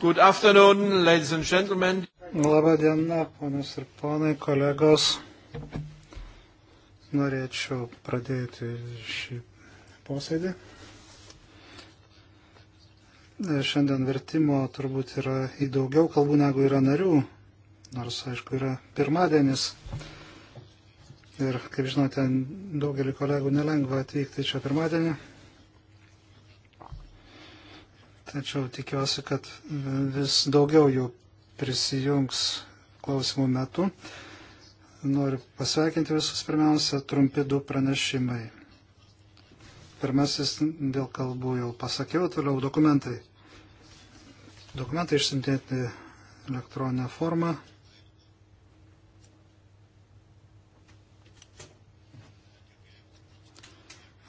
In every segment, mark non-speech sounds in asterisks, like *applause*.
Good afternoon, ladies and gentlemen. Labą dieną, ponios ir ponai, kolegos. Norėčiau pradėti šį posėdį. Šiandien vertimo turbūt yra į daugiau kalbų negu yra narių, nors, aišku, yra pirmadienis. Ir, kaip žinote, daugelį kolegų nelengva atvykti čia pirmadienį. Tačiau tikiuosi, kad vis daugiau jų prisijungs klausimų metu. Noriu pasveikinti visus pirmiausia, trumpi du pranešimai. Pirmasis dėl kalbų jau pasakiau, toliau dokumentai. Dokumentai išsintinėti elektroninę formą.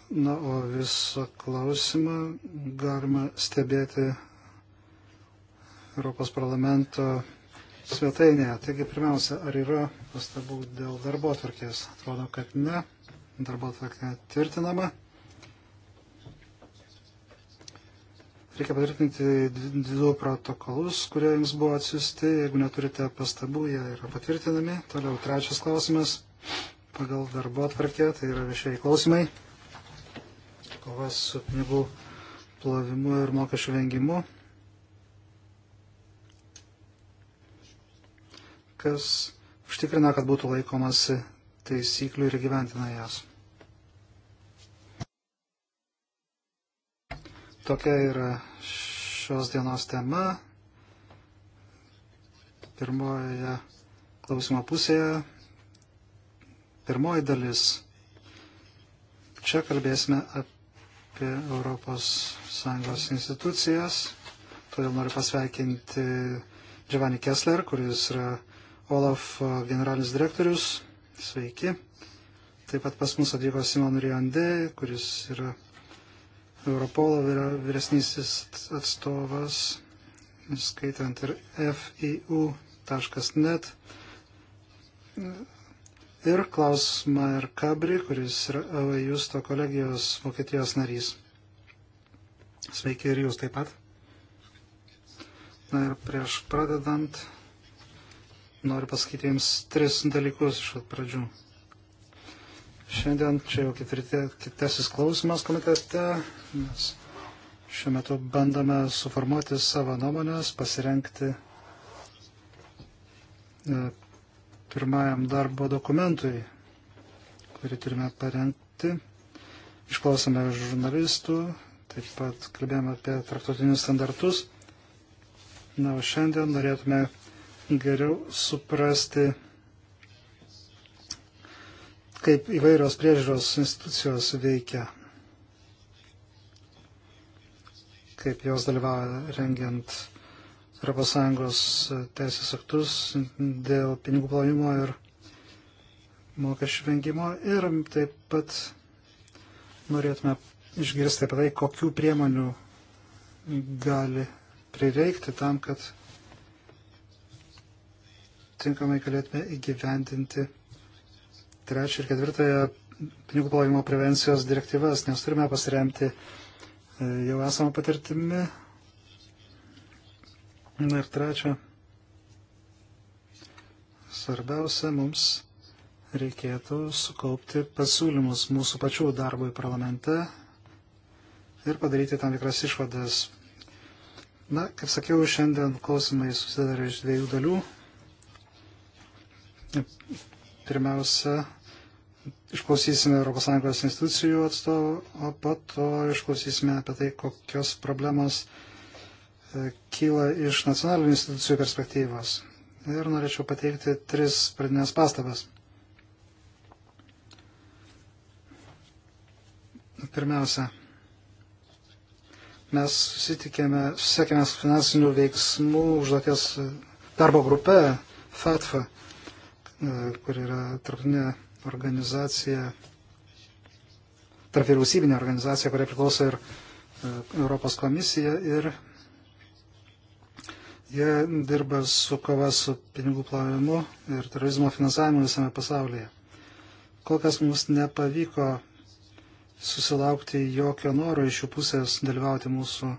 Na, o visą klausimą galima stebėti Europos parlamento svetainėje. Taigi, pirmiausia, ar yra pastabų dėl darbo atvarkės? Atrodo, kad ne. Darbo atvarkė tvirtinama. Reikia patvirtinti du protokolus, kurie jums buvo atsiusti. Jeigu neturite pastabų, jie yra patvirtinami. Toliau trečias klausimas pagal darbo atvarkę, tai yra viešieji klausimai kova su pinigų plovimu ir mokesčių vengimu. Kas užtikrina, kad būtų laikomasi taisyklių ir gyventina jas. Tokia yra šios dienos tema. Pirmoje klausimo pusėje, pirmoji dalis. Čia kalbėsime apie apie ES institucijas. Todėl noriu pasveikinti Giovanni Kessler, kuris yra Olaf generalinis direktorius. Sveiki. Taip pat pas mus atvyko Simon Riande, kuris yra Europolo vyresnysis atstovas, skaitant ir FIU.net ir Klaus Mayer Kabri, kuris yra Justo kolegijos Vokietijos narys. Sveiki ir jūs taip pat. Na ir prieš pradedant, noriu pasakyti jums tris dalykus iš pradžių. Šiandien čia jau ketvirtė, kitasis klausimas komitete, nes šiuo metu bandome suformuoti savo nuomonės, pasirenkti e, pirmajam darbo dokumentui, kurį turime parengti. Išklausome žurnalistų, taip pat kalbėjome apie tarptautinius standartus. Na, o šiandien norėtume geriau suprasti, kaip įvairios priežiūros institucijos veikia, kaip jos dalyvauja rengiant ES teisės aktus dėl pinigų plovimo ir mokesčių vengimo ir taip pat norėtume išgirsti apie tai, kokių priemonių gali prireikti tam, kad tinkamai galėtume įgyvendinti trečią ir ketvirtąją pinigų plovimo prevencijos direktyvas, nes turime pasiremti e, jau esamą patirtimį Na ir trečia, svarbiausia mums reikėtų sukaupti pasiūlymus mūsų pačių darbui parlamente ir padaryti tam tikras išvadas. Na, kaip sakiau, šiandien klausimai susidara iš dviejų dalių. Pirmiausia, išklausysime ES institucijų atstovų, o po to išklausysime apie tai, kokios problemos E, kyla iš nacionalinių institucijų perspektyvos. Ir norėčiau pateikti tris pradinės pastabas. Pirmiausia, mes susitikėme, susiekėme su finansinių veiksmų užduoties darbo grupe FATFA, e, kur yra tarptautinė organizacija, tarp vyriausybinė organizacija, kuria priklauso ir e, Europos komisija ir Jie dirba su kova su pinigų plovimu ir terorizmo finansavimu visame pasaulyje. Kol kas mums nepavyko susilaukti jokio noro iš jų pusės dalyvauti mūsų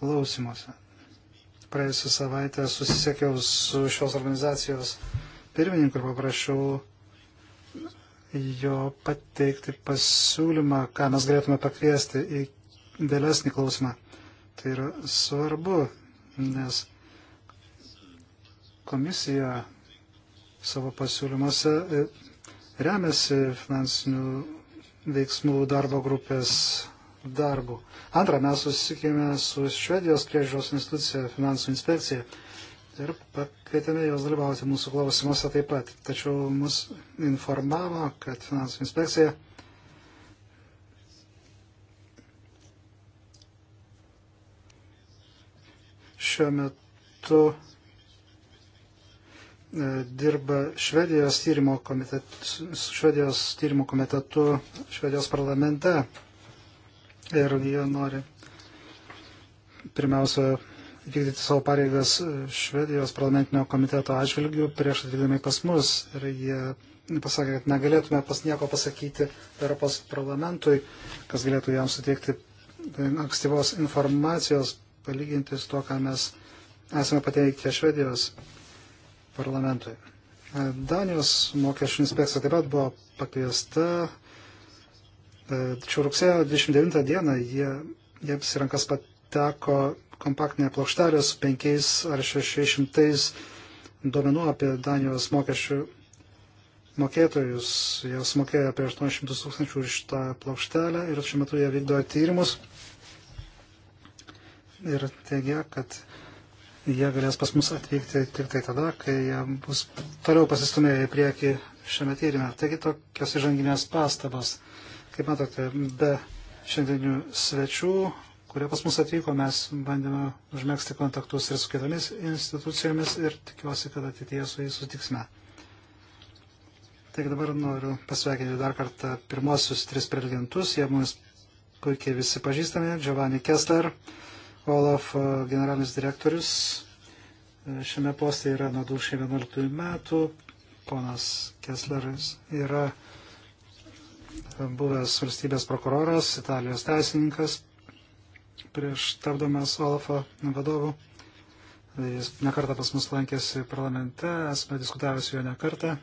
klausimuose. Praėjusią savaitę susisiekiau su šios organizacijos pirmininku ir paprašiau jo pateikti pasiūlymą, ką mes galėtume pakviesti į vėlesnį klausimą. Tai yra svarbu, nes komisija savo pasiūlymuose e, remiasi finansinių veiksmų darbo grupės darbu. Antra, mes susitikėme su Švedijos priežiūros institucija, finansų inspekcija ir pakvietėme juos dalyvauti mūsų klausimuose taip pat. Tačiau mus informavo, kad finansų inspekcija šiuo metu e, dirba Švedijos tyrimo, komitet, Švedijos tyrimo komitetu Švedijos parlamente ir jie nori pirmiausia vykdyti savo pareigas Švedijos parlamentinio komiteto atžvilgių prieš atvykdami pas mus. Ir jie pasakė, kad negalėtume pas nieko pasakyti Europos parlamentui, kas galėtų jam suteikti ankstyvos informacijos palyginti su to, ką mes esame pateikę Švedijos parlamentui. Danijos mokesčių inspekcija taip pat buvo pakviesta. Tačiau rugsėjo 29 dieną jie, jiems į rankas pateko kompaktinė plokštelė su 5 ar 600 duomenų apie Danijos mokesčių mokėtojus. Jie sumokėjo apie 800 tūkstančių už tą plokštelę ir šiuo metu jie vykdo tyrimus ir teigia, kad jie galės pas mus atvykti tik tai tada, kai jie bus toliau pasistumėję į priekį šiame tyrimė. Taigi tokios įžanginės pastabos. Kaip matote, be šiandienių svečių, kurie pas mus atvyko, mes bandėme užmėgsti kontaktus ir su kitomis institucijomis ir tikiuosi, kad ateityje su jais sutiksime. Taigi dabar noriu pasveikinti dar kartą pirmosius tris prelegentus. Jie mums puikiai visi pažįstami. Giovanni Kessler, Olaf e, generalinis direktorius. E, šiame poste yra nuo 2011 metų. Ponas Kessleris yra buvęs valstybės prokuroras, Italijos teisininkas prieš tapdamas Olafo vadovu. Jis nekartą pas mus lankėsi parlamente, esame diskutavę su juo nekartą.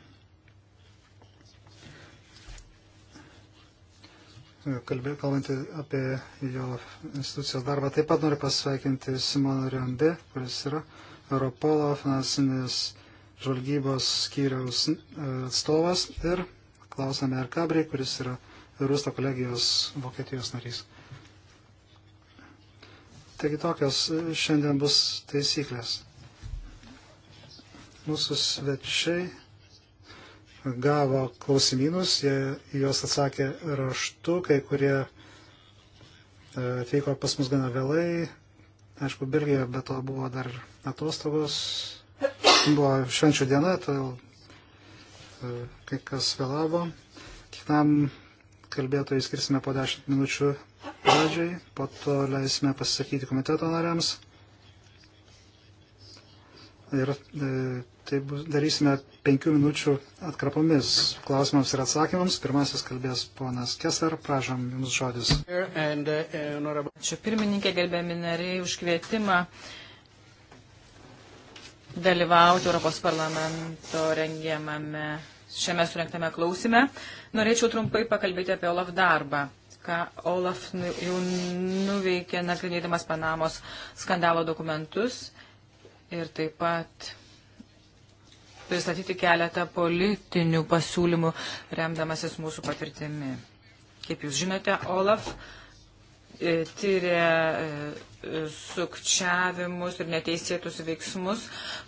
kalbant apie jo institucijos darbą. Taip pat noriu pasveikinti Simoną Riambi, kuris yra Europolo finansinės žvalgybos skyriaus e, atstovas ir Klausą Merkabrį, kuris yra Rusto kolegijos Vokietijos narys. Taigi tokios e, šiandien bus taisyklės. Mūsų svečiai gavo klausimynus, jie juos atsakė raštu, kai kurie e, atvyko pas mus gana vėlai. Aišku, Belgijoje be to buvo dar atostogos, buvo švenčių diena, tai kai kas vėlavo. Kiekvienam kalbėtojui skirsime po 10 minučių pradžiai, po to leisime pasisakyti komiteto nariams. Ir e, Tai bus, darysime penkių minučių atkrapomis klausimams ir atsakymams. Pirmasis kalbės ponas Kesar, prašom jums žodis. Uh, Ačiū pirmininkė, gerbėmi nariai, už kvietimą dalyvauti Europos parlamento rengiamame šiame surinktame klausime. Norėčiau trumpai pakalbėti apie Olaf darbą ką Olaf nu, jau nuveikė nagrinėdamas Panamos skandalo dokumentus ir taip pat pristatyti keletą politinių pasiūlymų, remdamasis mūsų patirtimi. Kaip jūs žinote, Olaf e, tyria e, sukčiavimus ir neteisėtus veiksmus,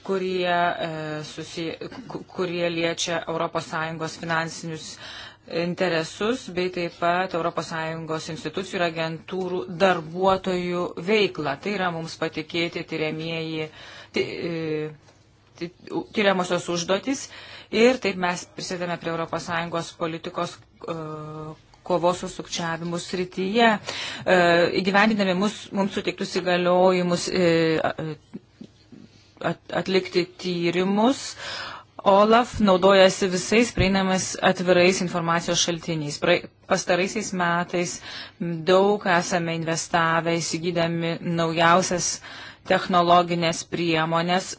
kurie, e, susi, kurie liečia ES finansinius interesus, bei taip pat ES institucijų ir agentūrų darbuotojų veiklą. Tai yra mums patikėti tyriamieji. Ty, tyriamosios užduotis ir taip mes prisidame prie ES politikos e, kovos su sukčiavimu srityje, e, įgyvendinami mus, mums suteiktus įgaliojimus e, atlikti tyrimus. Olaf naudojasi visais prieinamais atvirais informacijos šaltiniais. Pastaraisiais metais daug esame investavę įsigydami naujausias uh, technologinės priemonės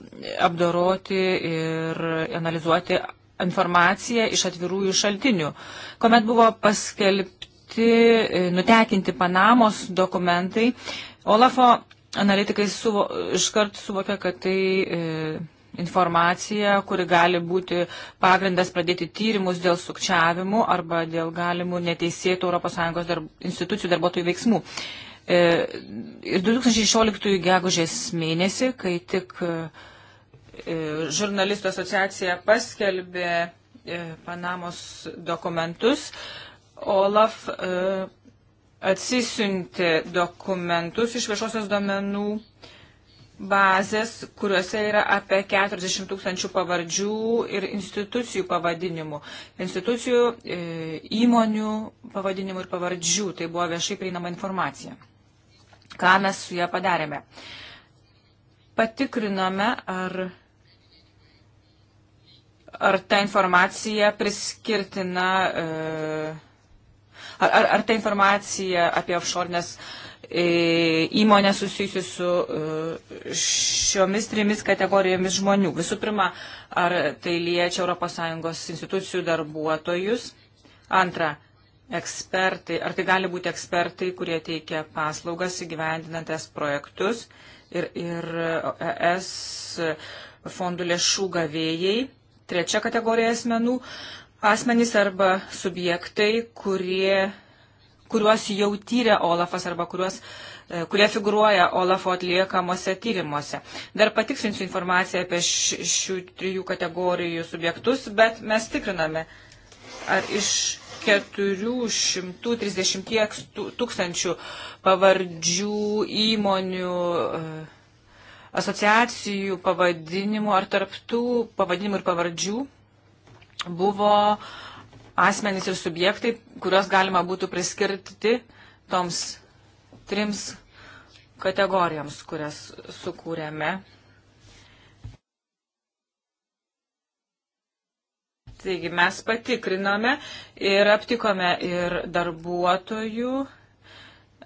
apdoroti ir analizuoti informaciją iš atvirųjų šaltinių. Komet buvo paskelbti, e, nutekinti Panamos dokumentai, Olafo analitikai suvo, iškart suvokė, kad tai e, informacija, kuri gali būti pagrindas pradėti tyrimus dėl sukčiavimų arba dėl galimų neteisėtų ES darb, institucijų darbuotojų veiksmų. E, E, ir 2016 gegužės mėnesį, kai tik e, e, žurnalistų asociacija paskelbė Panamos dokumentus, Olaf atsisiuntė dokumentus iš viešosios domenų bazės, kuriuose yra apie 40 tūkstančių pavardžių ir institucijų pavadinimų. Institucijų, įmonių pavadinimų ir pavardžių. Tai buvo viešai prieinama informacija. Ką mes su ją padarėme? Patikrinome, ar, ar ta informacija priskirtina. E, Ar, ar, ar ta informacija apie offshore'nės e, įmonę susijusi su e, šiomis trimis kategorijomis žmonių? Visų pirma, ar tai liečia ES institucijų darbuotojus? Antra, ekspertai, ar tai gali būti ekspertai, kurie teikia paslaugas įgyvendinant es projektus ir, ir es fondų lėšų gavėjai. Trečia kategorija asmenų - asmenys arba subjektai, kurie, kuriuos jau tyrė Olafas arba kuriuos e, kurie figuruoja Olafo atliekamuose tyrimuose. Dar patiksinsiu informaciją apie šių trijų kategorijų subjektus, bet mes tikriname, ar iš 430 tūkstančių pavardžių įmonių e, asociacijų pavadinimų ar tarptų pavadinimų ir pavardžių buvo asmenys ir subjektai, kuriuos galima būtų priskirti toms trims kategorijoms, kurias sukūrėme Taigi mes patikrinome ir aptikome ir darbuotojų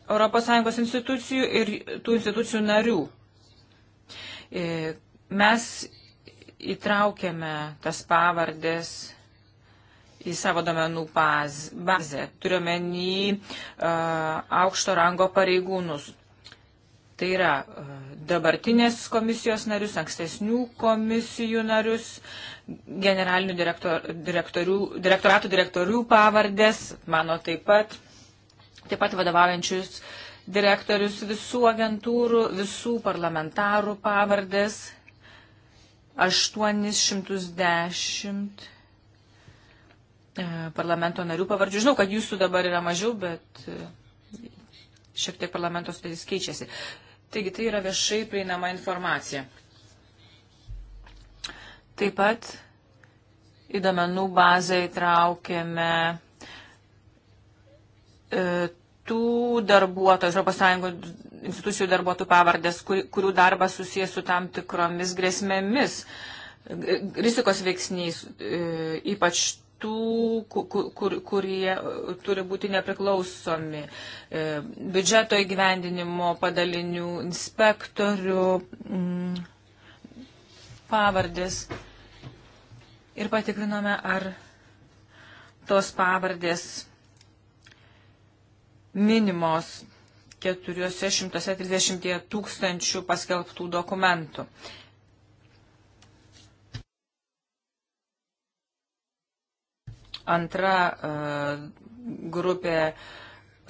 ES institucijų ir tų institucijų narių. E, mes įtraukėme tas pavardės į savo domenų bazę. Turiuomenį e, aukšto rango pareigūnus. Tai yra e, dabartinės komisijos narius, ankstesnių komisijų narius, generalinių direktor, direktorių, direktoratų direktorių pavardės, mano taip pat, taip pat vadovaujančius direktorius visų agentūrų, visų parlamentarų pavardės 810 e, parlamento narių pavardžių. Žinau, kad jūsų dabar yra mažiau, bet e, šiek tiek parlamento sudėtis keičiasi. Taigi tai yra viešai prieinama informacija. Taip pat į domenų bazę įtraukėme e, tų darbuotojų, Europos Sąjungos institucijų darbuotojų pavardės, kurių darbas susijęs su tam tikromis grėsmėmis, rizikos veiksniais, e, ypač tų, kur, kur, kurie e, turi būti nepriklausomi. E, biudžeto įgyvendinimo padalinių inspektorių mm, pavardės. Ir patikrinome, ar tos pavardės minimos 430 tūkstančių paskelbtų dokumentų. Antra e, grupė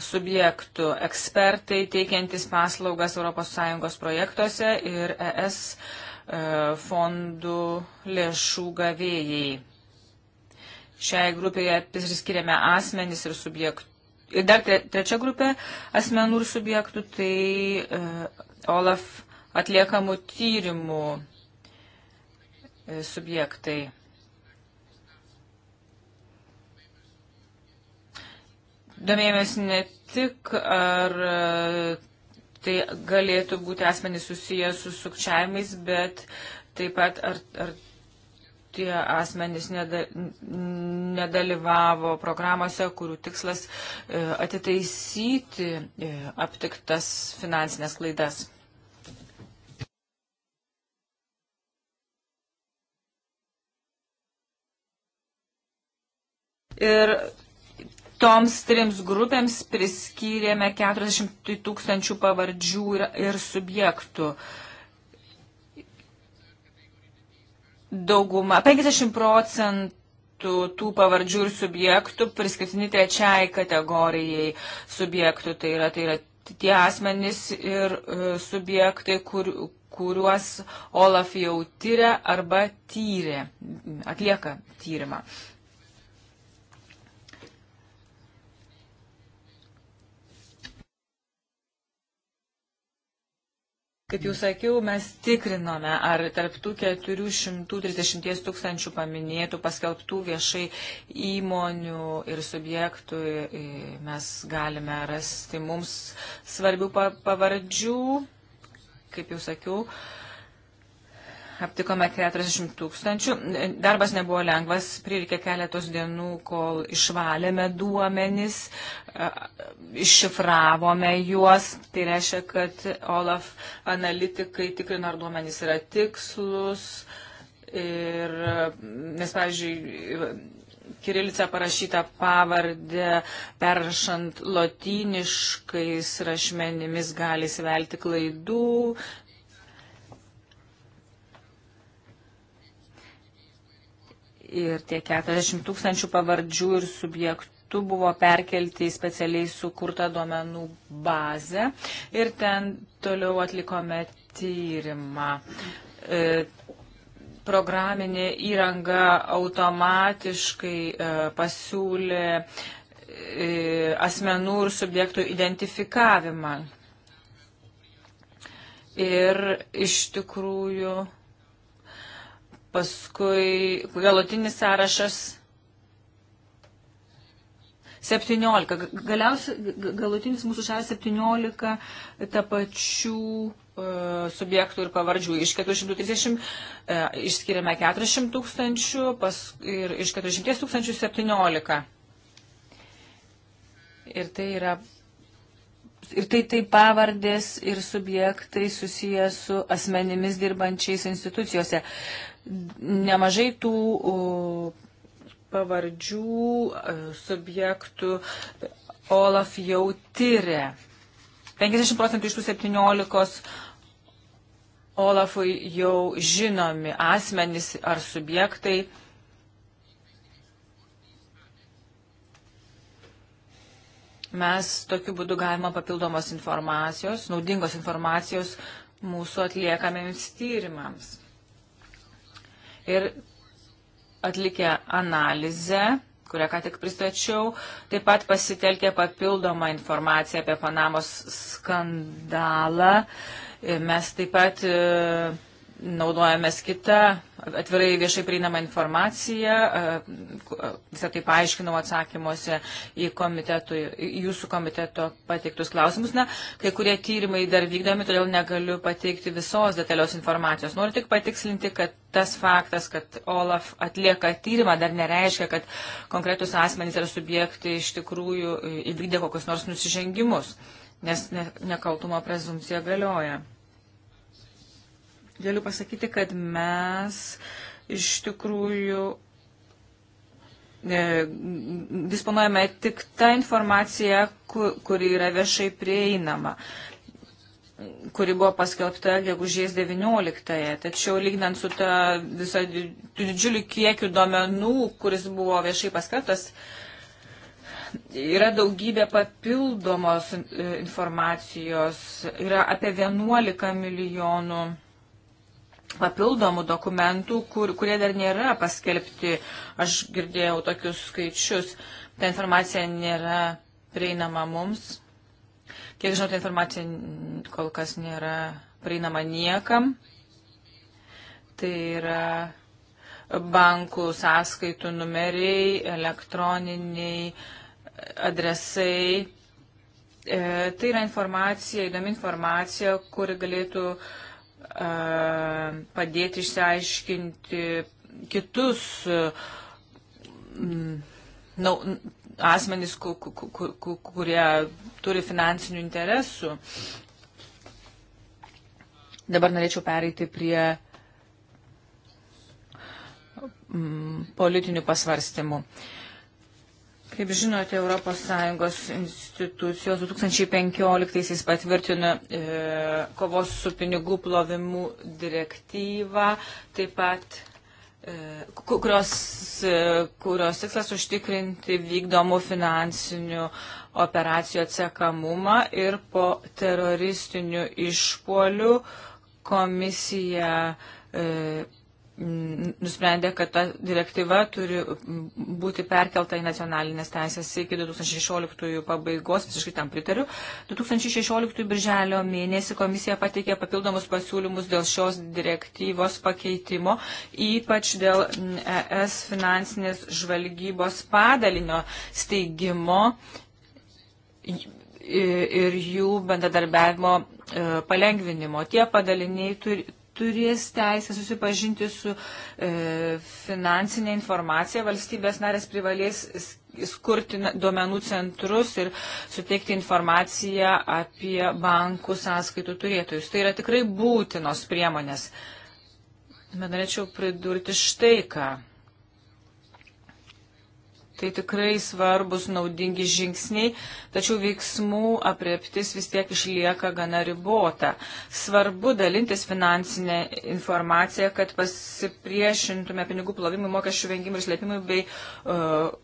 subjektų - ekspertai teikiantis paslaugas ES projektuose ir ES e, fondų lėšų gavėjai. Šiai grupėje priskiriame asmenys ir subjektų. Ir dar trečia grupė asmenų ir subjektų - tai e, OLAF atliekamų tyrimų subjektai. Domėjomės ne tik, ar e, tai galėtų būti asmenys susijęs su sukčiavimais, bet taip pat ar, ar tie asmenys neda, nedalyvavo programuose, kurių tikslas e, atitaisyti e, aptiktas finansinės klaidas. Ir Toms trims grupėms priskyrėme 40 tūkstančių pavardžių ir, ir subjektų. Dauguma, 50 procentų tų, tų pavardžių ir subjektų priskirtini trečiai kategorijai subjektų. Tai yra, tai yra tie asmenys ir uh, subjektai, kur, kuriuos Olaf jau tyria arba tyrė, atlieka tyrimą. Uh, Kaip jau sakiau, mes tikrinome, ar tarptų 430 tūkstančių paminėtų, paskelbtų viešai įmonių ir subjektų e, mes galime rasti mums svarbių pavardžių, kaip jau sakiau, aptikome 40 tūkstančių. Darbas nebuvo lengvas, prireikė keletos dienų, kol išvalėme duomenis, iššifravome juos. Tai reiškia, kad OLAF analitikai tikrino, ar duomenys yra tikslus. Ir, nes, pavyzdžiui, kirilica parašyta pavardė, perrašant lotyniškais rašmenimis gali svelti klaidų, ir tie 40 tūkstančių pavardžių ir subjektų buvo perkelti į specialiai sukurtą duomenų bazę ir ten toliau atlikome tyrimą. E, programinė įranga automatiškai e, pasiūlė e, asmenų ir subjektų identifikavimą. Ir iš tikrųjų Paskui galutinis sąrašas 17. Galiausiai galutinis mūsų šalis 17 tapačių e, subjektų ir pavardžių. Iš 430 e, išskiriame 400 tūkstančių pas, ir iš 400 tūkstančių 17. Ir tai yra. Ir tai, tai pavardės ir subjektai susiję su asmenimis dirbančiais institucijose nemažai tų uh, pavardžių uh, subjektų Olaf jau tyrė. 50 procentų iš tų 17 Olafui jau žinomi asmenys ar subjektai. Mes tokiu būdu galima papildomos informacijos, naudingos informacijos mūsų atliekamiems tyrimams. Ir atlikę analizę, kurią ką tik pristačiau, taip pat pasitelkė papildomą informaciją apie Panamos skandalą. Mes taip pat e, naudojamės kitą atvirai viešai prieinamą informaciją. E, visą tai paaiškinau atsakymuose į, į jūsų komiteto pateiktus klausimus. Na, kai kurie tyrimai dar vykdomi, todėl negaliu pateikti visos detalios informacijos. Noriu tik patikslinti, kad tas faktas, kad Olaf atlieka tyrimą, dar nereiškia, kad konkretus asmenys ar subjektai iš tikrųjų įvykdė kokius nors nusižengimus, nes nekaltumo prezumcija galioja galiu pasakyti, kad mes iš tikrųjų e, disponuojame tik tą informaciją, kuri yra viešai prieinama kuri buvo paskelbta gegužės 19-ąją. Tačiau lygnant su ta viso didžiuliu kiekiu duomenų, kuris buvo viešai paskelbtas, yra daugybė papildomos e, informacijos, yra apie 11 milijonų papildomų dokumentų, kur, kurie dar nėra paskelbti. Aš girdėjau tokius skaičius. Ta informacija nėra prieinama mums. Kiek žinau, ta informacija kol kas nėra prieinama niekam. Tai yra bankų sąskaitų numeriai, elektroniniai adresai. E, tai yra informacija, įdomi informacija, kuri galėtų uh, padėti išsiaiškinti kitus na, asmenys, kurie turi finansinių interesų. Dabar norėčiau pereiti prie politinių pasvarstymų. Uh, Kaip žinote, ES institucijos 2015 patvirtino e, kovos su pinigų plovimu direktyvą, taip pat e, kurios, e, kurios tikslas užtikrinti vykdomų finansinių operacijų atsekamumą ir po teroristinių išpolių komisija e, Mm, nusprendė, kad ta direktyva turi būti perkelta į nacionalinės teisės iki 2016 pabaigos, visiškai tam pritariu. 2016 birželio mėnesį komisija pateikė papildomus pasiūlymus dėl šios direktyvos pakeitimo, ypač dėl mm, ES finansinės žvalgybos padalinio steigimo ir jų bendradarbiavimo e, palengvinimo. Tie padaliniai turi turės teisę susipažinti su e, finansinė informacija. Valstybės narės privalės skurti duomenų centrus ir suteikti informaciją apie bankų sąskaitų turėtojus. Tai yra tikrai būtinos priemonės. Bet norėčiau pridurti štai ką. Tai tikrai svarbus, naudingi žingsniai, tačiau veiksmų apreptis vis tiek išlieka gana ribota. Svarbu dalintis finansinę informaciją, kad pasipriešintume pinigų plovimui, mokesčių vengimui ir slėpimui bei uh,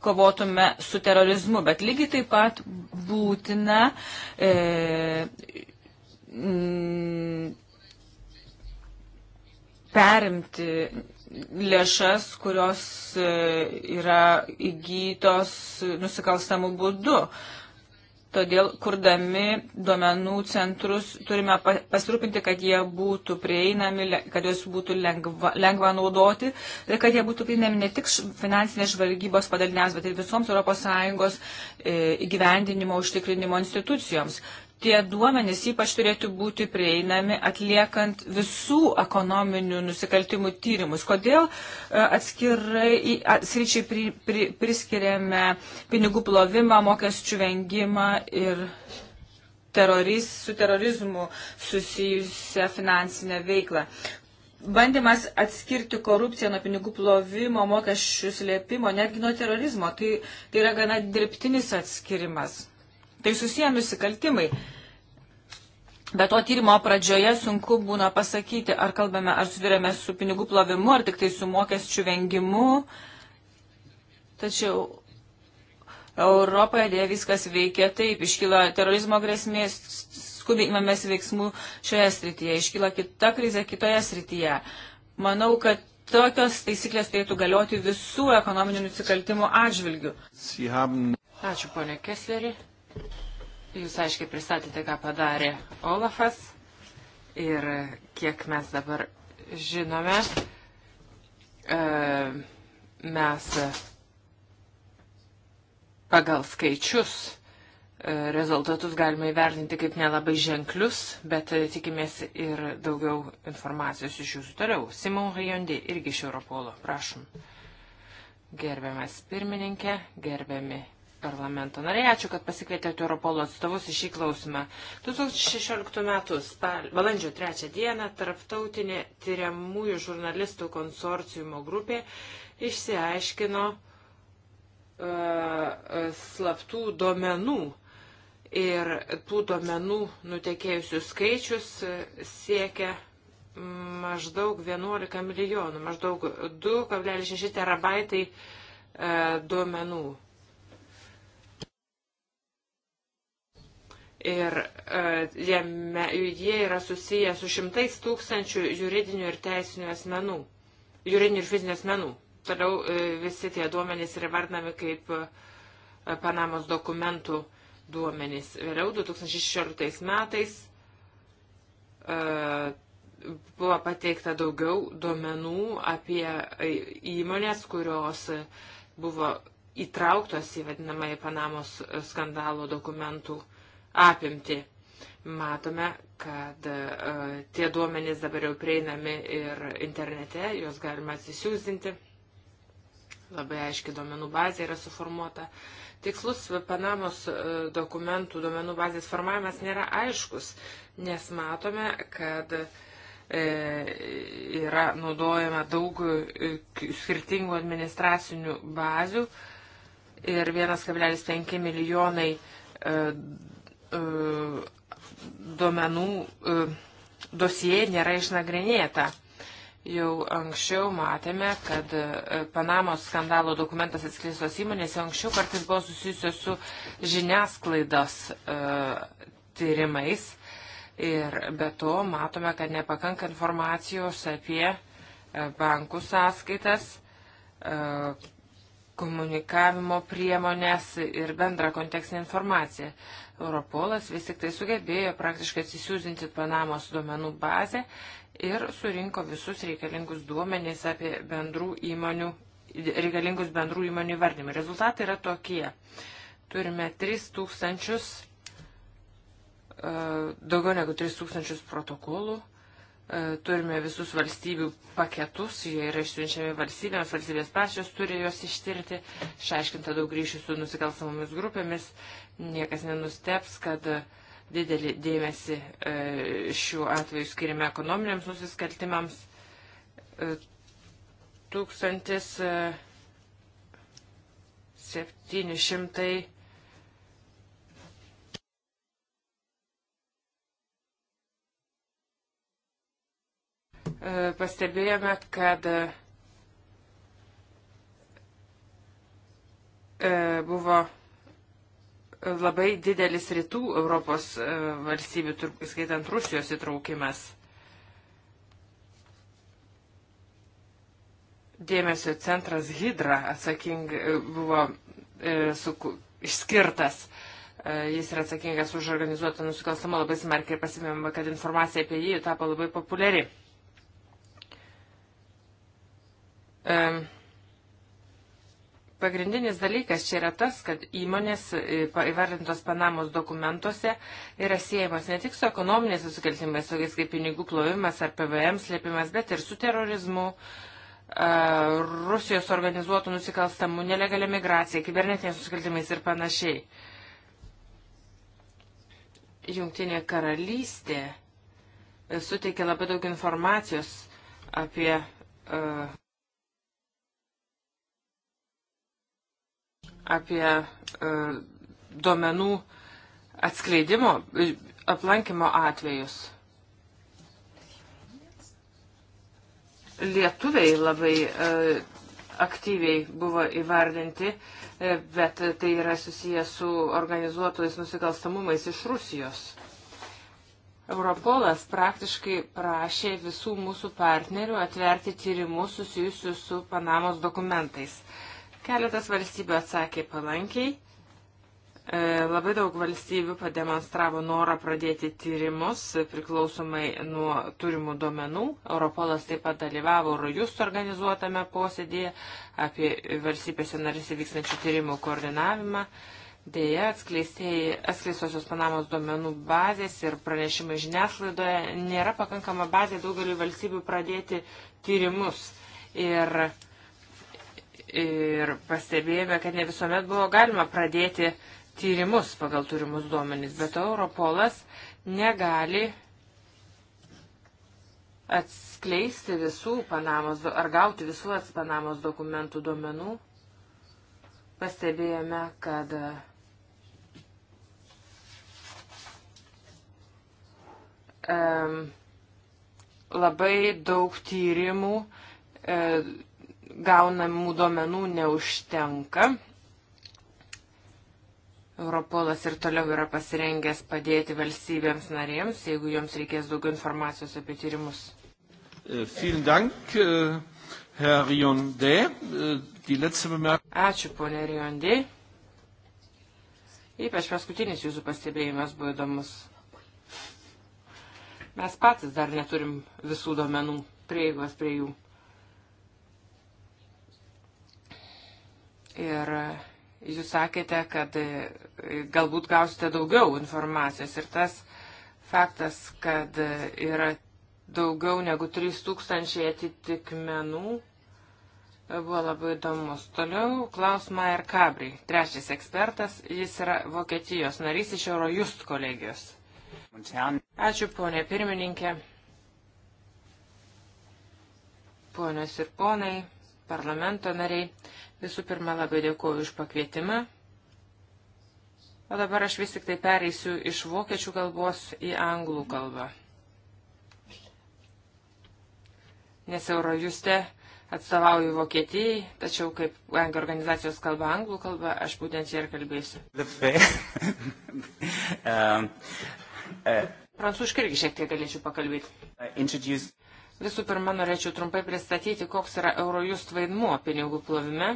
kovotume su terorizmu, bet lygiai taip pat būtina e, m, perimti lėšas, kurios e, yra įgytos nusikalstamų būdų. Todėl, kurdami duomenų centrus, turime pasirūpinti, kad jie būtų prieinami, kad juos būtų lengva, lengva naudoti ir kad jie būtų prieinami ne tik finansinės žvalgybos padaliniams, bet ir visoms ES e, įgyvendinimo užtikrinimo institucijoms tie duomenys ypač turėtų būti prieinami atliekant visų ekonominių nusikaltimų tyrimus. Kodėl e, atskirai sričiai pri, pri, priskiriame pinigų plovimą, mokesčių vengimą ir teroriz, su terorizmu susijusią finansinę veiklą. Bandymas atskirti korupciją nuo pinigų plovimo, mokesčių slėpimo, netgi nuo terorizmo, tai, tai yra gana dirbtinis atskirimas Tai susiję nusikaltimai. Bet to tyrimo pradžioje sunku būna pasakyti, ar kalbame, ar susidurėme su pinigų plovimu, ar tik tai su mokesčių vengimu. Tačiau Europoje dėja viskas veikia taip, iškyla terorizmo grėsmės, skubiai imamės veiksmų šioje srityje, iškyla kita krizė kitoje srityje. Manau, kad tokios taisyklės turėtų galioti visų ekonominių nusikaltimų atžvilgių. Ačiū, ponė Kesleri. Jūs aiškiai pristatėte, ką padarė Olafas ir kiek mes dabar žinome, e, mes pagal skaičius e, rezultatus galime įvertinti kaip nelabai ženklius, bet tikimės ir daugiau informacijos iš jūsų toliau. Simon Rijondi irgi iš Europolo, prašom. Gerbiamas pirmininkė, gerbiami parlamento nariai. Ačiū, kad pasikvietėte Europolo atstovus į šį klausimą. 2016 m. Spal... balandžio 3 d. tarptautinė tyriamųjų žurnalistų konsorciumo grupė išsiaiškino uh, slaptų duomenų. Ir tų duomenų nutekėjusių skaičius siekia maždaug 11 milijonų, maždaug 2,6 terabaitai e, duomenų. ir e, jame, jie yra susiję su šimtais tūkstančių juridinių ir teisinių asmenų, juridinių ir fizinių asmenų. Toliau e, visi tie duomenys yra vardinami kaip e, Panamos dokumentų duomenys. Vėliau 2016 metais buvo pateikta daugiau duomenų apie įmonės, kurios buvo įtrauktos į vadinamąjį Panamos skandalo dokumentų apimti. Matome, kad e, tie duomenys dabar jau prieinami ir internete, juos galima atsisiųsdinti. Labai aiški duomenų bazė yra suformuota. Tikslus Panamos e, dokumentų duomenų bazės formavimas nėra aiškus, nes matome, kad e, yra naudojama daug skirtingų administracinių bazių ir 1,5 milijonai E, duomenų e, dosijai nėra išnagrinėta. Jau anksčiau matėme, kad e, Panamos skandalo dokumentas atskleistos įmonės jau anksčiau kartais buvo susijusios su žiniasklaidos tyrimais. Ir be to matome, kad nepakanka informacijos apie bankų sąskaitas, komunikavimo priemonės ir bendrą kontekstinę informaciją. Europolas vis tik tai sugebėjo praktiškai atsisiūzinti Panamos duomenų bazę ir surinko visus reikalingus duomenys apie bendrų įmonių, reikalingus bendrų įmonių įvardymą. Rezultatai yra tokie. Turime 3000, e, daugiau negu 3000 protokolų E, turime visus valstybių paketus, jie yra išsiunčiami valstybėms, valstybės pačios turi juos ištirti, išaiškinta daug ryšių su nusikalstamomis grupėmis, niekas nenusteps, kad didelį dėmesį e, šiuo atveju skiriame ekonominiams nusikaltimams. E, tūkstantis septyni šimtai pastebėjome, kad e, buvo labai didelis rytų Europos e, valstybių, skaitant Rusijos įtraukimas. Dėmesio centras Hydra atsaking e, buvo e, su, išskirtas. E, jis yra atsakingas už organizuotą nusikalstamą labai smarkiai ir pasimėmama, kad informacija apie jį tapo labai populiari. Um, Pagrindinis dalykas čia yra tas, kad įmonės e, įvardintos Panamos dokumentuose yra siejamos ne tik su ekonominiais nusikaltimais, tokiais kaip pinigų plovimas ar PVM slėpimas, bet ir su terorizmu, e, Rusijos organizuotų nusikalstamų, nelegalia migracija, kibernetiniais nusikaltimais ir panašiai. Jungtinė karalystė e, suteikia labai daug informacijos apie uh, apie e, duomenų atskleidimo, aplankimo atvejus. Lietuviai labai e, aktyviai buvo įvardinti, e, bet tai yra susijęs su organizuotojais nusikalstamumais iš Rusijos. Europolas praktiškai prašė visų mūsų partnerių atverti tyrimus susijusius su Panamos dokumentais. Uh, Keletas valstybių atsakė palankiai. E, labai daug valstybių pademonstravo norą pradėti tyrimus e, priklausomai nuo turimų duomenų. Europolas taip pat dalyvavo Rojus organizuotame posėdėje apie valstybėse narėse vykstančių tyrimų koordinavimą. Deja, atskleistosios Panamos duomenų bazės ir pranešimai žiniasklaidoje nėra pakankama bazė daugeliu valstybių pradėti tyrimus. Ir uh, ir pastebėjome, kad ne visuomet buvo galima pradėti tyrimus pagal turimus duomenys, bet Europolas negali atskleisti visų Panamos, ar gauti visų Panamos dokumentų duomenų. Pastebėjome, kad um, labai daug tyrimų um, gaunamų duomenų neužtenka. Europolas ir toliau yra pasirengęs padėti valstybėms narėms, jeigu joms reikės daugiau informacijos apie tyrimus. Äh, äh, äh, Ačiū, ponė Riondė. Ypač paskutinis jūsų pastebėjimas buvo įdomus. Mes patys dar neturim visų duomenų prieigos prie jų. Ir jūs sakėte, kad e, galbūt gausite daugiau informacijos. Ir tas faktas, kad e, yra daugiau negu 3000 atitikmenų, e, buvo labai įdomus. Toliau Klaus Maier Kabri, trečias ekspertas, jis yra Vokietijos narys iš Eurojust kolegijos. Ačiū, ponė pirmininkė. Ponios ir ponai, parlamento nariai, Visų pirma, labai dėkuoju už pakvietimą. O dabar aš vis tik tai pereisiu iš vokiečių kalbos į anglų kalbą. Nes Eurojuste atstovauju Vokietijai, tačiau kaip organizacijos kalba anglų kalba, aš būtent čia ir kalbėsiu. *laughs* um, uh, Prancūziškai irgi šiek tiek galėčiau pakalbėti. Introduce... Visų pirma, norėčiau trumpai pristatyti, koks yra Eurojust vaidmuo pinigų plovime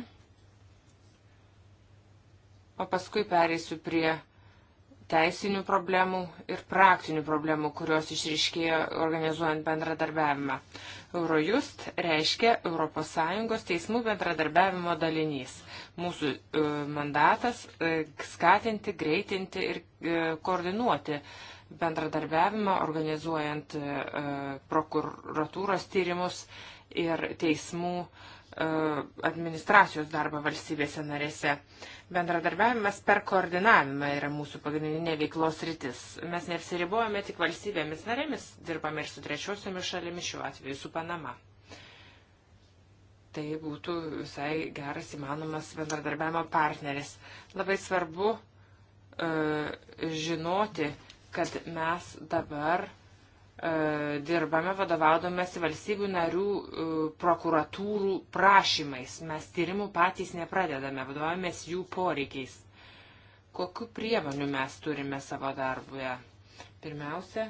o paskui pereisiu prie teisinių problemų ir praktinių problemų, kurios išriškėjo organizuojant bendradarbiavimą. Eurojust reiškia ES teismų bendradarbiavimo dalinys. Mūsų e, mandatas e, skatinti, greitinti ir e, koordinuoti bendradarbiavimą, organizuojant e, prokuratūros tyrimus ir teismų e, administracijos darbą valstybėse narėse. E, Bendradarbiavimas per koordinavimą yra mūsų pagrindinė veiklos rytis. Mes neapsiribuojame tik valstybėmis narėmis, dirbame ir su trečiosiomis šalimis, šiuo atveju su Panama. Tai būtų visai geras įmanomas bendradarbiavimo partneris. Labai svarbu uh, žinoti, kad mes dabar uh, E, dirbame vadovaudomės valstybių narių e, prokuratūrų prašymais. Mes tyrimų patys nepradedame, vadovaujamės jų poreikiais. Kokiu priemoniu mes turime savo darboje? Pirmiausia,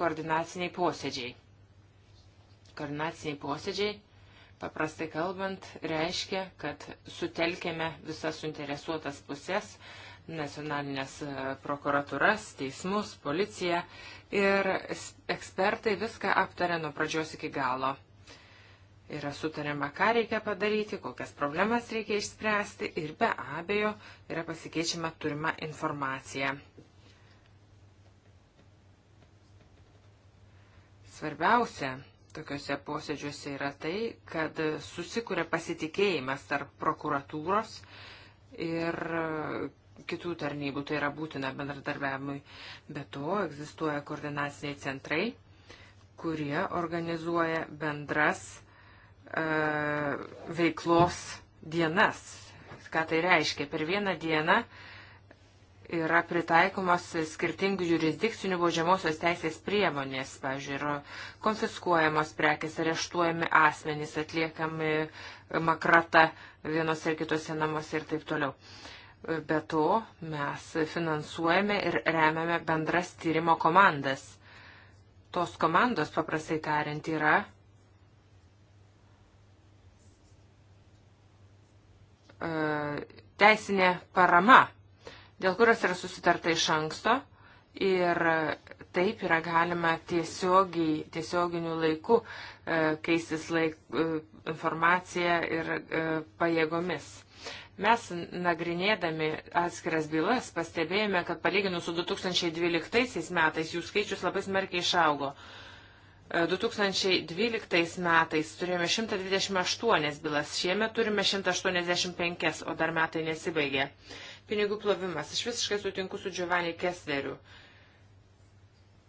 koordinaciniai posėdžiai. Koordinaciniai posėdžiai, paprastai kalbant, reiškia, kad sutelkėme visas suinteresuotas pusės, nacionalinės e, prokuratūras, teismus, policiją ir ekspertai viską aptarė nuo pradžios iki galo. Yra sutariama, ką reikia padaryti, kokias problemas reikia išspręsti ir be abejo yra pasikeičiama turima informacija. Svarbiausia tokiuose posėdžiuose yra tai, kad susikuria pasitikėjimas tarp prokuratūros ir kitų tarnybų, tai yra būtina bendradarbiavimui. Be to egzistuoja koordinaciniai centrai, kurie organizuoja bendras e, veiklos dienas. Ką tai reiškia? Per vieną dieną yra pritaikomas skirtingų jurisdikcinių baudžiamosios teisės priemonės, pavyzdžiui, yra konfiskuojamos prekes, areštuojami asmenys, atliekami makrata vienose ir kitose namuose ir taip toliau. E, Be to, mes finansuojame ir remiame bendras tyrimo komandas. Tos komandos, paprastai tariant, yra e, teisinė parama, dėl kurios yra susitarta iš anksto ir taip yra galima tiesiogiai, tiesioginiu laiku e, keistis laik, e, informacija ir pajėgomis. Mes nagrinėdami atskiras bylas pastebėjome, kad palyginus su 2012 metais jų skaičius labai smarkiai išaugo. 2012 e, metais turėjome 128 bylas, šiemet turime 185, o dar metai nesibaigė. Pinigų plovimas. Aš visiškai sutinku su Giovanni Kessleriu.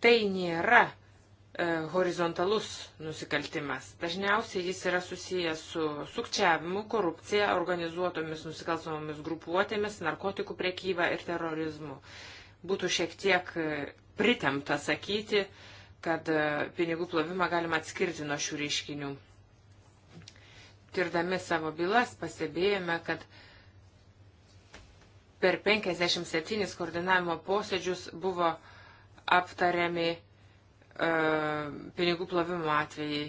Tai nėra uh, E, horizontalus nusikaltimas. Dažniausiai jis yra susijęs su sukčiavimu, korupcija, organizuotomis nusikalstamomis grupuotėmis, narkotikų priekyba ir terorizmu. Būtų šiek tiek e, pritemta sakyti, kad e, pinigų plovimą galima atskirti nuo šių reiškinių. Tirdami savo bylas pastebėjome, kad per 57 koordinavimo posėdžius buvo aptariami E, pinigų plovimo atvejai.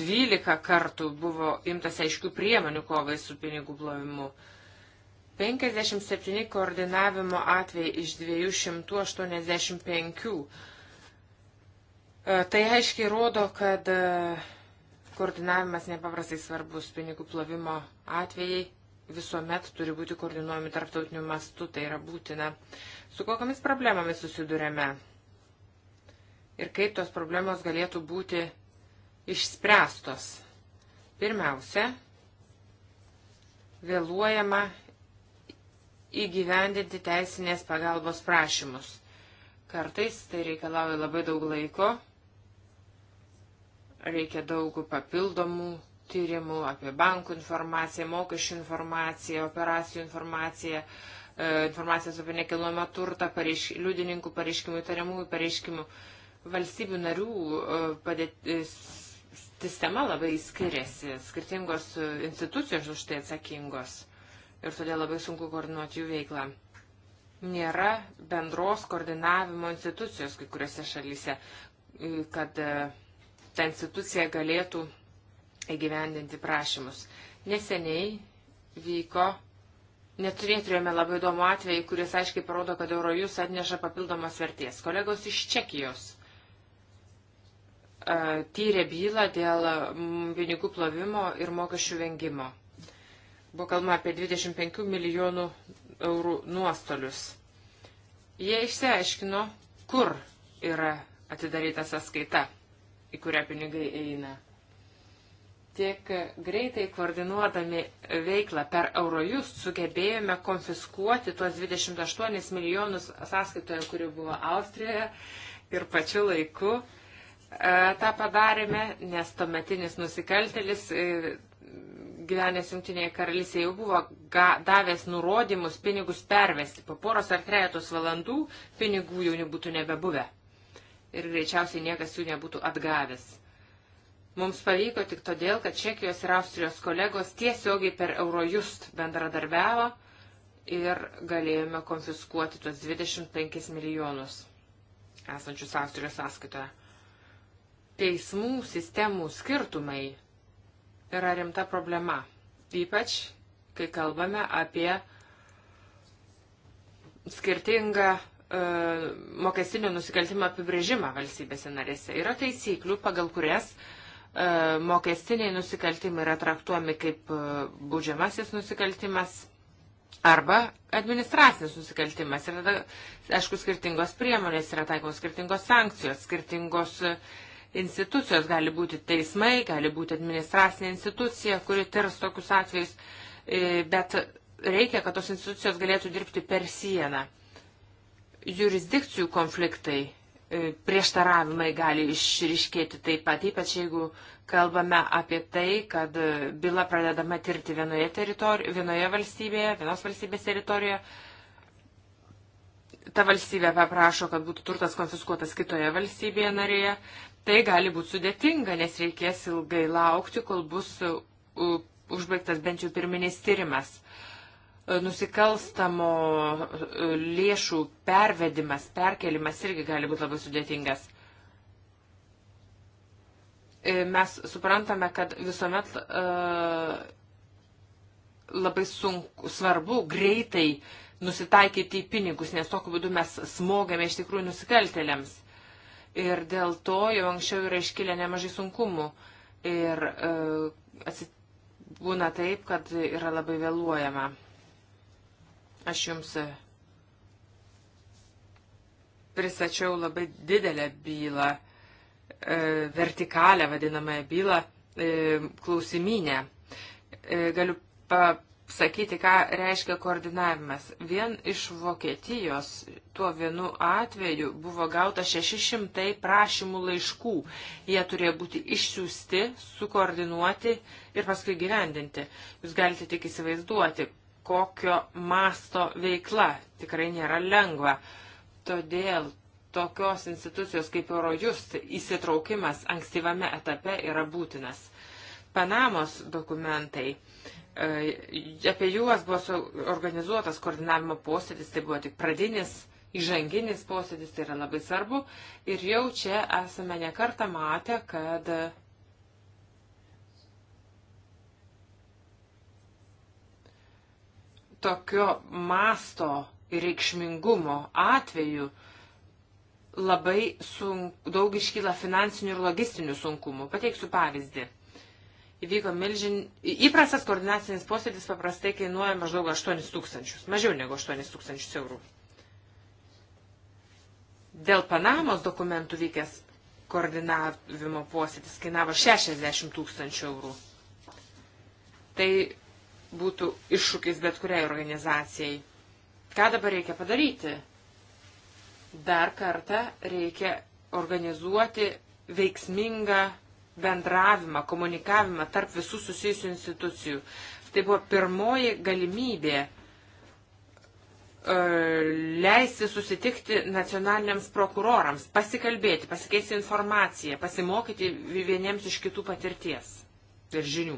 12 kartų buvo imtas aiškių priemonių kovai su pinigų plovimu. 57 koordinavimo atvejai iš 285. E, tai aiškiai rodo, kad e, koordinavimas nepaprastai svarbus pinigų plovimo atvejai visuomet turi būti koordinuojami tarptautiniu mastu, tai yra būtina. Su kokiamis problemomis susidurėme? ir kaip tos problemos galėtų būti išspręstos. Pirmiausia, vėluojama įgyvendinti teisinės pagalbos prašymus. Kartais tai reikalauja labai daug laiko, reikia daug papildomų tyrimų apie bankų informaciją, mokesčių informaciją, operacijų informaciją, e, informacijos apie nekilnojamą turtą, pareiš, liudininkų pareiškimų, įtariamųjų pareiškimų. pareiškimų valstybių narių e, padėtis sistema labai skiriasi, skirtingos e, institucijos už tai atsakingos ir todėl labai sunku koordinuoti jų veiklą. Nėra bendros koordinavimo institucijos kai kuriuose šalyse, e, kad ta institucija galėtų įgyvendinti prašymus. Neseniai vyko, neturėtume labai įdomų atvejį, kuris aiškiai parodo, kad Eurojus atneša papildomas vertės. Kolegos iš Čekijos E, tyrė bylą dėl pinigų plovimo ir mokesčių vengimo. Buvo kalba apie 25 milijonų eurų nuostolius. Jie išsiaiškino, kur yra atidaryta sąskaita, į kurią pinigai eina. Tiek greitai koordinuodami veiklą per Eurojust sugebėjome konfiskuoti tuos 28 milijonus sąskaitoje, kuri buvo Austrijoje ir pačiu laiku uh, E, tą padarėme, nes tuometinis nusikaltelis e, gyvenęs Junktinėje karalystėje jau buvo ga, davęs nurodymus pinigus pervesti. Po poros ar trejatos valandų pinigų jau nebūtų nebebuvę. Ir greičiausiai niekas jų nebūtų atgavęs. Mums pavyko tik todėl, kad Čekijos ir Austrijos kolegos tiesiogiai per Eurojust bendradarbiavo ir galėjome konfiskuoti tuos 25 milijonus esančius Austrijos sąskaitoje teismų sistemų skirtumai yra rimta problema. Ypač, kai kalbame apie skirtingą e, mokestinio nusikaltimo apibrėžimą valstybėse narėse. Yra taisyklių, pagal kurias e, mokestiniai nusikaltimai yra traktuomi kaip e, būdžiamasis nusikaltimas arba administracinis nusikaltimas. Ir tada, aišku, skirtingos priemonės yra taikomos, skirtingos sankcijos, skirtingos. E, institucijos, gali būti teismai, gali būti administracinė institucija, kuri tirs tokius atvejus, e, bet reikia, kad tos institucijos galėtų dirbti per sieną. Jurisdikcijų konfliktai, e, prieštaravimai gali išriškėti taip pat, ypač jeigu kalbame apie tai, kad byla pradedama tirti vienoje, vienoje valstybėje, vienos valstybės teritorijoje ta valstybė paprašo, kad būtų turtas konfiskuotas kitoje valstybėje narėje, tai gali būti sudėtinga, nes reikės ilgai laukti, kol bus užbaigtas bent jau pirminis tyrimas. E, nusikalstamo e, lėšų pervedimas, perkelimas irgi gali būti labai sudėtingas. E, mes suprantame, kad visuomet uh, labai sunku, svarbu greitai uh, nusitaikyti į pinigus, nes tokiu būdu mes smogiame iš tikrųjų nusikaltelėms. Ir dėl to jau anksčiau yra iškilę nemažai sunkumų. Ir e, atsit, būna taip, kad yra labai vėluojama. Aš jums e, pristačiau labai didelę bylą, e, vertikalę vadinamąją bylą e, klausimynę. E, galiu pa, sakyti, ką reiškia koordinavimas. Vien iš Vokietijos tuo vienu atveju buvo gauta 600 prašymų laiškų. Jie turėjo būti išsiųsti, sukoordinuoti ir paskui gyvendinti. Jūs galite tik įsivaizduoti, kokio masto veikla tikrai nėra lengva. Todėl tokios institucijos kaip Eurojust įsitraukimas ankstyvame etape yra būtinas. Panamos dokumentai. Uh, E, apie juos buvo organizuotas koordinavimo posėdis, tai buvo tik pradinis, įžanginis posėdis, tai yra labai svarbu. Ir jau čia esame nekartą matę, kad tokio masto ir reikšmingumo atveju labai sunk, daug iškyla finansinių ir logistinių sunkumų. Pateiksiu pavyzdį įvyko milžin... Įprastas koordinacinis posėdis paprastai kainuoja maždaug 8 tūkstančius, mažiau negu 8 tūkstančius eurų. Dėl Panamos dokumentų vykęs koordinavimo posėdis kainavo 60 tūkstančių eurų. Tai būtų iššūkis bet kuriai organizacijai. Ką dabar reikia padaryti? Dar kartą reikia organizuoti veiksmingą bendravimą, komunikavimą tarp visų susijusių institucijų. Tai buvo pirmoji galimybė e, leisti susitikti nacionaliniams prokurorams, pasikalbėti, pasikeisti informaciją, pasimokyti vieniems iš kitų patirties ir žinių.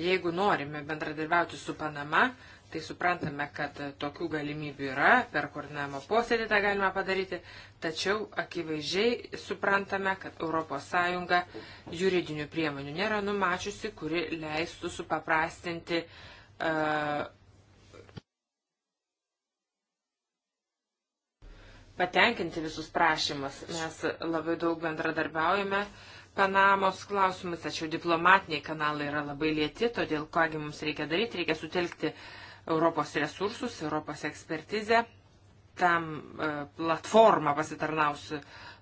Jeigu norime bendradarbiauti su Panama, Tai suprantame, kad tokių galimybių yra, per koordinavimo posėdį tą galima padaryti, tačiau akivaizdžiai suprantame, kad ES juridinių priemonių nėra numačiusi, kuri leistų supaprastinti uh, patenkinti visus prašymus. Mes labai daug bendradarbiaujame Panamos klausimus, tačiau diplomatiniai kanalai yra labai lėti, todėl kągi mums reikia daryti, reikia sutelkti uh, Europos resursus, Europos ekspertizę. Tam e, platformą pasitarnaus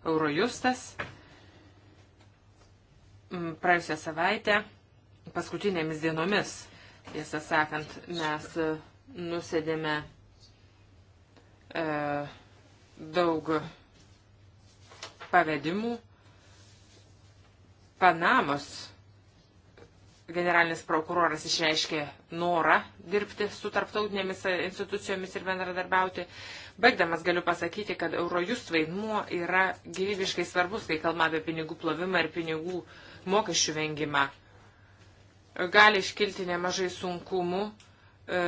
Eurojustas. Mm, praėjusią savaitę, paskutinėmis dienomis, tiesą sakant, mes e, nusėdėme e, daug pavedimų Panamos generalinis prokuroras išreiškė norą dirbti su tarptautinėmis institucijomis ir bendradarbiauti. Baigdamas galiu pasakyti, kad Eurojust vaidmuo yra gyvybiškai svarbus, kai kalbame apie pinigų plovimą ir pinigų mokesčių vengimą. Gali iškilti nemažai sunkumų E,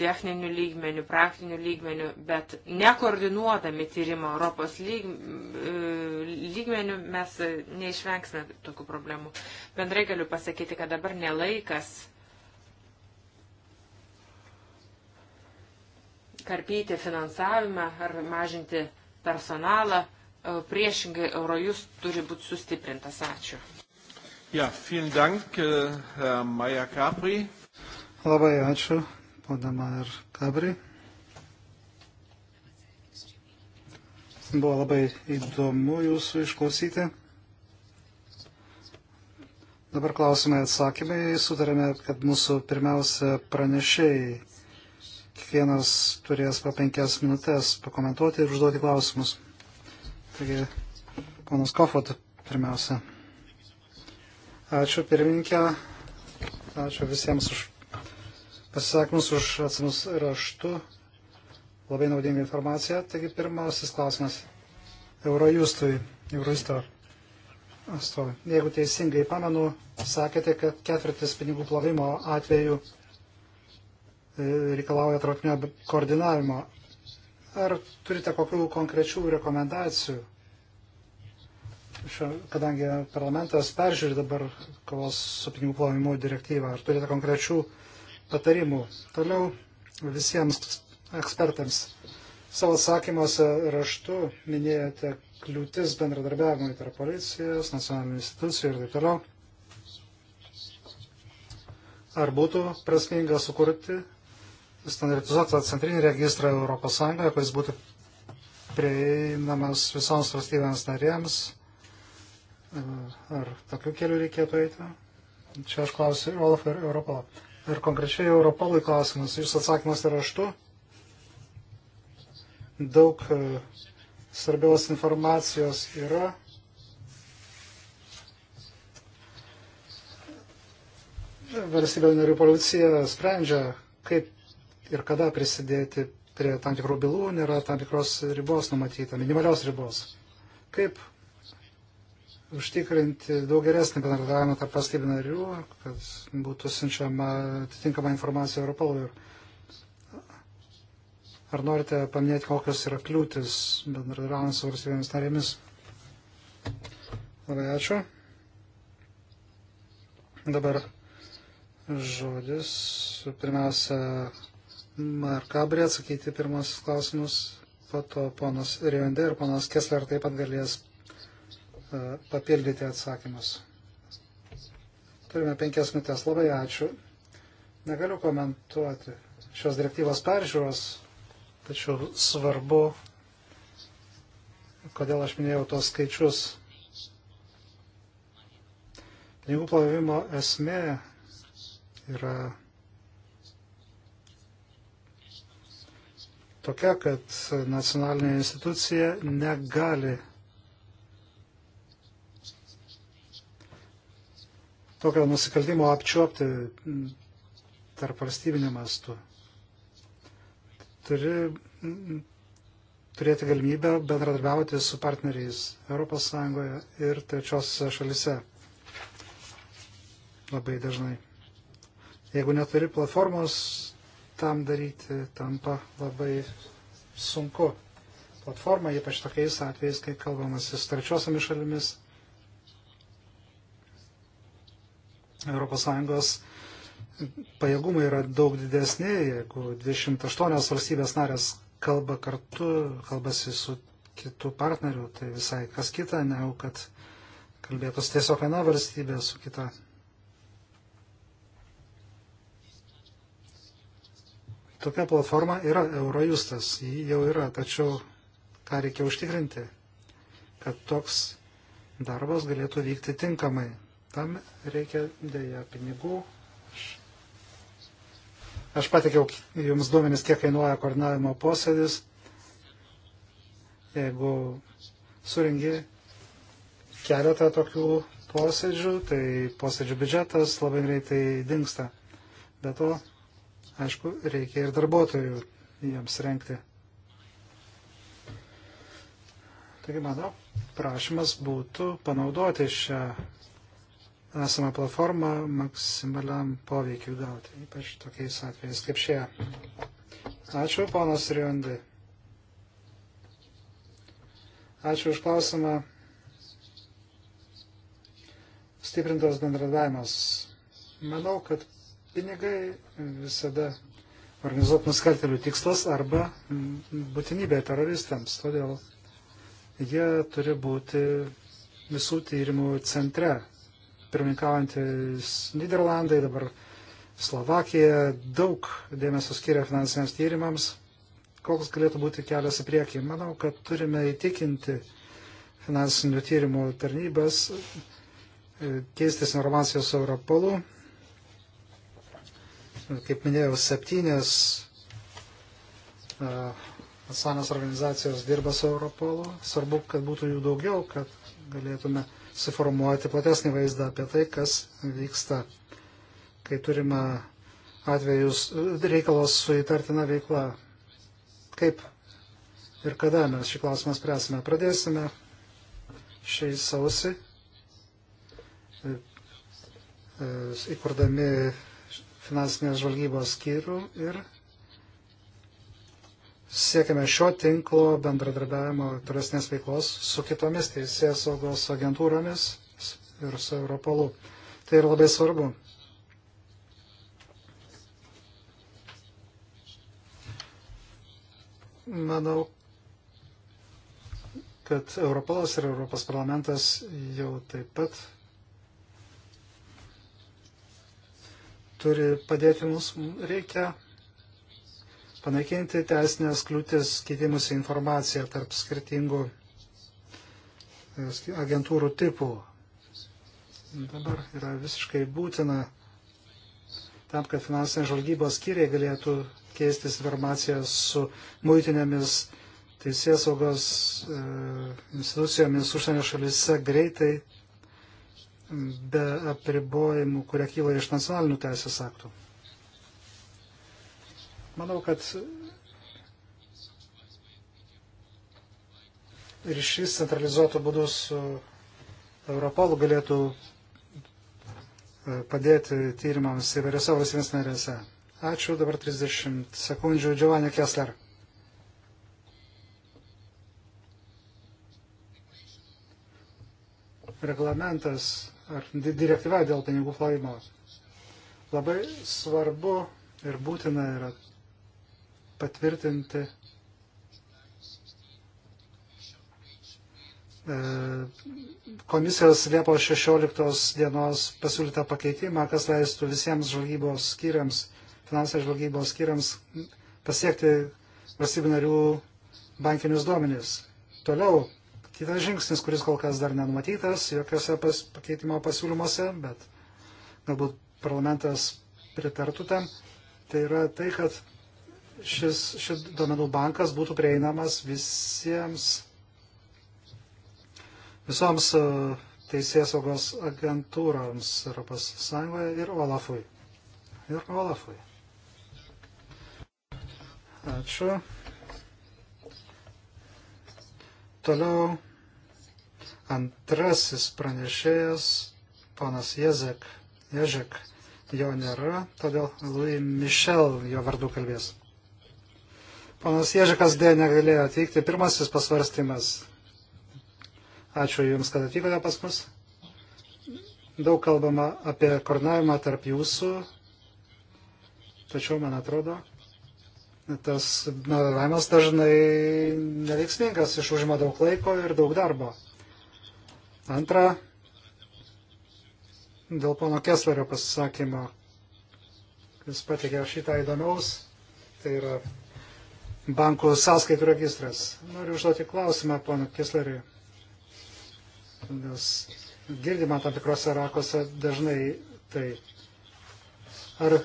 techninių lygmenių, praktinių lygmenių, bet nekoordinuodami tyrimą Europos lyg, e, lygmenių mes neišvengsime tokių problemų. Bendrai galiu pasakyti, kad dabar nelaikas karpyti finansavimą ar mažinti personalą. E, priešingai, Eurojus turi būti sustiprintas. Ačiū. Ja, vielen Dank, äh, Herr Mayer-Capri. Labai ačiū, podama ir kabri. Buvo labai įdomu jūsų išklausyti. Dabar klausimai atsakymai. Sutarėme, kad mūsų pirmiausia pranešėjai kiekvienas turės po penkias minutės pakomentuoti ir užduoti klausimus. Taigi, ponas Kofot, pirmiausia. Ačiū pirmininkė, ačiū visiems už pasisakymus už atsimus raštu. Labai naudinga informacija. Taigi pirmasis klausimas Eurojustui, Eurojusto atstovui. Jeigu teisingai pamenu, sakėte, kad ketvirtis pinigų plovimo atveju e, reikalauja traukinio koordinavimo. Ar turite kokių konkrečių rekomendacijų? Kadangi parlamentas peržiūri dabar kovos su pinigų plovimu direktyvą, ar turite konkrečių rekomendacijų? patarimų. Toliau visiems ekspertams. Savo atsakymuose raštu minėjote kliūtis bendradarbiavimui tarp policijos, nacionalinių institucijų ir taip toliau. Ar būtų prasminga sukurti standartizuotą centrinį registrą ES, kuris būtų prieinamas visoms valstybėms narėms? Ar tokiu keliu reikėtų eiti? Čia aš klausiu Olaf ir Europolo. Ir konkrečiai Europolui klausimas, jūs atsakymas yra raštu. Daug e, svarbios informacijos yra. Valstybė narių policija sprendžia, kaip ir kada prisidėti prie tam tikrų bylų, nėra tam tikros ribos numatyta, minimalios ribos. Kaip užtikrinti daug geresnį bendradarbiavimą tarp valstybių narių, kad būtų siunčiama atitinkama informacija Europolui. Ar norite paminėti, kokios yra kliūtis bendradarbiavant su valstybėmis narėmis? Labai ačiū. Dabar žodis. Pirmiausia, Mark Abrė atsakyti pirmasis klausimus, po to ponas Riondė ir ponas Kessler taip pat galės E, papildyti atsakymus. Turime penkias minutės. Labai ačiū. Negaliu komentuoti šios direktyvos peržiūros, tačiau svarbu, kodėl aš minėjau tos skaičius. Pinigų plovimo esmė yra tokia, kad nacionalinė institucija negali tokio nusikaltimo apčiuopti tarp valstybinio mastu. Turi turėti galimybę bendradarbiauti su partneriais ES ir trečiosiose šalise. Labai dažnai. Jeigu neturi platformos, tam daryti tampa labai sunku. Platforma, ypač tokiais atvejais, kai kalbamas su trečiosiomis šalimis, ES pajėgumai yra daug didesni, jeigu 28 valstybės narės kalba kartu, kalbasi su kitų partnerių, tai visai kas kita, negu kad kalbėtųsi tiesiog viena valstybė su kita. Tokia platforma yra Eurojustas, ji jau yra, tačiau ką reikia užtikrinti, kad toks darbas galėtų vykti tinkamai. Tam reikia dėja pinigų. Aš, aš patikiau jums duomenis, kiek kainuoja koordinavimo posėdis. Jeigu suringi keletą tokių posėdžių, tai posėdžių biudžetas labai greitai dinksta. Be to, aišku, reikia ir darbuotojų jiems renkti. Taigi mano prašymas būtų panaudoti šią esamą platformą maksimaliam poveikiu gauti, ypač tokiais atvejais kaip šie. Ačiū, ponas Riondi. Ačiū už klausimą. Stiprintas bendradavimas. Manau, kad pinigai visada organizuot nusikaltelių tikslas arba būtinybė teroristams. Todėl jie turi būti visų tyrimų centre pirmininkaujantis Niderlandai, dabar Slovakija daug dėmesio skiria finansiniams tyrimams. Koks galėtų būti kelias į priekį? Manau, kad turime įtikinti finansinių tyrimų tarnybas e, keistis informacijos su Europolu. Kaip minėjau, septynės e, nacionalinės organizacijos dirba su Europolu. Svarbu, kad būtų jų daugiau, kad galėtume uh, suformuoti platesnį vaizdą apie tai, kas vyksta, kai turime atvejus reikalos su įtartina veikla. Kaip ir kada mes šį klausimą spręsime? Pradėsime šiai sausi, e, e, įkurdami finansinės žvalgybos skyrių ir Siekime šio tinklo bendradarbiavimo tolesnės veiklos su kitomis teisės saugos agentūromis ir su Europolu. Tai yra labai svarbu. Manau, kad Europolas ir Europos parlamentas jau taip pat turi padėti mums. Reikia panaikinti teisinės kliūtis keitimus informaciją tarp skirtingų e, agentūrų tipų. Dabar yra visiškai būtina tam, kad finansinės žvalgybos skyriai galėtų keistis informaciją su muitinėmis teisės saugos e, institucijomis užsienio šalise greitai be apribojimų, kurie kyla iš nacionalinių teisės aktų. Manau, kad ryšys centralizuotų būdų su Europolu galėtų e, padėti tyrimams įvairiose valstybės narėse. Ačiū, dabar 30 sekundžių Giovanni Kessler. Reglamentas ar direktyva dėl pinigų plovimo. Labai svarbu ir būtina yra patvirtinti e, komisijos Liepos 16 dienos pasiūlytą pakeitimą, kas leistų visiems žvalgybos skyriams, finansinės žvalgybos skyriams pasiekti valstybių narių bankinius duomenys. Toliau, kitas žingsnis, kuris kol kas dar nenumatytas, jokiuose pas, pakeitimo pasiūlymuose, bet galbūt parlamentas pritartų tam, tai yra tai, kad šis, šis duomenų bankas būtų prieinamas visiems, visoms e, teisės saugos agentūroms Europos Sąjungoje ir Olafui. Ir Olafui. Ačiū. Toliau antrasis pranešėjas, ponas Jezek. Ježek jo nėra, todėl Louis Michel jo vardu kalbės. Panas Ježikas dėja negalėjo atvykti. Pirmasis pasvarstymas. Ačiū Jums, kad atvykote pas mus. Daug kalbama apie koordinavimą tarp jūsų, tačiau, man atrodo, tas bendravimas dažnai neveiksmingas, išužima daug laiko ir daug darbo. Antra, dėl pono Keslerio pasisakymo, jis patikė šitą įdomiaus, tai yra bankų sąskaitų registras. Noriu užduoti klausimą, pono Kisleriui, nes girdima tam tikrose rakose dažnai tai. Ar e,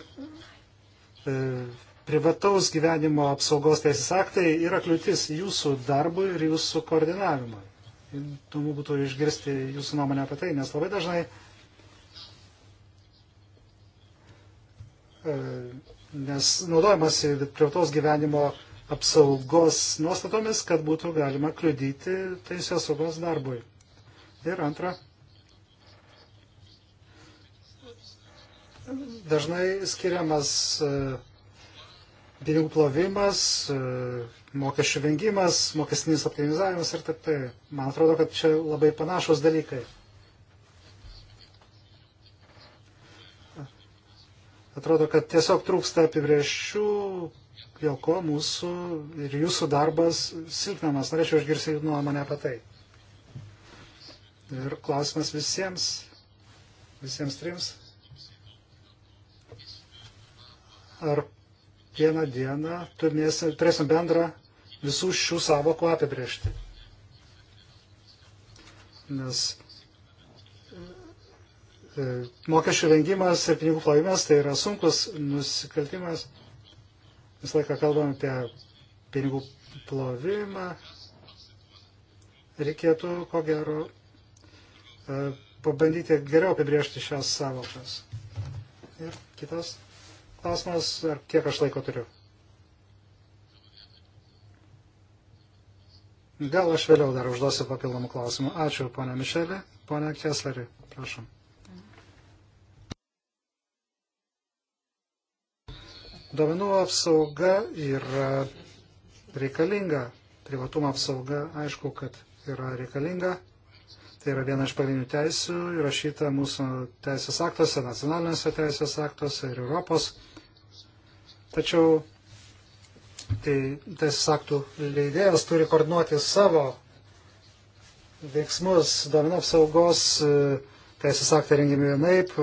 privataus gyvenimo apsaugos teisės aktai yra kliūtis jūsų darbui ir jūsų koordinavimui? Įdomu būtų išgirsti jūsų nuomonę apie tai, nes labai dažnai e, nes naudojamasi privataus gyvenimo apsaugos nuostatomis, kad būtų galima kliudyti teisės saugos darbui. Ir antra, dažnai skiriamas e, pinigų plovimas, e, mokesčių vengimas, mokestinis optimizavimas ir taip tai. Man atrodo, kad čia labai panašus dalykai. Atrodo, kad tiesiog trūksta apibrėžčių, dėl ko mūsų ir jūsų darbas silpnamas. Norėčiau išgirsti jų nuomonę apie tai. Ir klausimas visiems, visiems trims. Ar vieną dieną turėsim bendrą visų šių savokų apibriežti? Nes e, e, mokesčių vengimas ir pinigų plovimas tai yra sunkus nusikaltimas. Visą laiką kalbam apie pinigų plovimą. Reikėtų, ko gero, e, pabandyti geriau apibriežti šias savokas. Ir kitas klausimas, ar kiek aš laiko turiu. Gal aš vėliau dar užduosiu papildomų klausimų. Ačiū, ponia Mišelė. Ponia Kesleri, prašom. Duomenų apsauga yra reikalinga, privatumo apsauga aišku, kad yra reikalinga. Tai yra viena iš pagrindinių teisių, įrašyta mūsų teisės aktuose, nacionaliniuose teisės aktuose ir Europos. Tačiau tai teisės aktų leidėjas turi koordinuoti savo veiksmus, duomenų apsaugos, e, teisės aktai rengiami vienaip,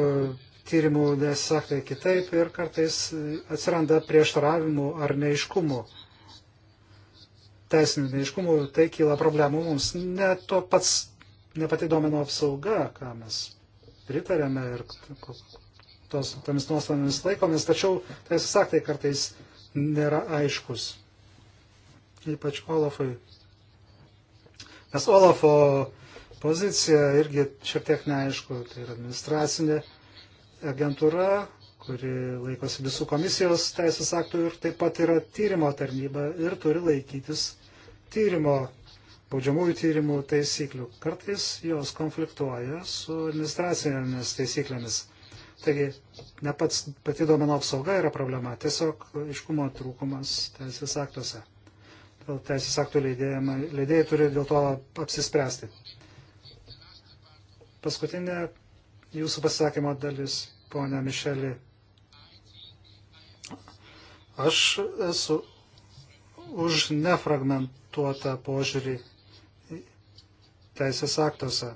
tyrimų nesaktai kitaip ir kartais atsiranda prieštaravimų ar neiškumų. Teisinių neiškumų tai kyla problemų mums. Ne to pats, ne pati domeno apsauga, ką mes pritarėme ir tos, tomis nuostatomis laikomis, tačiau teisės aktai kartais nėra aiškus. Ypač Olafui. Nes Olafo pozicija irgi šiek tiek neaišku, tai yra administracinė agentūra, kuri laikosi visų komisijos teisės aktų ir taip pat yra tyrimo tarnyba ir turi laikytis tyrimo, baudžiamųjų tyrimų taisyklių. Kartais jos konfliktuoja su administracinėmis taisyklėmis. Taigi ne pats, pati duomenų apsauga yra problema, tiesiog iškumo trūkumas teisės aktuose. Dėl teisės aktų leidėjai turi dėl to apsispręsti. Paskutinė jūsų pasakymo dalis, ponia Mišelė. Aš esu už nefragmentuotą požiūrį teisės aktuose.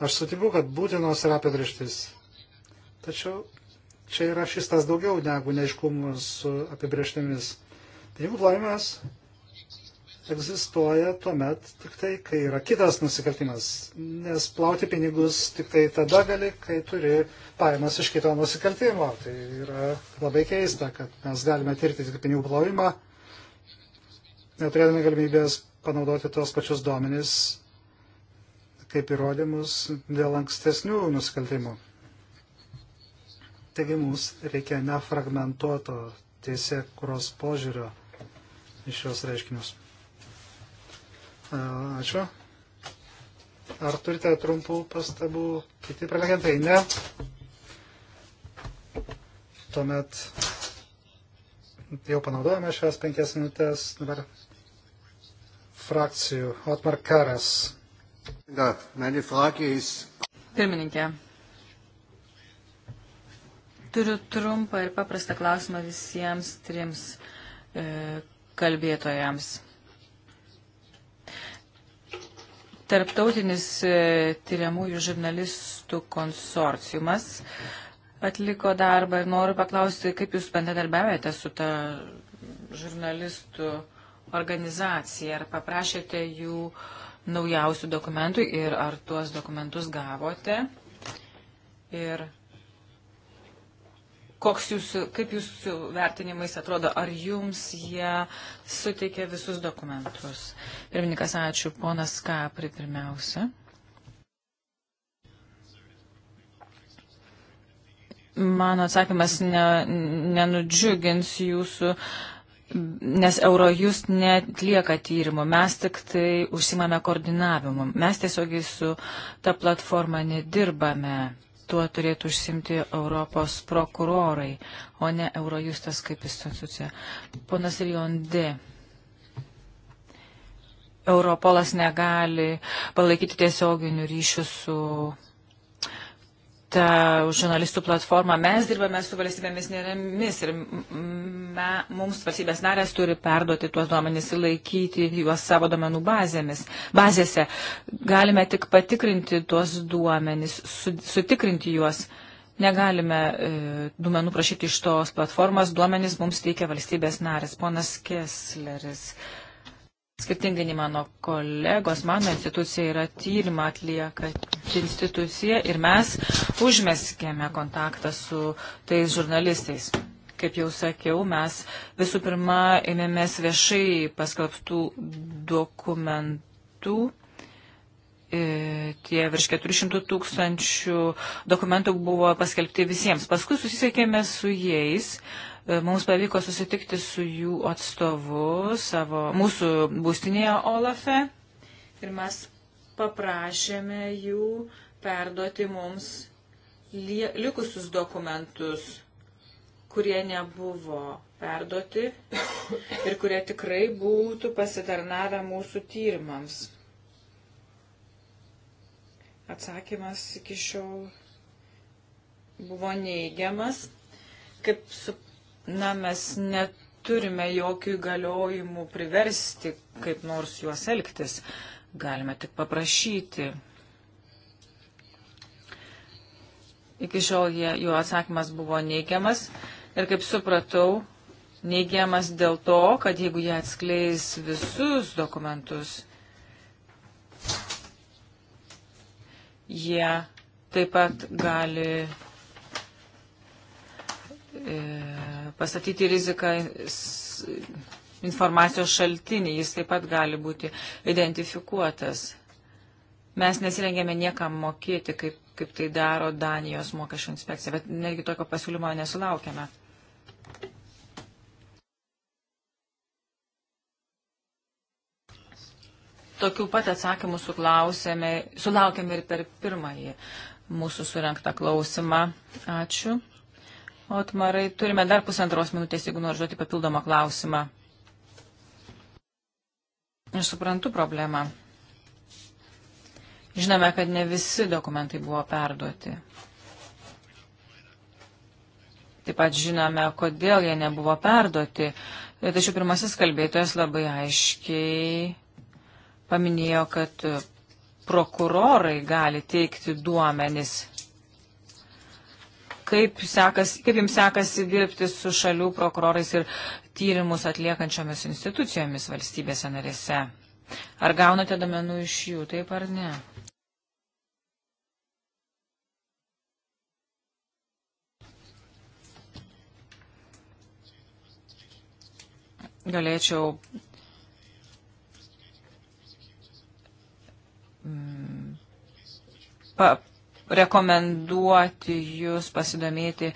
Aš sutikiu, kad būtinos yra apibrieštis. Tačiau čia yra šis tas daugiau negu neaiškumus su apibrieštimis. Pinigų plovimas egzistuoja tuomet tik tai, kai yra kitas nusikaltimas, nes plauti pinigus tik tai tada gali, kai turi pajamas iš kito nusikaltimo. Tai yra labai keista, kad mes galime tirti tik pinigų plovimą, neturėdami galimybės panaudoti tos pačius duomenys kaip įrodymus dėl ankstesnių nusikaltimų. Taigi mums reikia nefragmentuoto teisė kuros požiūrio iš šios reiškinius. Ačiū. Ar turite trumpų pastabų kiti prelegentai? Ne. Tuomet jau panaudojame šias penkias minutės dabar frakcijų. Otmar Karas. Pirmininkė. Turiu trumpą ir paprastą klausimą visiems trims e, kalbėtojams. Tarptautinis e, tyriamųjų žurnalistų konsorciumas atliko darbą ir noriu paklausti, kaip jūs bendradarbiavate su ta žurnalistų organizacija, ar paprašėte jų naujausių dokumentų ir ar tuos dokumentus gavote. Ir koks jūsų, kaip jūsų vertinimais atrodo, ar jums jie suteikė visus dokumentus. Pirmininkas, ačiū. Ponas Kapri pirmiausia. Mano atsakymas ne, nenudžiugins jūsų, nes Eurojust netlieka tyrimo. Mes tik tai užsimame koordinavimu. Mes tiesiog su ta platforma nedirbame tuo turėtų užsimti Europos prokurorai, o ne Eurojustas kaip institucija. Ponas Rionde. Europolas negali palaikyti tiesioginių ryšių su ta žurnalistų platforma. Mes dirbame su valstybėmis narėmis ir me, mums valstybės narės turi perduoti tuos duomenys ir laikyti juos savo duomenų bazėmis. Bazėse galime tik patikrinti tuos duomenys, su, sutikrinti juos. Negalime e, duomenų prašyti iš tos platformos, duomenys mums teikia valstybės narės. Ponas Kessleris. E, Skirtingai nei mano kolegos, mano institucija yra tyrimą atlieka institucija ir mes užmeskėme kontaktą su tais žurnalistais. Kaip jau sakiau, mes visų pirma ėmėmės viešai paskelbtų dokumentų. E, tie virš 400 tūkstančių dokumentų buvo paskelbti visiems. Paskui susisiekėme su jais. Uh, E, mums pavyko susitikti su jų atstovu savo, mūsų būstinėje Olafe ir mes paprašėme jų perduoti mums li likusius dokumentus, kurie nebuvo perduoti ir kurie tikrai būtų pasitarnavę mūsų tyrimams. Atsakymas iki šiol buvo neigiamas. Kaip su, na, mes neturime jokių įgaliojimų priversti kaip nors juos elgtis. Galime tik paprašyti. Iki šiol jie, jų atsakymas buvo neigiamas ir kaip supratau, neigiamas dėl to, kad jeigu jie atskleis visus dokumentus, jie taip pat gali E, pastatyti riziką informacijos šaltinį, jis taip pat gali būti identifikuotas. Mes nesirengėme niekam mokėti, kaip, kaip tai daro Danijos mokesčių inspekcija, bet netgi tokio pasiūlymo nesulaukėme. Tokių pat atsakymų sulaukėme ir per pirmąjį mūsų surenktą klausimą. Ačiū. Otmarai, turime dar pusantros minutės, jeigu nori žodžiu papildomą klausimą. Aš suprantu problemą. Žinome, kad ne visi dokumentai buvo perduoti. Taip pat žinome, kodėl jie nebuvo perduoti. Tačiau pirmasis kalbėtojas labai aiškiai paminėjo, kad prokurorai gali teikti duomenis kaip, sekas, kaip jums sekasi dirbti su šalių prokurorais ir tyrimus atliekančiomis institucijomis valstybėse narėse. Ar gaunate domenų iš jų, taip ar ne? Galėčiau mm, pa, rekomenduoti jūs pasidomėti e,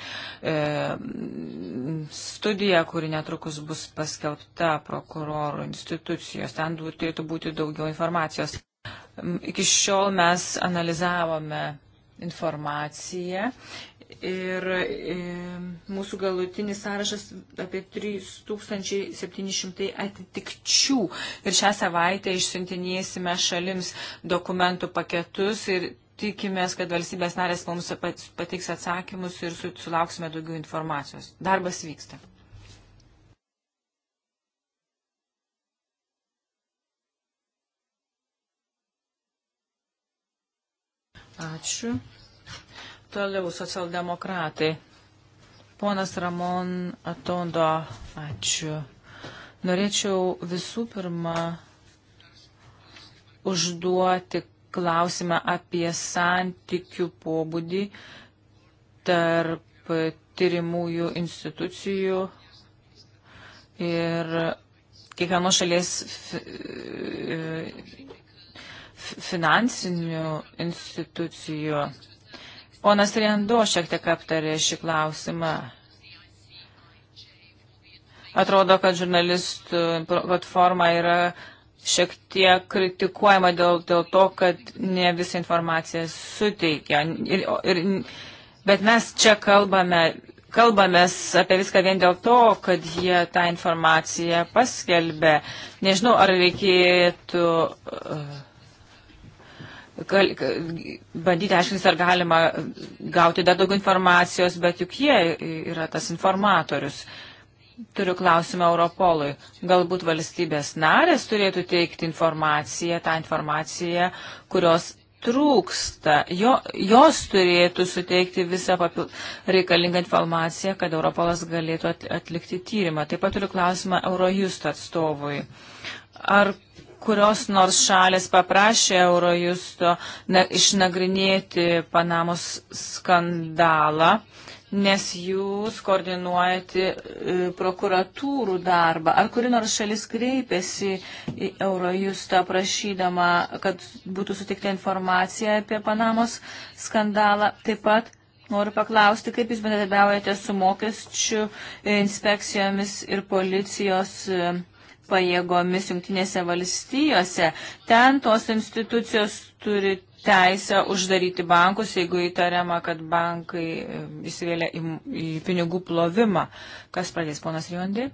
studiją, kuri netrukus bus paskelbta prokurorų institucijos. Ten turėtų būti daugiau informacijos. Iki šiol mes analizavome informaciją ir e, mūsų galutinis sąrašas apie 3700 atitikčių. Ir šią savaitę išsintinėsime šalims dokumentų paketus ir tikimės, kad valstybės narės mums patiks atsakymus ir sulauksime daugiau informacijos. Darbas vyksta. Ačiū. Toliau socialdemokratai. Ponas Ramon Atondo, ačiū. Norėčiau visų pirma užduoti klausimą apie santykių pobūdį tarp tyrimųjų institucijų ir kiekvienos šalies finansinių institucijų. Ponas Riendo šiek tiek aptarė šį klausimą. Atrodo, kad žurnalistų platforma yra šiek tiek kritikuojama dėl, dėl to, kad ne visą informaciją suteikia. Ir, ir, bet mes čia kalbame, kalbamės apie viską vien dėl to, kad jie tą informaciją paskelbė. Nežinau, ar reikėtų. Uh, Gal, bandyti aiškintis, ar galima gauti dar daugiau informacijos, bet juk jie yra tas informatorius. Uh, Turiu klausimą Europolui. Galbūt valstybės narės turėtų teikti informaciją, tą informaciją, kurios trūksta. Jo, jos turėtų suteikti visą papil... reikalingą informaciją, kad Europolas galėtų at, atlikti tyrimą. Taip pat turiu klausimą Eurojust atstovui. Ar kurios nors šalės paprašė Eurojusto na, išnagrinėti Panamos skandalą? nes jūs koordinuojate e, prokuratūrų darbą. Ar kuri nors šalis kreipėsi į Eurojustą prašydama, kad būtų sutikta informacija apie Panamos skandalą? Taip pat noriu paklausti, kaip jūs bendradarbiaujate su mokesčių inspekcijomis ir policijos e, pajėgomis Junktinėse valstijose. Ten tos institucijos turi teisę uždaryti bankus, jeigu įtariama, kad bankai e, įsivėlė į, į pinigų plovimą. Kas pradės, ponas Riondi?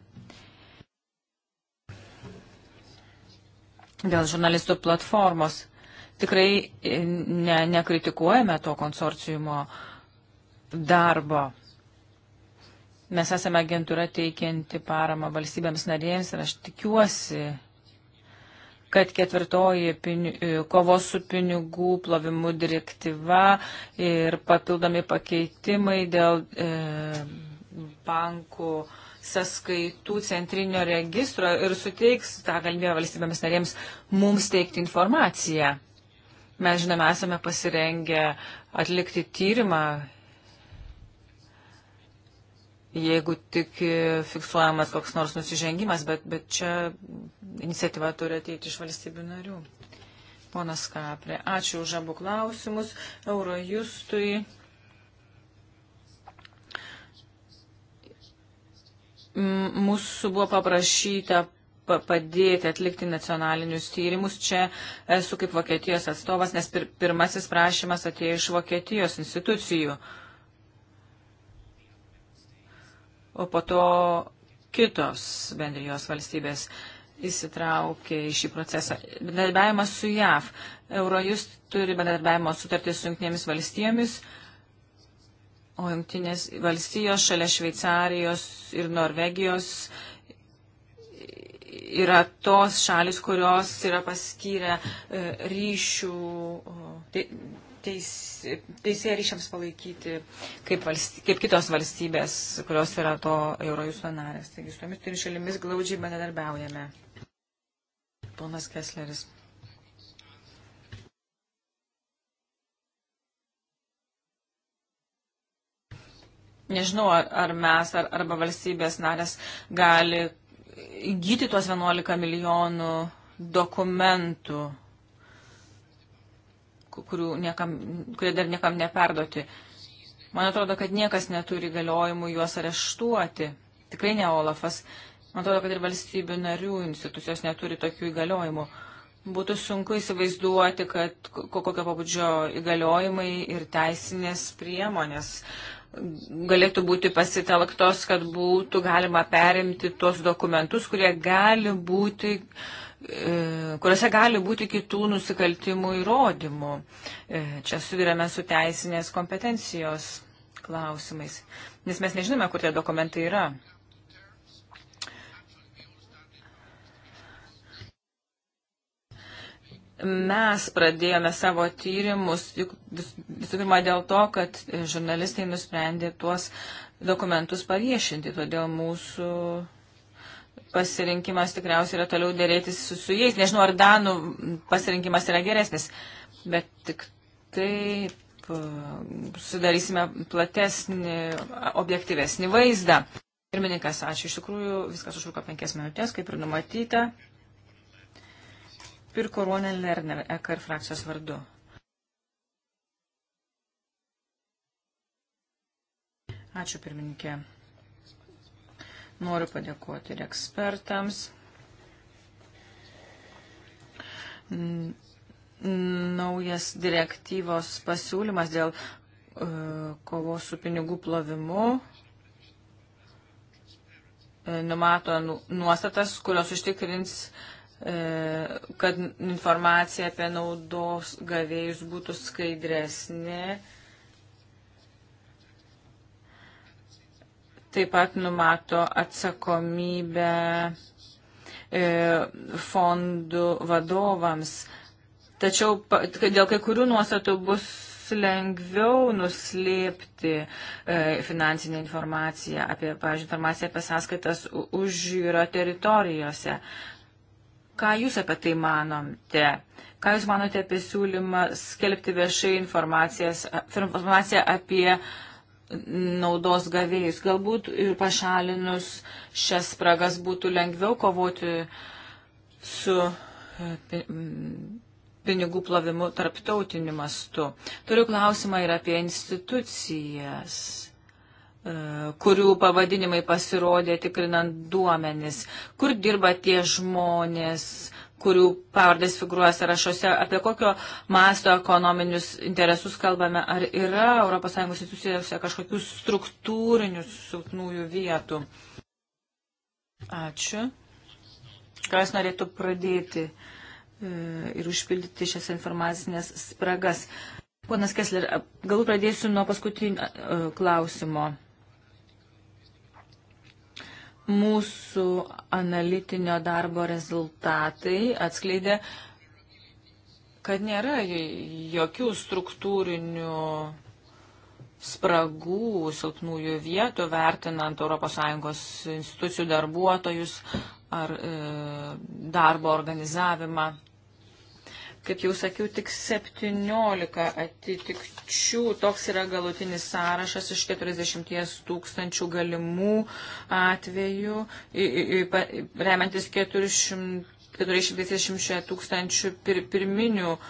Dėl žurnalistų platformos. Tikrai e, ne, nekritikuojame to konsorciumo darbo. Mes esame agentūra teikianti paramą valstybėms narėjams ir aš tikiuosi, kad ketvirtoji pini, e, kovos su pinigų plovimu direktyva ir papildomi pakeitimai dėl e, bankų sąskaitų centrinio registro ir suteiks tą galimybę valstybėms narėms mums teikti informaciją. Mes žinome, esame pasirengę atlikti tyrimą jeigu tik fiksuojamas koks nors nusižengimas, bet, bet čia iniciatyva turi ateiti iš valstybių narių. Ponas Kaprė, ačiū už abu klausimus. Eurojustui. Mūsų buvo paprašyta padėti atlikti nacionalinius tyrimus. Čia esu kaip Vokietijos atstovas, nes pir pirmasis prašymas atėjo iš Vokietijos institucijų. Uh, o po to kitos bendrijos valstybės įsitraukė į šį procesą. Bendradarbiavimas su JAV. Eurojust turi bendradarbiavimo sutartį su jungtinėmis valstijomis, o jungtinės valstijos šalia Šveicarijos ir Norvegijos yra tos šalis, kurios yra paskyrę e, ryšių tai teis, teisėje ryšiams palaikyti kaip, valst, kaip kitos valstybės, kurios yra to Eurojusto narės. Taigi su tomis trimis šalimis glaudžiai bendradarbiaujame. Ponas Kessleris. Nežinau, ar mes, ar, arba valstybės narės gali įgyti tuos 11 milijonų dokumentų niekam, kurie dar niekam neperduoti. Man atrodo, kad niekas neturi galiojimų juos areštuoti. Tikrai ne Olafas. Man atrodo, kad ir valstybių narių institucijos neturi tokių įgaliojimų. Būtų sunku įsivaizduoti, kad kokio pabudžio įgaliojimai ir teisinės priemonės galėtų būti pasitelktos, kad būtų galima perimti tuos dokumentus, kurie gali būti uh, E, kuriuose gali būti kitų nusikaltimų įrodymų. E, čia suvirėme su teisinės kompetencijos klausimais, nes mes nežinome, kur tie dokumentai yra. mes pradėjome savo tyrimus visų pirma dėl to, kad žurnalistai nusprendė tuos dokumentus paviešinti, todėl mūsų pasirinkimas tikriausiai yra toliau dėrėtis su, su jais. Nežinau, ar Danų pasirinkimas yra geresnis, bet tik taip e, sudarysime platesnį, objektyvesnį vaizdą. Pirmininkas, ačiū. Iš tikrųjų, viskas užtruko penkias minutės, kaip ir numatyta. Pirko Ronel Lerner, EKR frakcijos vardu. Ačiū, pirmininkė. Noriu padėkoti ir ekspertams. Naujas direktyvos pasiūlymas dėl e, kovos su pinigų plovimu e, numato nu-, nuostatas, kurios užtikrins, e, kad informacija apie naudos gavėjus būtų skaidresnė taip pat numato atsakomybę e, fondų vadovams. Tačiau dėl kai kurių nuostatų bus lengviau nuslėpti e, finansinę informaciją apie, pavyzdžiui, informaciją apie sąskaitas užjūro teritorijose. Ką Jūs apie tai manote? Ką Jūs manote apie siūlymą skelbti viešai informaciją apie naudos gavėjus. Galbūt ir pašalinus šias spragas būtų lengviau kovoti su e, pinigų plovimu tarptautiniu mastu. Turiu klausimą ir apie institucijas e, kurių pavadinimai pasirodė tikrinant duomenis, kur dirba tie žmonės, kurių pavardės figūruoja sąrašuose, apie kokio masto ekonominius interesus kalbame, ar yra ES institucijose kažkokių struktūrinių silpnųjų vietų. Ačiū. Kas norėtų pradėti e, ir užpildyti šias informacinės spragas? Ponas Kesler, galbūt pradėsiu nuo paskutinio e, klausimo. Mūsų analitinio darbo rezultatai atskleidė, kad nėra jokių struktūrinių spragų, silpnųjų vietų, vertinant ES institucijų darbuotojus ar e, darbo organizavimą. Kaip jau sakiau, tik 17 atitikčių. Toks yra galutinis sąrašas iš 40 tūkstančių galimų atvejų, remiantis 460 tūkstančių pir, pirminių e,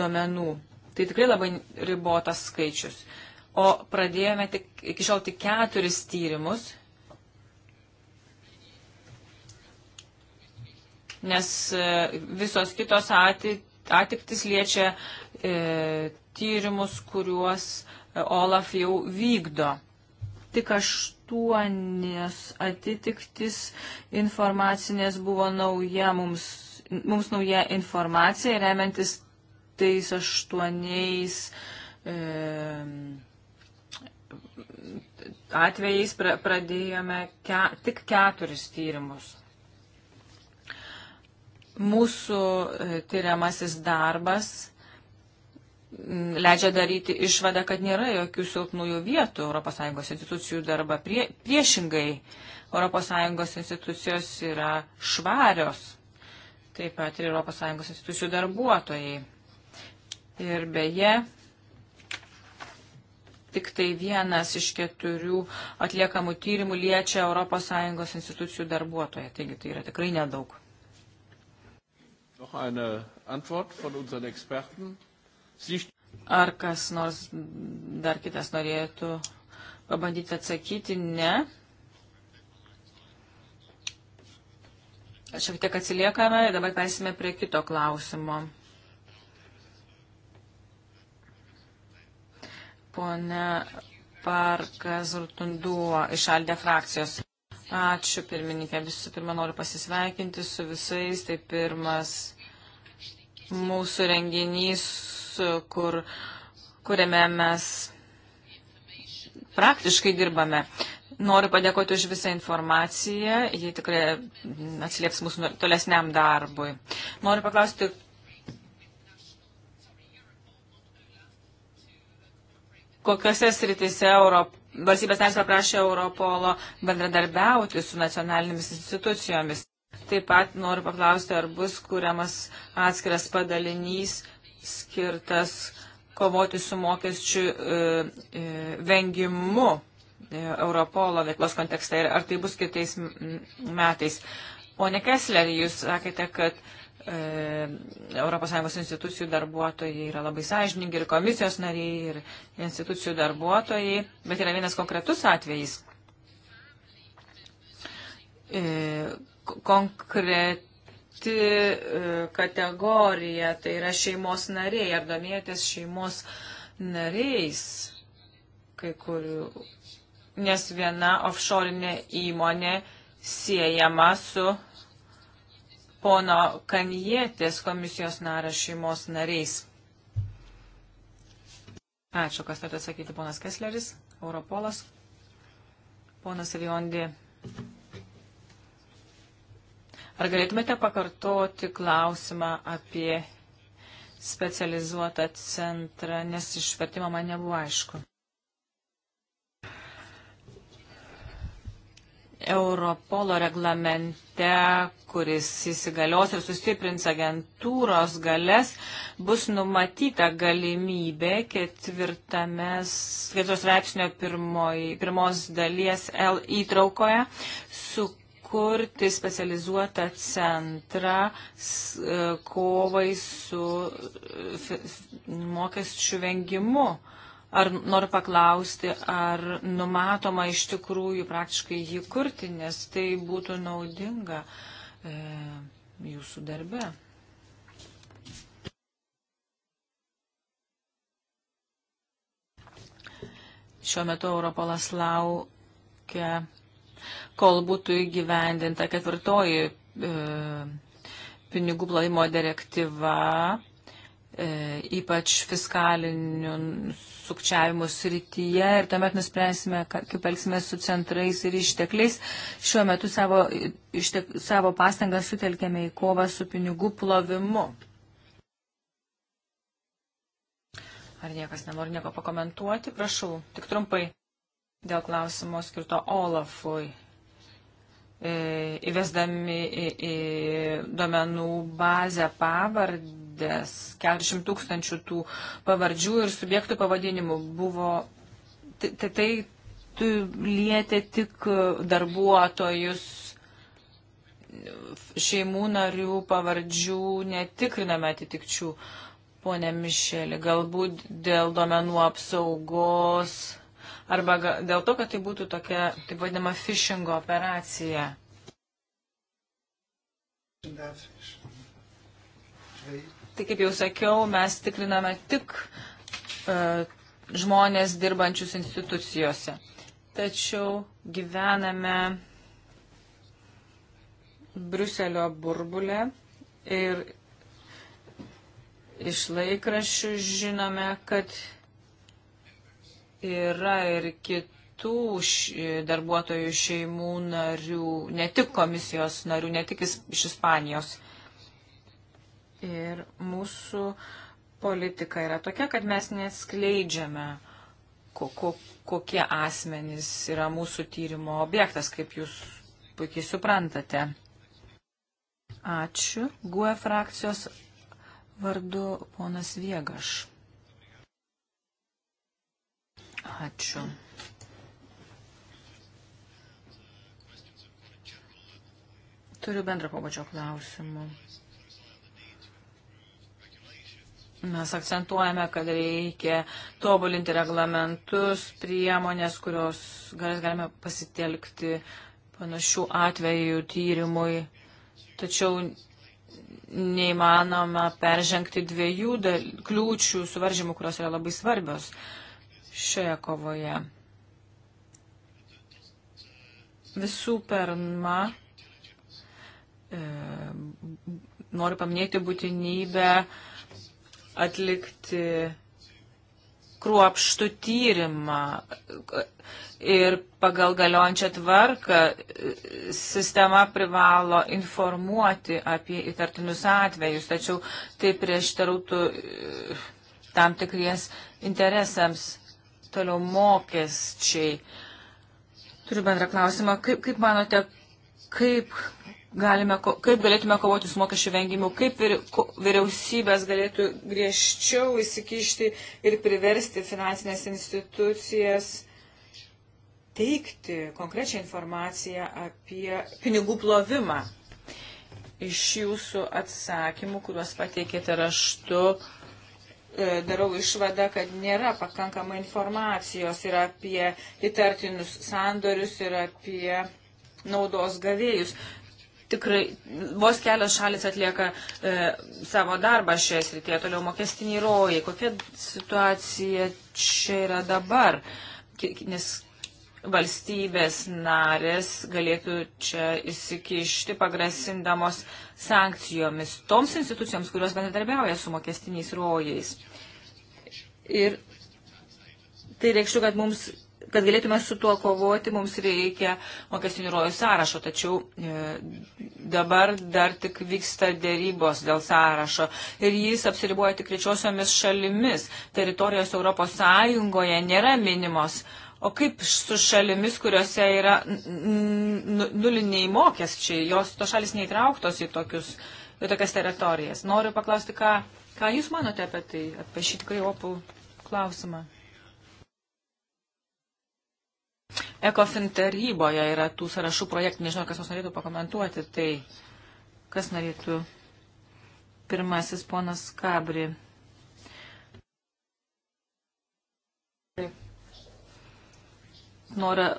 duomenų. Tai tikrai labai ribotas skaičius. O pradėjome tik, iki šiol tik keturis tyrimus, nes e, visos kitos ateit atiktis liečia e, tyrimus, kuriuos e, Olaf jau vykdo. Tik aštuonios atitiktis informacinės buvo nauja mums, mums nauja informacija, remiantis tais aštuoniais e, atvejais pra, pradėjome ke, tik keturis tyrimus. Mūsų e, tyriamasis darbas leidžia daryti išvadą, kad nėra jokių silpnųjų vietų ES institucijų darba. Prie, priešingai, ES institucijos yra švarios, taip pat ir ES institucijų darbuotojai. Ir beje, tik tai vienas iš keturių atliekamų tyrimų liečia ES institucijų darbuotoją, taigi tai yra tikrai nedaug. Noch eine Antwort von unseren Experten. Sie Ar kas nors dar kitas norėtų pabandyti atsakyti? Ne. Šiek tiek atsiliekame ir dabar persime prie kito klausimo. Pone Parkas Rutunduo iš Aldė frakcijos. Ačiū pirmininkė. Visų pirma, noriu pasisveikinti su visais. Tai pirmas mūsų renginys, kur, kuriame mes praktiškai dirbame. Noriu padėkoti už visą informaciją, ji tikrai atsilieps mūsų tolesniam darbui. Noriu paklausti, kokiuose sritise Europ... valstybės narės paprašė Europolo bendradarbiauti su nacionalinėmis institucijomis. Taip pat noriu paklausti, ar bus kuriamas atskiras padalinys skirtas kovoti su mokesčių e, e, vengimu e, Europolo veiklos kontekste ir ar tai bus kitais metais. Pone Kessler, jūs sakėte, kad ES institucijų darbuotojai yra labai sąžiningi ir komisijos nariai ir institucijų darbuotojai, bet yra vienas konkretus atvejis e, konkreti e, kategorija, tai yra šeimos nariai, ar domėtės šeimos nariais, kai kurių, nes viena offshore'inė įmonė siejama su pono Kanjietės komisijos naras šeimos nariais. Ačiū, kas turėtų sakyti ponas Kessleris, Europolas, ponas Riondi. Ar galėtumėte pakartoti klausimą apie specializuotą centrą, nes išvertimo man nebuvo aišku. Europolo reglamente, kuris įsigalios ir sustiprins agentūros galės, bus numatyta galimybė ketvirtame, ketvirtos reikšnio pirmos dalies L įtraukoje su įkurti specializuotą centrą e, kovai su mokesčių vengimu. Ar noriu paklausti, ar numatoma iš tikrųjų praktiškai jį kurti, nes tai būtų naudinga e, jūsų darbe. Šiuo metu Europolas laukia kol būtų įgyvendinta ketvirtoji e, pinigų plovimo direktyva, e, ypač fiskalinių sukčiavimų srityje ir tuomet nuspręsime, kaip elgsime su centrais ir ištekliais. Šiuo metu savo, ištek, savo pastangas sutelkėme į kovą su pinigų plovimu. Ar niekas nenori nieko pakomentuoti? Prašau, tik trumpai dėl klausimo skirto Olafui. E, įvesdami į, į duomenų bazę pavardės, 400 tūkstančių tų pavardžių ir subjektų pavadinimų buvo, tai, tai tu lietė tik darbuotojus, šeimų narių pavardžių, netikriname atitikčių. Pone Mišelį, galbūt dėl duomenų apsaugos arba dėl to, kad tai būtų tokia, taip vadinama, phishingo operacija. Tai kaip jau sakiau, mes tikriname tik uh, žmonės dirbančius institucijose. Tačiau gyvename Bruselio burbulę ir iš laikraščių žinome, kad Yra ir kitų darbuotojų šeimų narių, ne tik komisijos narių, ne tik iš Ispanijos. Ir mūsų politika yra tokia, kad mes neskleidžiame, ko, ko, kokie asmenys yra mūsų tyrimo objektas, kaip jūs puikiai suprantate. Ačiū. GUE frakcijos vardu ponas Viegaš. Ačiū. Turiu bendrą pabudžio klausimų. Mes akcentuojame, kad reikia tobulinti reglamentus, priemonės, kurios galime pasitelkti panašių atvejų tyrimui. Tačiau neįmanoma peržengti dviejų dal... kliūčių suvaržymų, kurios yra labai svarbios šioje kovoje. Visų pirma, e, noriu paminėti būtinybę atlikti kruopštų tyrimą ir pagal galiojančią tvarką e, sistema privalo informuoti apie įtartinius atvejus, tačiau tai prieštarautų e, tam tikries interesams. Toliau mokesčiai. Turiu bendrą klausimą. Kaip, kaip manote, kaip, galime, kaip galėtume kovoti su mokesčių vengimu, kaip ir vyriausybės galėtų griežčiau įsikišti ir priversti finansinės institucijas teikti konkrečią informaciją apie pinigų plovimą. Iš jūsų atsakymų, kuriuos pateikėte raštu, uh, E, darau išvadą, kad nėra pakankamai informacijos ir apie įtartinus sandorius, ir apie naudos gavėjus. Tikrai vos kelios šalis atlieka e, savo darbą šioje srityje, toliau mokestiniai rojai. Kokia situacija čia yra dabar? Nes valstybės narės galėtų čia įsikišti pagrasindamos sankcijomis toms institucijoms, kurios bendradarbiauja su mokestiniais rojais. Ir tai reikštų, kad mums kad galėtume su tuo kovoti, mums reikia mokestinių rojų sąrašo, tačiau e, dabar dar tik vyksta dėrybos dėl sąrašo ir jis apsiriboja tik trečiosiomis šalimis. Teritorijos Europos Sąjungoje nėra minimos. E, O kaip su šalimis, kuriuose yra nuliniai mokesčiai, jos to šalis neįtrauktos į, tokius, į tokias teritorijas? Noriu paklausti, ką, ką Jūs manote apie tai, apie šį tikrai opų klausimą? ECOFIN taryboje yra tų sąrašų projektų, nežinau, kas nors norėtų pakomentuoti, tai kas norėtų pirmasis ponas Kabri. noriu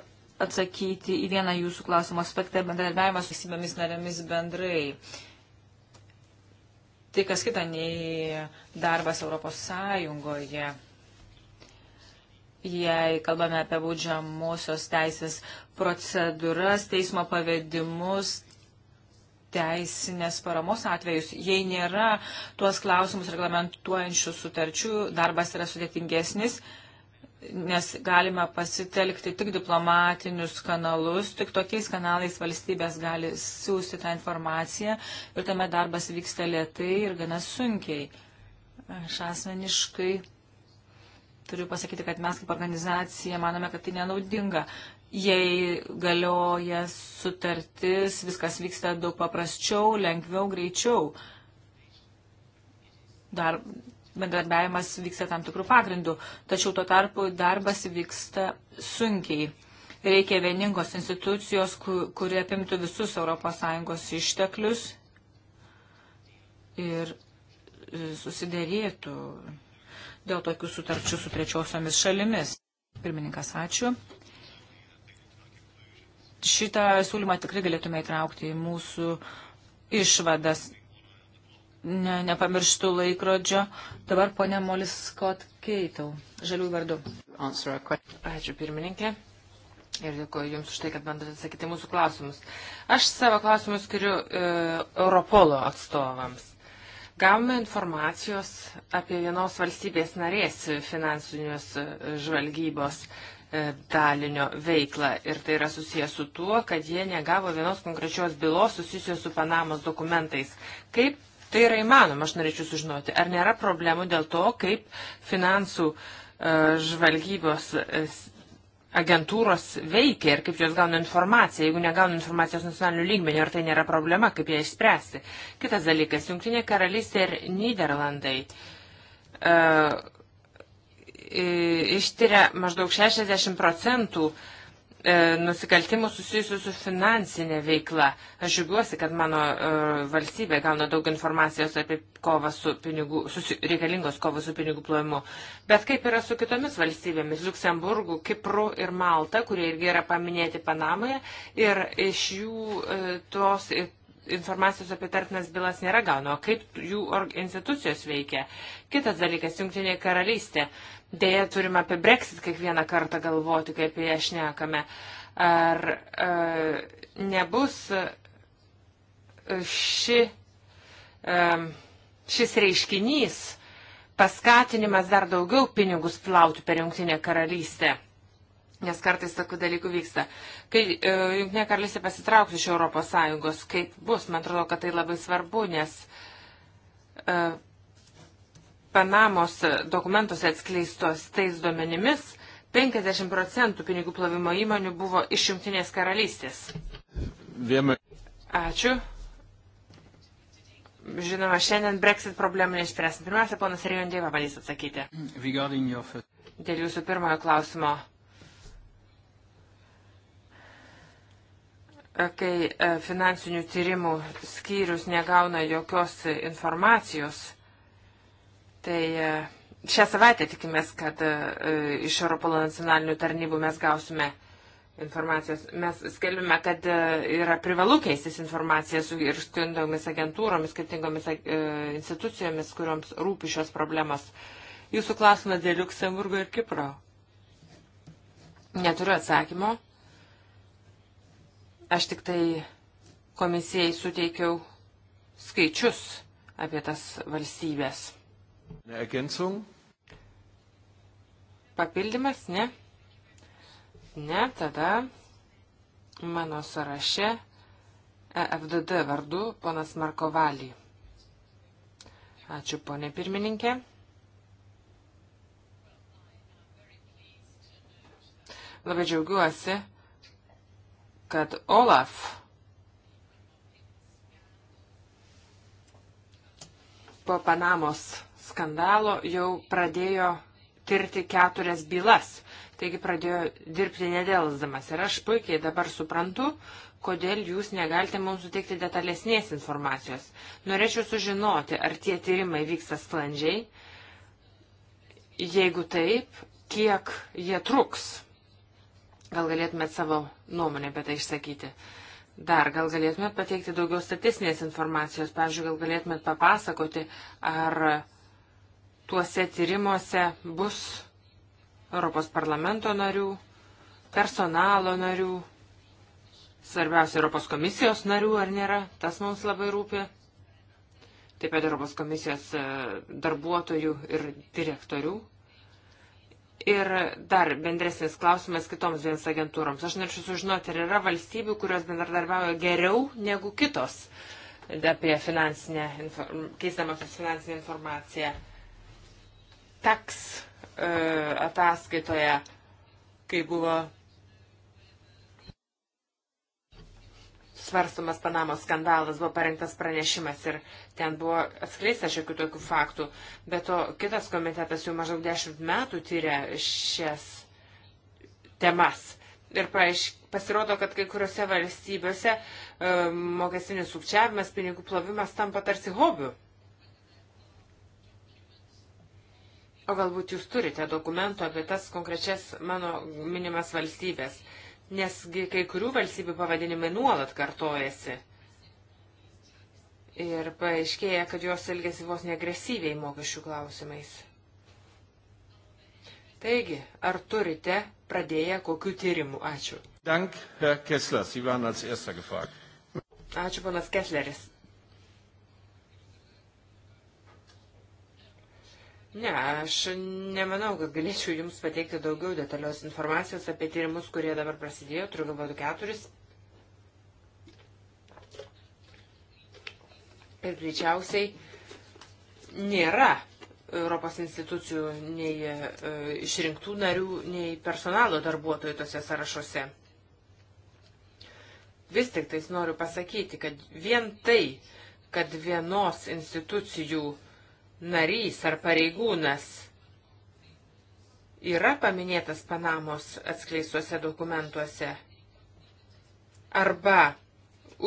atsakyti į vieną jūsų klausimo aspektą - bendradarbiavimą su valstybėmis narėmis bendrai. Tai kas kita nei darbas Europos Sąjungoje. Jei kalbame apie baudžiamosios teisės procedūras, teismo pavedimus, teisinės paramos atvejus, jei nėra tuos klausimus reglamentuojančių sutarčių, darbas yra sudėtingesnis. Uh, nes galima pasitelkti tik diplomatinius kanalus, tik tokiais kanalais valstybės gali siūsti tą informaciją ir tame darbas vyksta lietai ir gana sunkiai. Aš asmeniškai turiu pasakyti, kad mes kaip organizacija manome, kad tai nenaudinga. Jei galioja sutartis, viskas vyksta daug paprasčiau, lengviau, greičiau. Dar bendradarbiavimas vyksta tam tikrų pagrindų, tačiau tuo tarpu darbas vyksta sunkiai. Reikia vieningos institucijos, kuri apimtų visus ES išteklius ir e, susidėrėtų dėl tokių sutarčių su trečiosiomis šalimis. Pirmininkas, ačiū. Šitą siūlymą tikrai galėtume įtraukti į mūsų išvadas ne, nepamirštų laikrodžio. Dabar ponė Molis Scott Keitau, žalių vardu. Ačiū pirmininkė. Ir dėkuoju Jums už tai, kad bandote atsakyti mūsų klausimus. Aš savo klausimus skiriu e, Europolo atstovams. Gavome informacijos apie vienos valstybės narės finansinius e, žvalgybos e, dalinio veiklą. Ir tai yra susijęs su tuo, kad jie negavo vienos konkrečios bylos susijusios su Panamos dokumentais. Kaip Tai yra įmanoma, aš norėčiau sužinoti. Ar nėra problemų dėl to, kaip finansų e, žvalgybos e, agentūros veikia ir kaip jos gauna informaciją. Jeigu negauna informacijos nacionalinių lygmenių, ar tai nėra problema, kaip ją išspręsti. Kitas dalykas, Junktinė karalystė ir Niderlandai uh, e, ištyria maždaug 60 procentų uh, E, nusikaltimų susijusių su finansinė veikla. Aš žiūriuosi, kad mano e, valstybė gauna daug informacijos apie kovą su pinigų, susi, reikalingos kovos su pinigų plovimu. Bet kaip yra su kitomis valstybėmis - Luksemburgu, Kipru ir Malta, kurie irgi yra paminėti Panamoje, ir iš jų e, tos informacijos apie tartinas bylas nėra gaunama, kaip jų institucijos veikia. Kitas dalykas - Junktinė karalystė. E, Deja, turime apie Brexit kiekvieną kartą galvoti, kai apie ją šnekame. Ar e, nebus e, ši, e, šis reiškinys paskatinimas dar daugiau pinigus plauti per Junktinę karalystę? Nes kartais tokių dalykų vyksta. Kai e, Junktinė karalystė pasitrauks iš Europos Sąjungos, kaip bus, man atrodo, kad tai labai svarbu, nes e, Panamos dokumentuose atskleistos tais duomenimis 50 procentų pinigų plovimo įmonių buvo iš Junktinės karalystės. Viena. Ačiū. Žinoma, šiandien Brexit problemų neišspręsim. Pirmiausia, ponas Rijondėva valys atsakyti. Dėl jūsų pirmojo klausimo. Kai e, finansinių tyrimų skyrius negauna jokios informacijos, Tai e, šią savaitę tikimės, kad e, e, iš Europolo nacionalinių tarnybų mes gausime informacijos. Mes skelbime, kad yra privalu keistis informacija su ir skirtingomis agentūromis, skirtingomis institucijomis, kuriuoms rūpi šios problemos. Jūsų klausimas dėl Luksemburgo ir Kipro. Neturiu atsakymo. Aš tik tai komisijai suteikiau skaičius apie tas valstybės. Ergänzung? Papildymas, ne? Ne, tada mano sąraše EFDD vardu ponas Markovalį. Ačiū, ponė pirmininkė. Labai džiaugiuosi, kad Olaf po Panamos skandalo jau pradėjo tirti keturias bylas. Taigi pradėjo dirbti nedėlzdamas. Ir aš puikiai dabar suprantu, kodėl jūs negalite mums suteikti detalesnės informacijos. Norėčiau sužinoti, ar tie tyrimai vyksta sklandžiai. Jeigu taip, kiek jie truks. Gal galėtumėt savo nuomonę apie tai išsakyti. Dar gal galėtumėt pateikti daugiau statistinės informacijos. Pavyzdžiui, gal galėtumėt papasakoti, ar tuose tyrimuose bus Europos parlamento narių, personalo narių, svarbiausia Europos komisijos narių ar nėra, tas mums labai rūpi. Taip pat Europos komisijos e, darbuotojų ir direktorių. Ir dar bendresnis klausimas kitoms dviems agentūroms. Aš norėčiau sužinoti, ar yra valstybių, kurios bendradarbiauja geriau negu kitos apie finansinę, keisdamasis finansinę informaciją taks e, ataskaitoje, kai buvo svarstomas Panamos skandalas, buvo parengtas pranešimas ir ten buvo atskleista šiokių tokių faktų. Bet to kitas komitetas jau maždaug dešimt metų tyria šias temas. Ir pasirodo, kad kai kuriuose valstybėse e, mokestinis sukčiavimas, pinigų plovimas tampa tarsi hobiu. O galbūt jūs turite dokumentų apie tas konkrečias mano minimas valstybės, nesgi kai kurių valstybių pavadinimai nuolat kartojasi. Ir paaiškėja, kad jos elgesi vos negresyviai mokesčių klausimais. Taigi, ar turite pradėję kokių tyrimų? Ačiū. Dank, Herr Kessler, Sie waren als erster gefragt. Ačiū, ponas Kessleris. Ne, aš nemanau, kad galėčiau Jums pateikti daugiau detalios informacijos apie tyrimus, kurie dabar prasidėjo, turiu galvoju keturis. Ir greičiausiai nėra Europos institucijų nei e, išrinktų narių, nei personalo darbuotojų tose sąrašuose. Vis tik tais noriu pasakyti, kad vien tai, kad vienos institucijų narys ar pareigūnas yra paminėtas Panamos atskleistuose dokumentuose arba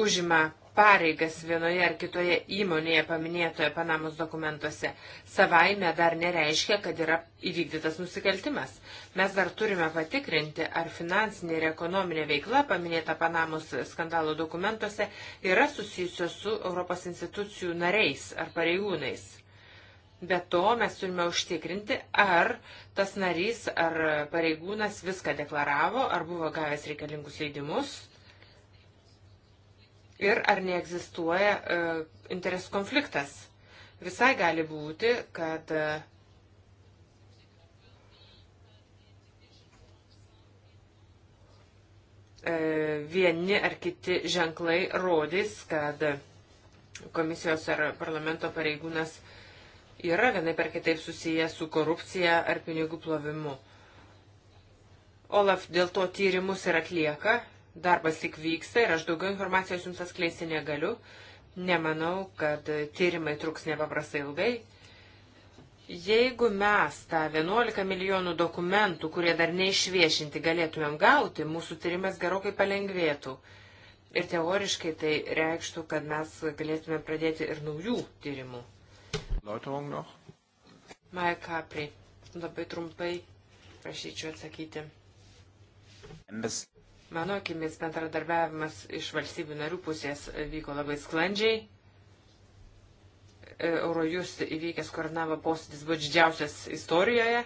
užima pareigas vienoje ar kitoje įmonėje paminėtoje Panamos dokumentuose savaime dar nereiškia, kad yra įvykdytas nusikaltimas. Mes dar turime patikrinti, ar finansinė ir ekonominė veikla paminėta Panamos skandalo dokumentuose yra susijusios su Europos institucijų nariais ar pareigūnais. Be to mes turime užtikrinti, ar tas narys ar pareigūnas viską deklaravo, ar buvo gavęs reikalingus leidimus ir ar neegzistuoja e, interesų konfliktas. Visai gali būti, kad e, vieni ar kiti ženklai rodys, kad komisijos ar parlamento pareigūnas e, yra vienai per kitaip susiję su korupcija ar pinigų plovimu. Olaf dėl to tyrimus ir atlieka, darbas tik vyksta ir aš daugiau informacijos jums atskleisti negaliu. Nemanau, kad tyrimai truks nepaprastai ilgai. Jeigu mes tą 11 milijonų dokumentų, kurie dar neišviešinti, galėtumėm gauti, mūsų tyrimas gerokai palengvėtų. Ir teoriškai tai reikštų, kad mes galėtume pradėti ir naujų tyrimų. Läuterung noch? Maja Kapri, labai trumpai prašyčiau atsakyti. Mano akimis bendradarbiavimas iš valstybių narių pusės vyko labai sklandžiai. E, Eurojus įvykęs koordinavo posėdis buvo didžiausias istorijoje.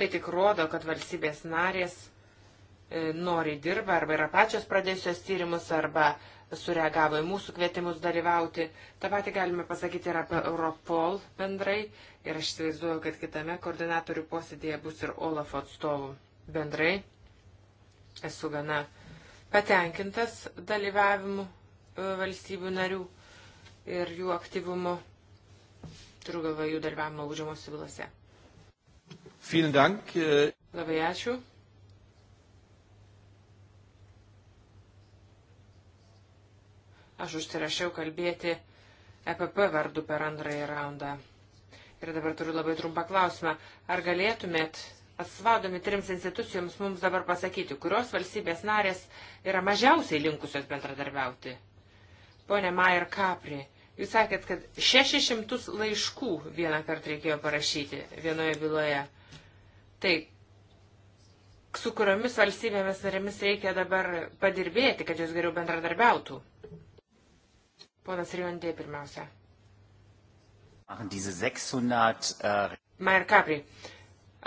Tai tik rodo, kad valstybės narės e, nori dirba arba yra pačios pradėjusios tyrimus arba uh, sureagavo į mūsų kvietimus dalyvauti. Ta pati galime pasakyti ir apie Europol bendrai. Ir aš įsivaizduoju, kad kitame koordinatorių posėdėje bus ir Olaf atstovų bendrai. Esu gana patenkintas dalyvavimu e, valstybių narių ir jų aktyvumu. Turiu galvoje jų dalyvavimą užžiamos bylose. E. Labai ačiū. Aš užsirašiau kalbėti EPP vardu per antrąjį raundą. Ir dabar turiu labai trumpą klausimą. Ar galėtumėt, atsvaudomi trims institucijoms, mums dabar pasakyti, kurios valstybės narės yra mažiausiai linkusios bendradarbiauti? Pone Maier Kapri, jūs sakėt, kad 600 laiškų vieną kartą reikėjo parašyti vienoje byloje. Tai su kuriomis valstybėmis narėmis reikia dabar padirbėti, kad jos geriau bendradarbiautų? Ponas Rijondė pirmiausia. Man ir kapri,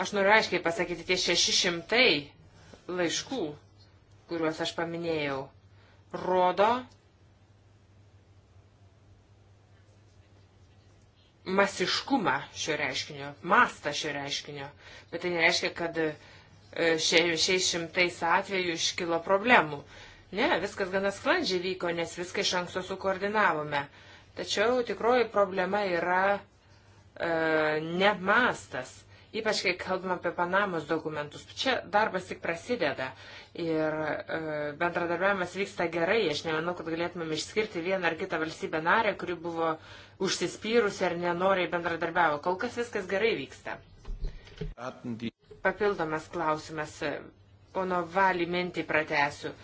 aš noriu aiškiai pasakyti, tie 600 laiškų, kuriuos aš paminėjau, rodo masiškumą šio reiškinio, mastą šio reiškinio. Bet tai nereiškia, kad e, šiais šimtais atvejų iškilo problemų. Ne, viskas gana sklandžiai vyko, nes viską iš anksto sukoordinavome. Tačiau tikroji problema yra e, ne mastas, ypač kai kalbam apie Panamos dokumentus. Čia darbas tik prasideda ir e, bendradarbiavimas vyksta gerai. Aš nemanau, kad galėtumėm išskirti vieną ar kitą valstybę narę, kuri buvo užsispyrusi ar nenoriai bendradarbiavo. Kol kas viskas gerai vyksta. Papildomas klausimas, pono Valį mintį pratesiu.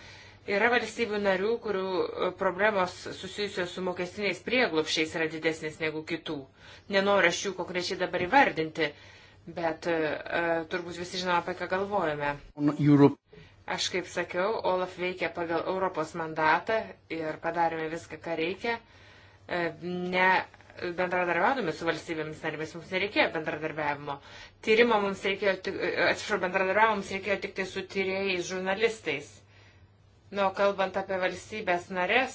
Yra valstybių narių, kurių e, problemos susijusios su mokestiniais prieglopšiais yra didesnės negu kitų. Nenoriu aš jų konkrečiai dabar įvardinti, bet e, e turbūt visi žinome, apie ką galvojame. Europe. Aš kaip sakiau, Olaf veikia pagal Europos mandatą ir padarėme viską, ką reikia. E, ne bendradarbiaudami su valstybėmis narėmis, mums nereikėjo bendradarbiavimo. Tyrimo mums reikėjo, e, atsiprašau, bendradarbiavimo mums reikėjo tik tai su tyrėjais žurnalistais. Nu, kalbant apie valstybės narės,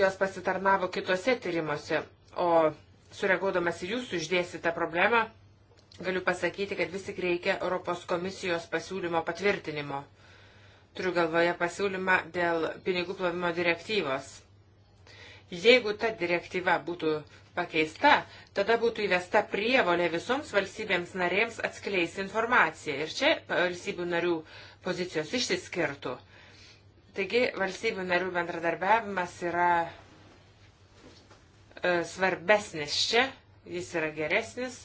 jos pasitarnavo kitose tyrimuose, o sureaguodamas į jūsų išdėstytą problemą, galiu pasakyti, kad vis tik reikia Europos komisijos pasiūlymo patvirtinimo. Turiu galvoje pasiūlymą dėl pinigų plovimo direktyvos. Jeigu ta direktyva būtų pakeista, Tada būtų įvesta prievolė visoms valstybėms narėms atskleisti informaciją. Ir čia valstybių narių pozicijos išsiskirtų. Taigi valstybių narių bendradarbiavimas yra e, svarbesnis čia, jis yra geresnis.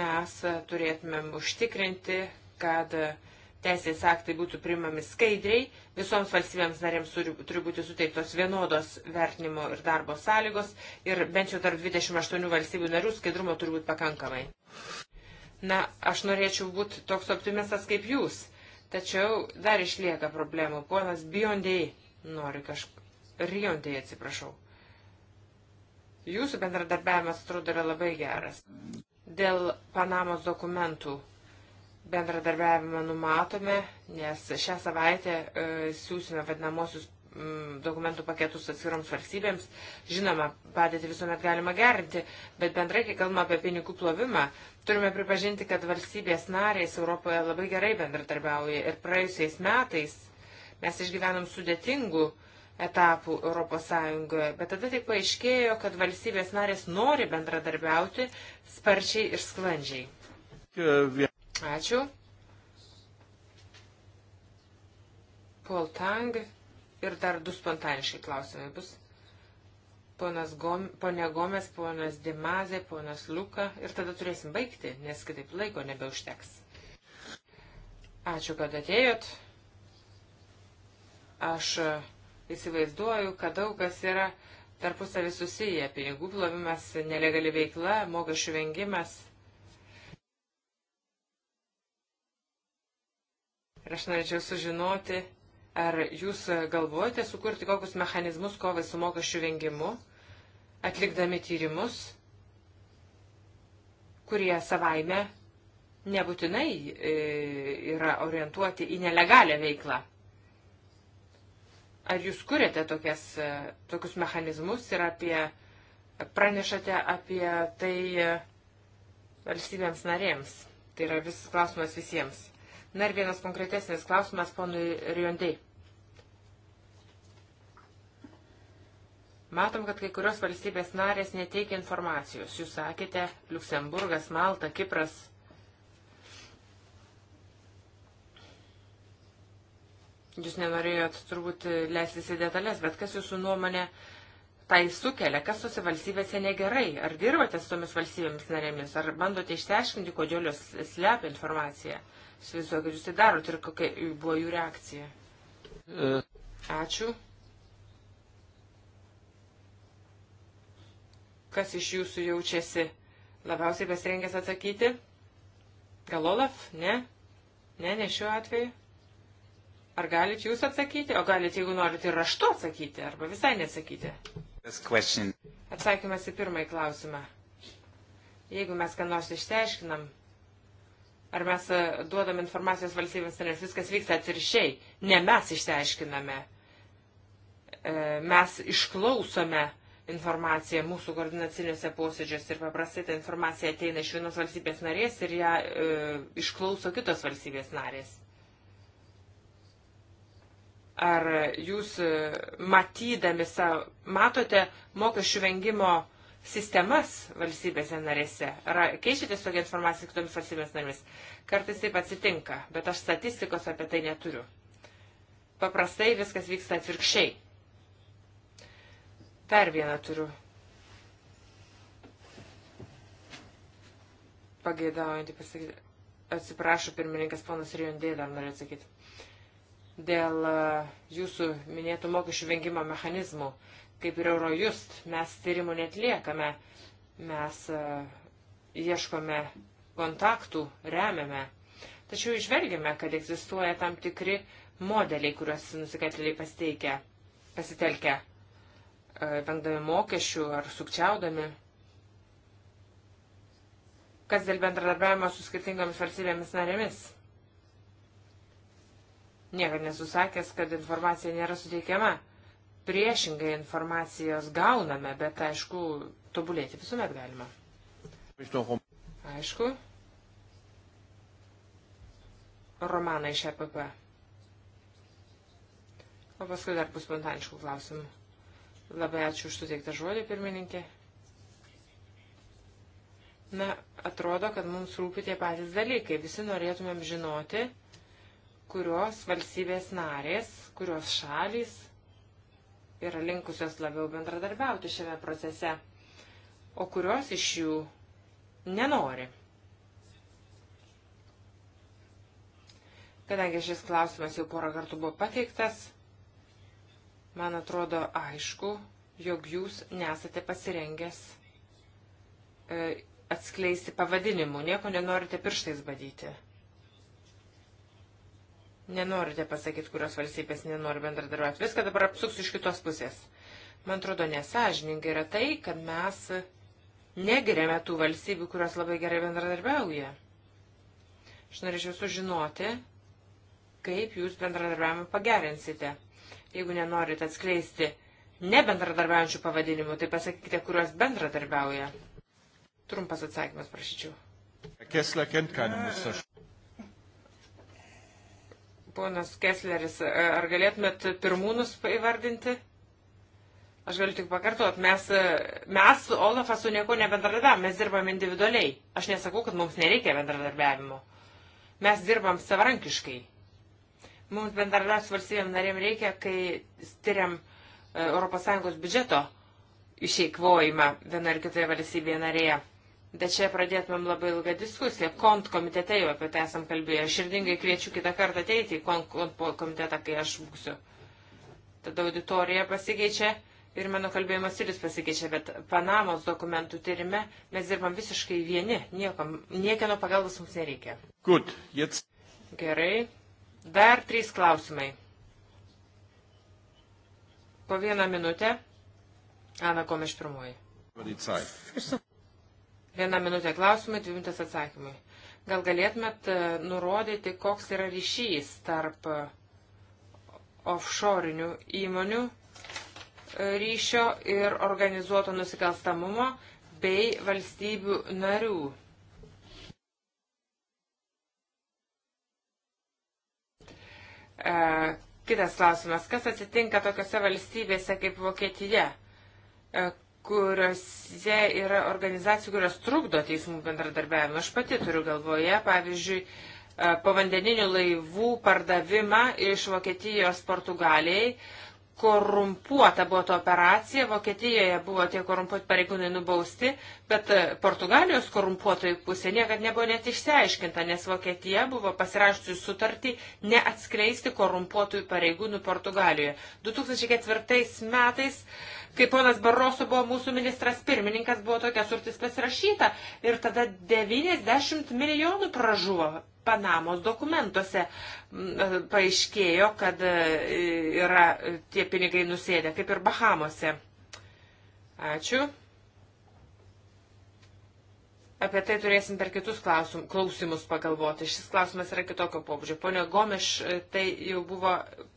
Mes e, turėtumėm užtikrinti, kad e, teisės aktai būtų primami skaidriai, visoms valstybėms narėms turi būti suteiktos vienodos vertinimo ir darbo sąlygos ir bent jau tarp 28 valstybių narių skaidrumo turi būti pakankamai. Na, aš norėčiau būti toks optimistas kaip jūs, tačiau dar išlieka problemų. Ponas Biondėjai nori kažką. Riondėjai atsiprašau. Jūsų bendradarbiavimas atrodo yra labai geras. Dėl Panamos dokumentų bendradarbiavimą numatome, nes šią savaitę e, siūsime vadinamosius mm, dokumentų paketus atskiroms valstybėms. Žinoma, padėtį visuomet galima gerinti, bet bendrai, kai kalbame apie pinigų plovimą, turime pripažinti, kad valstybės narės Europoje labai gerai bendradarbiauja ir praėjusiais metais mes išgyvenom sudėtingų etapų ES, bet tada tik paaiškėjo, kad valstybės narės nori bendradarbiauti sparčiai ir sklandžiai. Ačiū. Paul Tang ir dar du spontaniški klausimai bus. Ponas Gom, ponė Gomes, ponas Dimazė, ponas Luka ir tada turėsim baigti, nes kitaip laiko nebeužteks. Ačiū, kad atėjot. Aš įsivaizduoju, kad daug kas yra tarpusavį susiję. Pinigų plovimas, nelegali veikla, mokesčių vengimas Ir aš norėčiau sužinoti, ar jūs galvojate sukurti kokius mechanizmus kovai su mokesčių vengimu, atlikdami tyrimus, kurie savaime nebūtinai e, yra orientuoti į nelegalią veiklą. Ar jūs kuriate tokias, e, tokius mechanizmus ir apie, pranešate apie tai e, valstybėms narėms? Tai yra visas klausimas visiems. Na ir vienas konkretesnis klausimas ponui Riondei. Matom, kad kai kurios valstybės narės neteikia informacijos. Jūs sakėte, Luksemburgas, Malta, Kipras. Jūs nenorėjot turbūt leistis į detalės, bet kas jūsų nuomonė tai sukelia, kas tose valstybėse negerai? Ar dirbate su tomis valstybėmis narėmis, ar bandote išteiškinti, kodėl jos slepia informaciją? Uh, Įsivaizduoju, kad jūs tai darote ir kokia buvo jų reakcija. E. Ačiū. Kas iš jūsų jaučiasi labiausiai pasirengęs atsakyti? Gal Olaf? Ne? Ne, ne šiuo atveju. Ar galit jūs atsakyti, o galit, jeigu norit, ir raštu atsakyti, arba visai nesakyti? Atsakymas į pirmąjį klausimą. Jeigu mes ką nors išteiškinam, Ar mes e, duodam informacijos valstybės narės, viskas vyksta atviršiai. Ne mes išsiaiškiname. E, mes išklausome informaciją mūsų koordinacinėse posėdžiuose ir paprastai ta informacija ateina iš vienos valstybės narės ir ją e, išklauso kitos valstybės narės. Ar jūs e, matydami savo, matote mokesčių vengimo sistemas valstybėse narėse? Ar keičiatės tokia informacija kitomis valstybės narėmis? Kartais taip atsitinka, bet aš statistikos apie tai neturiu. Paprastai viskas vyksta atvirkščiai. Dar vieną turiu. Pageidaujantį pasakyti. Atsiprašau, pirmininkas ponas Rijondė dar noriu atsakyti. Dėl jūsų minėtų mokesčių vengimo mechanizmų. Uh, kaip ir Eurojust, mes tyrimų netliekame, mes e, ieškome kontaktų, remiame. Tačiau išvelgiame, kad egzistuoja tam tikri modeliai, kuriuos nusikaltėliai pasteikia, pasitelkia, e, vengdami mokesčių ar sukčiaudami. Kas dėl bendradarbiavimo su skirtingomis valstybėmis narėmis? Niekad nesusakęs, kad informacija nėra suteikiama priešingai informacijos gauname, bet aišku, tobulėti visuomet galima. Aišku. Romaną iš EPP. O paskui dar bus spontaniškų klausimų. Labai ačiū už suteiktą žodį, pirmininkė. Na, atrodo, kad mums rūpi tie patys dalykai. Visi norėtumėm žinoti, kurios valstybės narės, kurios šalys yra linkusios labiau bendradarbiauti šiame procese, o kurios iš jų nenori. Kadangi šis klausimas jau porą kartų buvo pateiktas, man atrodo aišku, jog jūs nesate pasirengęs e, atskleisti pavadinimų, nieko nenorite pirštais badyti. Nenorite pasakyti, kurios valstybės nenori bendradarbiauti. Viską dabar apsuks iš kitos pusės. Man atrodo, nesažininkai yra tai, kad mes negiriame tų valstybių, kurios labai gerai bendradarbiauja. Aš norėčiau sužinoti, kaip jūs bendradarbiavimą pagerinsite. Jeigu nenorite atskleisti nebendradarbiaujančių pavadinimų, tai pasakykite, kurios bendradarbiauja. Trumpas atsakymas, prašyčiau. Kessler kennt keinen Mr. Ponas Kesleris, e, ar galėtumėt pirmūnus įvardinti? Aš galiu tik pakartot, mes, e, mes Olafas su nieko nebendradarbiavam, mes dirbam individualiai. Aš nesakau, kad mums nereikia bendradarbiavimo. Mes dirbam savarankiškai. Mums bendradarbiavimas valstybėm narėm reikia, kai tyriam ES biudžeto išeikvojimą viena ar kitoje valstybėje narėje. Bet čia pradėtumėm labai ilgą diskusiją. Kont komitete jau apie tai esam kalbėję. Širdingai kviečiu kitą kartą ateiti į kont, kont komitetą, kai aš būsiu. Tada auditorija pasikeičia ir mano kalbėjimo stilius pasikeičia, bet Panamos dokumentų tyrime mes dirbam visiškai vieni, niekam, niekieno pagalbos mums nereikia. Good, jetzt. Gerai. Dar trys klausimai. Po vieną minutę. Ana Komeš pirmoji. Viena minutė klausimai, dvi minutės atsakymai. Gal galėtumėt e, nurodyti, koks yra ryšys tarp e, offshore'inių įmonių e, ryšio ir organizuoto nusikalstamumo bei valstybių narių? Kitas klausimas. Kas atsitinka tokiose valstybėse kaip Vokietija, kuriuose yra organizacijų, kurios trukdo teismų bendradarbiavimą. Aš pati turiu galvoje, pavyzdžiui, e, povandeninių laivų pardavimą iš Vokietijos Portugalijai. Korumpuota buvo ta operacija, Vokietijoje buvo tie korumpuoti pareigūnai nubausti, bet e, Portugalijos korumpuotojų pusė niekad nebuvo net išsiaiškinta, nes Vokietija buvo pasirašusi sutartį neatskleisti korumpuotojų pareigūnų Portugalijoje. 2004 metais uh, Kai ponas Barroso buvo mūsų ministras pirmininkas, buvo tokia surtis pasirašyta ir tada 90 milijonų pražuvo. Panamos dokumentuose mm, e, paaiškėjo, kad e, yra e, tie pinigai nusėdę, kaip ir Bahamose. Ačiū. Apie tai turėsim per kitus klausim, klausimus pagalvoti. Šis klausimas yra kitokio pobūdžio. Pone Gomeš, tai jau buvo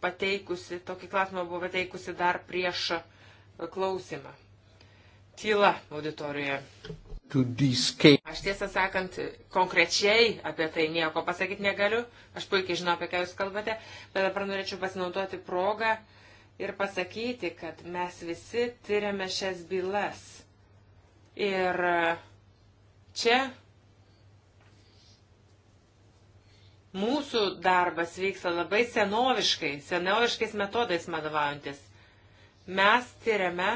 pateikusi, tokį klausimą buvo pateikusi dar prieš uh, klausimą. Tyla auditorijoje. Aš tiesą sakant, konkrečiai apie tai nieko pasakyti negaliu. Aš puikiai žinau, apie ką Jūs kalbate, bet dabar norėčiau pasinaudoti progą ir pasakyti, kad mes visi tyriame šias bylas. Ir e, čia mūsų darbas vyksta labai senoviškai, senoviškais metodais vadovaujantis. Mes tyriame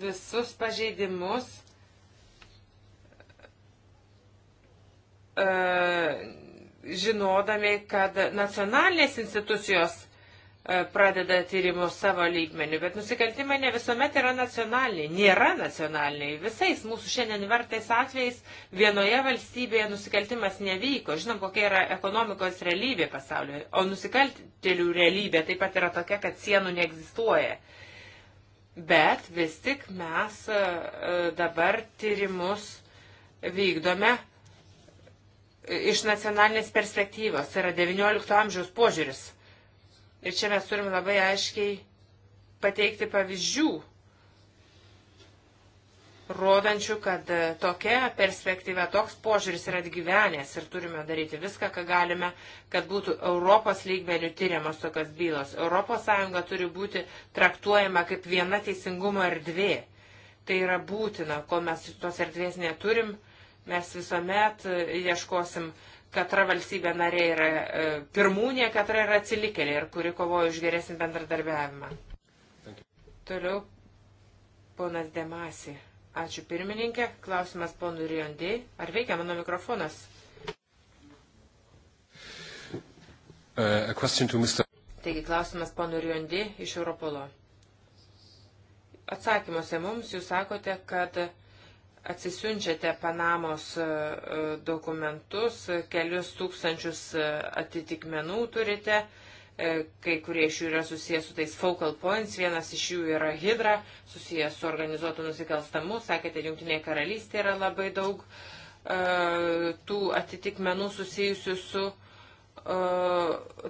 visus pažeidimus e, žinodami, kad nacionalinės institucijos E, pradeda tyrimus savo lygmenių, bet nusikaltimai ne visuomet yra nacionaliniai, nėra nacionaliniai. Visais mūsų šiandien vertais atvejais vienoje valstybėje nusikaltimas nevyko. Žinom, kokia yra ekonomikos realybė pasaulyje, o nusikaltėlių realybė taip pat yra tokia, kad sienų neegzistuoja. Bet vis tik mes e, dabar tyrimus vykdome e, iš nacionalinės perspektyvos, tai yra XIX amžiaus požiūris Ir čia mes turim labai aiškiai pateikti pavyzdžių, rodančių, kad e, tokia perspektyva, toks požiūris yra atgyvenęs ir turime daryti viską, ką galime, kad būtų Europos lygmenių tyriamos tokios bylos. ES turi būti traktuojama kaip viena teisingumo erdvė. Tai yra būtina, kol mes tos erdvės neturim, mes visuomet e, ieškosim uh, katra valstybė narė yra e, pirmūnė, katra yra atsilikėlė ir kuri kovoja už geresnį bendradarbiavimą. Toliau ponas Demasi. Ačiū pirmininkė. Klausimas ponui Riondėjai. Ar veikia mano mikrofonas? Uh, Mr... Taigi klausimas ponui Riondėjai iš Europolo. Atsakymuose mums jūs sakote, kad uh, atsisiunčiate Panamos e, e, dokumentus, kelius tūkstančius e, atitikmenų turite, kai kurie iš jų yra susijęs su tais focal points, vienas iš jų yra hidra, susijęs su organizuotu nusikalstamu, sakėte, Junktinėje karalystėje yra labai daug tų atitikmenų susijusių su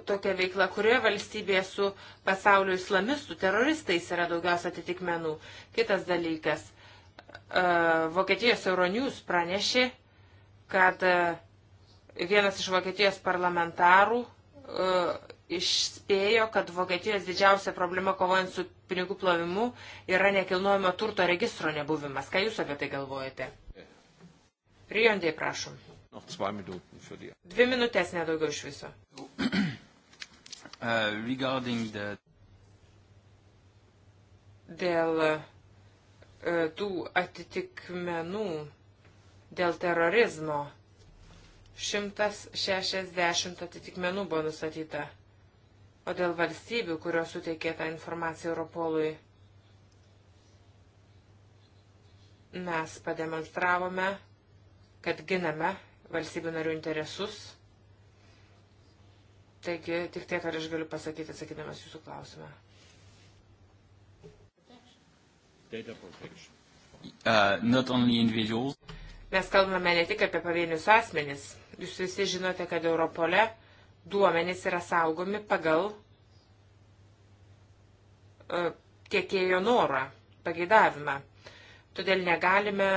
tokia veikla, kurioje valstybėje su pasaulio islamistų teroristais yra daugiausia atitikmenų. Kitas dalykas Vokietijos Euronius pranešė, kad vienas iš Vokietijos parlamentarų išspėjo, kad Vokietijos didžiausia problema kovojant su pinigų plovimu yra nekilnojamo turto registro nebuvimas. Ką Jūs apie tai galvojate? Rijondai, prašom. Dvi minutės nedaugiau iš viso. Äh, Dėl E, tų atitikmenų dėl terorizmo. 160 atitikmenų buvo nustatyta. O dėl valstybių, kurios suteikė tą informaciją Europolui, mes pademonstravome, kad giname valstybių narių interesus. Taigi, tik tiek, ar aš galiu pasakyti, atsakydamas jūsų klausimą data protection? Uh, not only individuals. Mes kalbame ne tik apie pavienius asmenis. Jūs visi žinote, kad Europole duomenys yra saugomi pagal uh, tiekėjo norą, pageidavimą. Todėl negalime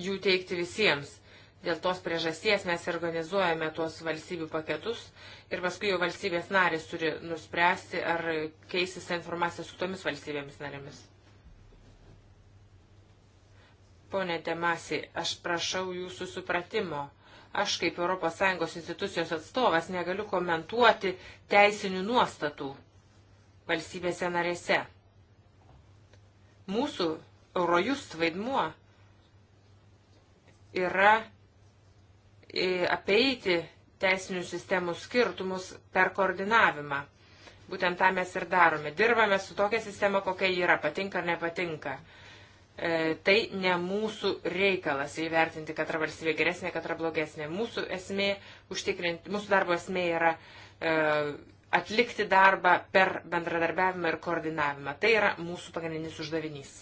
jų teikti visiems. Dėl tos priežasties mes organizuojame tuos valstybių paketus ir paskui jau valstybės narės turi nuspręsti, ar keisis tą informaciją su tomis valstybėmis narėmis. Pone Temasi, aš prašau jūsų supratimo. Aš kaip ES institucijos atstovas negaliu komentuoti teisinių nuostatų valstybėse narėse. Mūsų Eurojust vaidmuo yra apeiti teisinių sistemų skirtumus per koordinavimą. Būtent tą mes ir darome. Dirbame su tokia sistema, kokia yra, patinka ar nepatinka. E, tai ne mūsų reikalas įvertinti, kad yra valstybė geresnė, kad yra blogesnė. Mūsų, esmė, mūsų darbo esmė yra e, atlikti darbą per bendradarbiavimą ir koordinavimą. Tai yra mūsų pagrindinis uždavinys.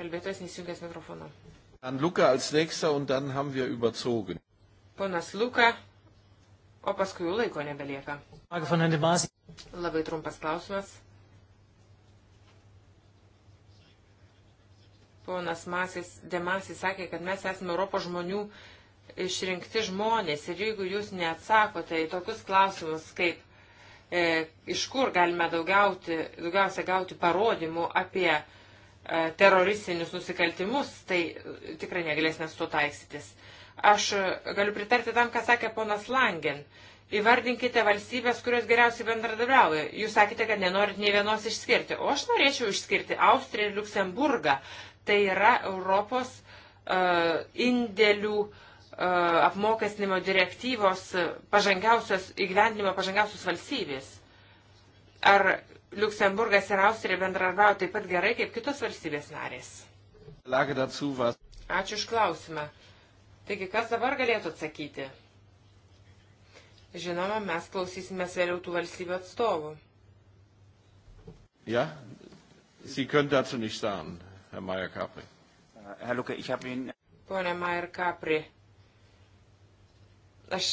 Kalbėtojas nesijungęs mikrofoną. An Luka als nächster und dann haben wir überzogen. Ponas Luka, o paskui jau laiko nebelieka. Labai trumpas klausimas. Ponas Masis, Demasis sakė, kad mes esame Europos žmonių išrinkti žmonės ir jeigu jūs neatsakote į tokius klausimus kaip e, iš kur galime daugiauti, daugiausia gauti parodymų apie E, teroristinius nusikaltimus, tai e, tikrai negalėsime su to taikstytis. Aš e, galiu pritarti tam, ką sakė ponas Langen. Įvardinkite valstybės, kurios geriausiai bendradarbiauja. Jūs sakėte, kad nenorit nei vienos išskirti. O aš norėčiau išskirti Austriją ir Luksemburgą. Tai yra Europos uh, indėlių uh, apmokestinimo direktyvos pažangiausios, įgyvendinimo pažangiausios valstybės. Ar Luksemburgas ir Austrija bendradarbiavo taip pat gerai kaip kitos valstybės narės. Ačiū iš klausimą. Taigi, kas dabar galėtų atsakyti? Žinoma, mes klausysime vėliau tų valstybių atstovų. Ja, Sie können dazu nicht sagen, Herr Meier Capri. Äh, Herr Lucke, ich habe Ihnen. Pone Meier Capri, aš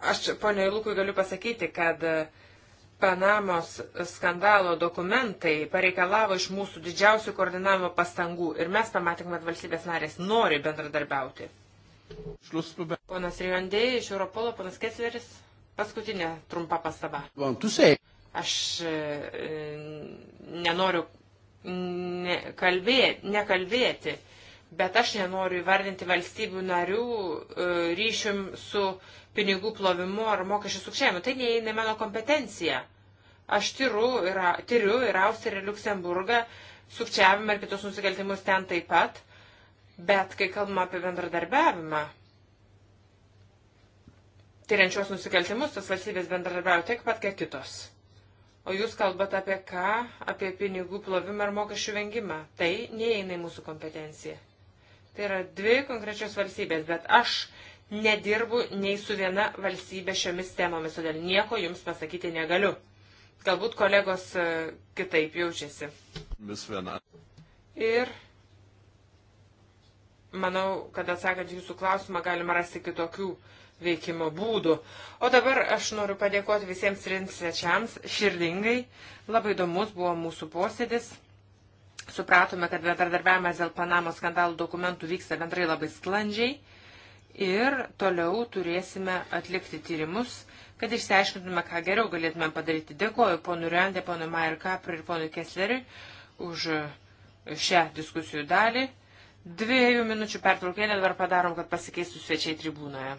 Aš poniai Lukui galiu pasakyti, kad e, Panamos skandalo dokumentai pareikalavo iš mūsų didžiausių koordinavimo pastangų ir mes pamatėme, kad valstybės narės nori bendradarbiauti. Ponas Rijondėjai iš Europolo, ponas Kesleris, paskutinė trumpa pastaba. Aš e, nenoriu ne, kalbė, nekalbėti bet aš nenoriu įvardinti valstybių narių e, ryšium su pinigų plovimu ar mokesčių sukčiavimu. Tai neįeina mano kompetencija. Aš tyru ir, tyriu ir Austriją, ir Luksemburgą, sukčiavimą ir kitus nusikaltimus ten taip pat. Bet kai kalbama apie bendradarbiavimą, tyriančios nusikaltimus, tas valstybės bendradarbiavo tiek pat, kiek kitos. O jūs kalbate apie ką? Apie pinigų plovimą ar mokesčių vengimą. Tai neįeina į mūsų kompetenciją. Tai yra dvi konkrečios valstybės, bet aš nedirbu nei su viena valstybė šiomis temomis, todėl nieko jums pasakyti negaliu. Galbūt kolegos e, kitaip jaučiasi. Vis viena. Ir manau, kad atsakant jūsų klausimą galima rasti kitokių veikimo būdų. O dabar aš noriu padėkoti visiems trims svečiams širdingai. Labai įdomus buvo mūsų posėdis. Supratome, kad bendradarbiavimas dėl Panamos skandalų dokumentų vyksta bendrai labai sklandžiai ir toliau turėsime atlikti tyrimus, kad išsiaiškintume, ką geriau galėtume padaryti. Dėkoju ponu Riandė, ponu Mayer Kapri ir ponu Kessleriui už šią diskusijų dalį. Dviejų minučių pertraukėlę dabar padarom, kad pasikeistų svečiai tribūnoje.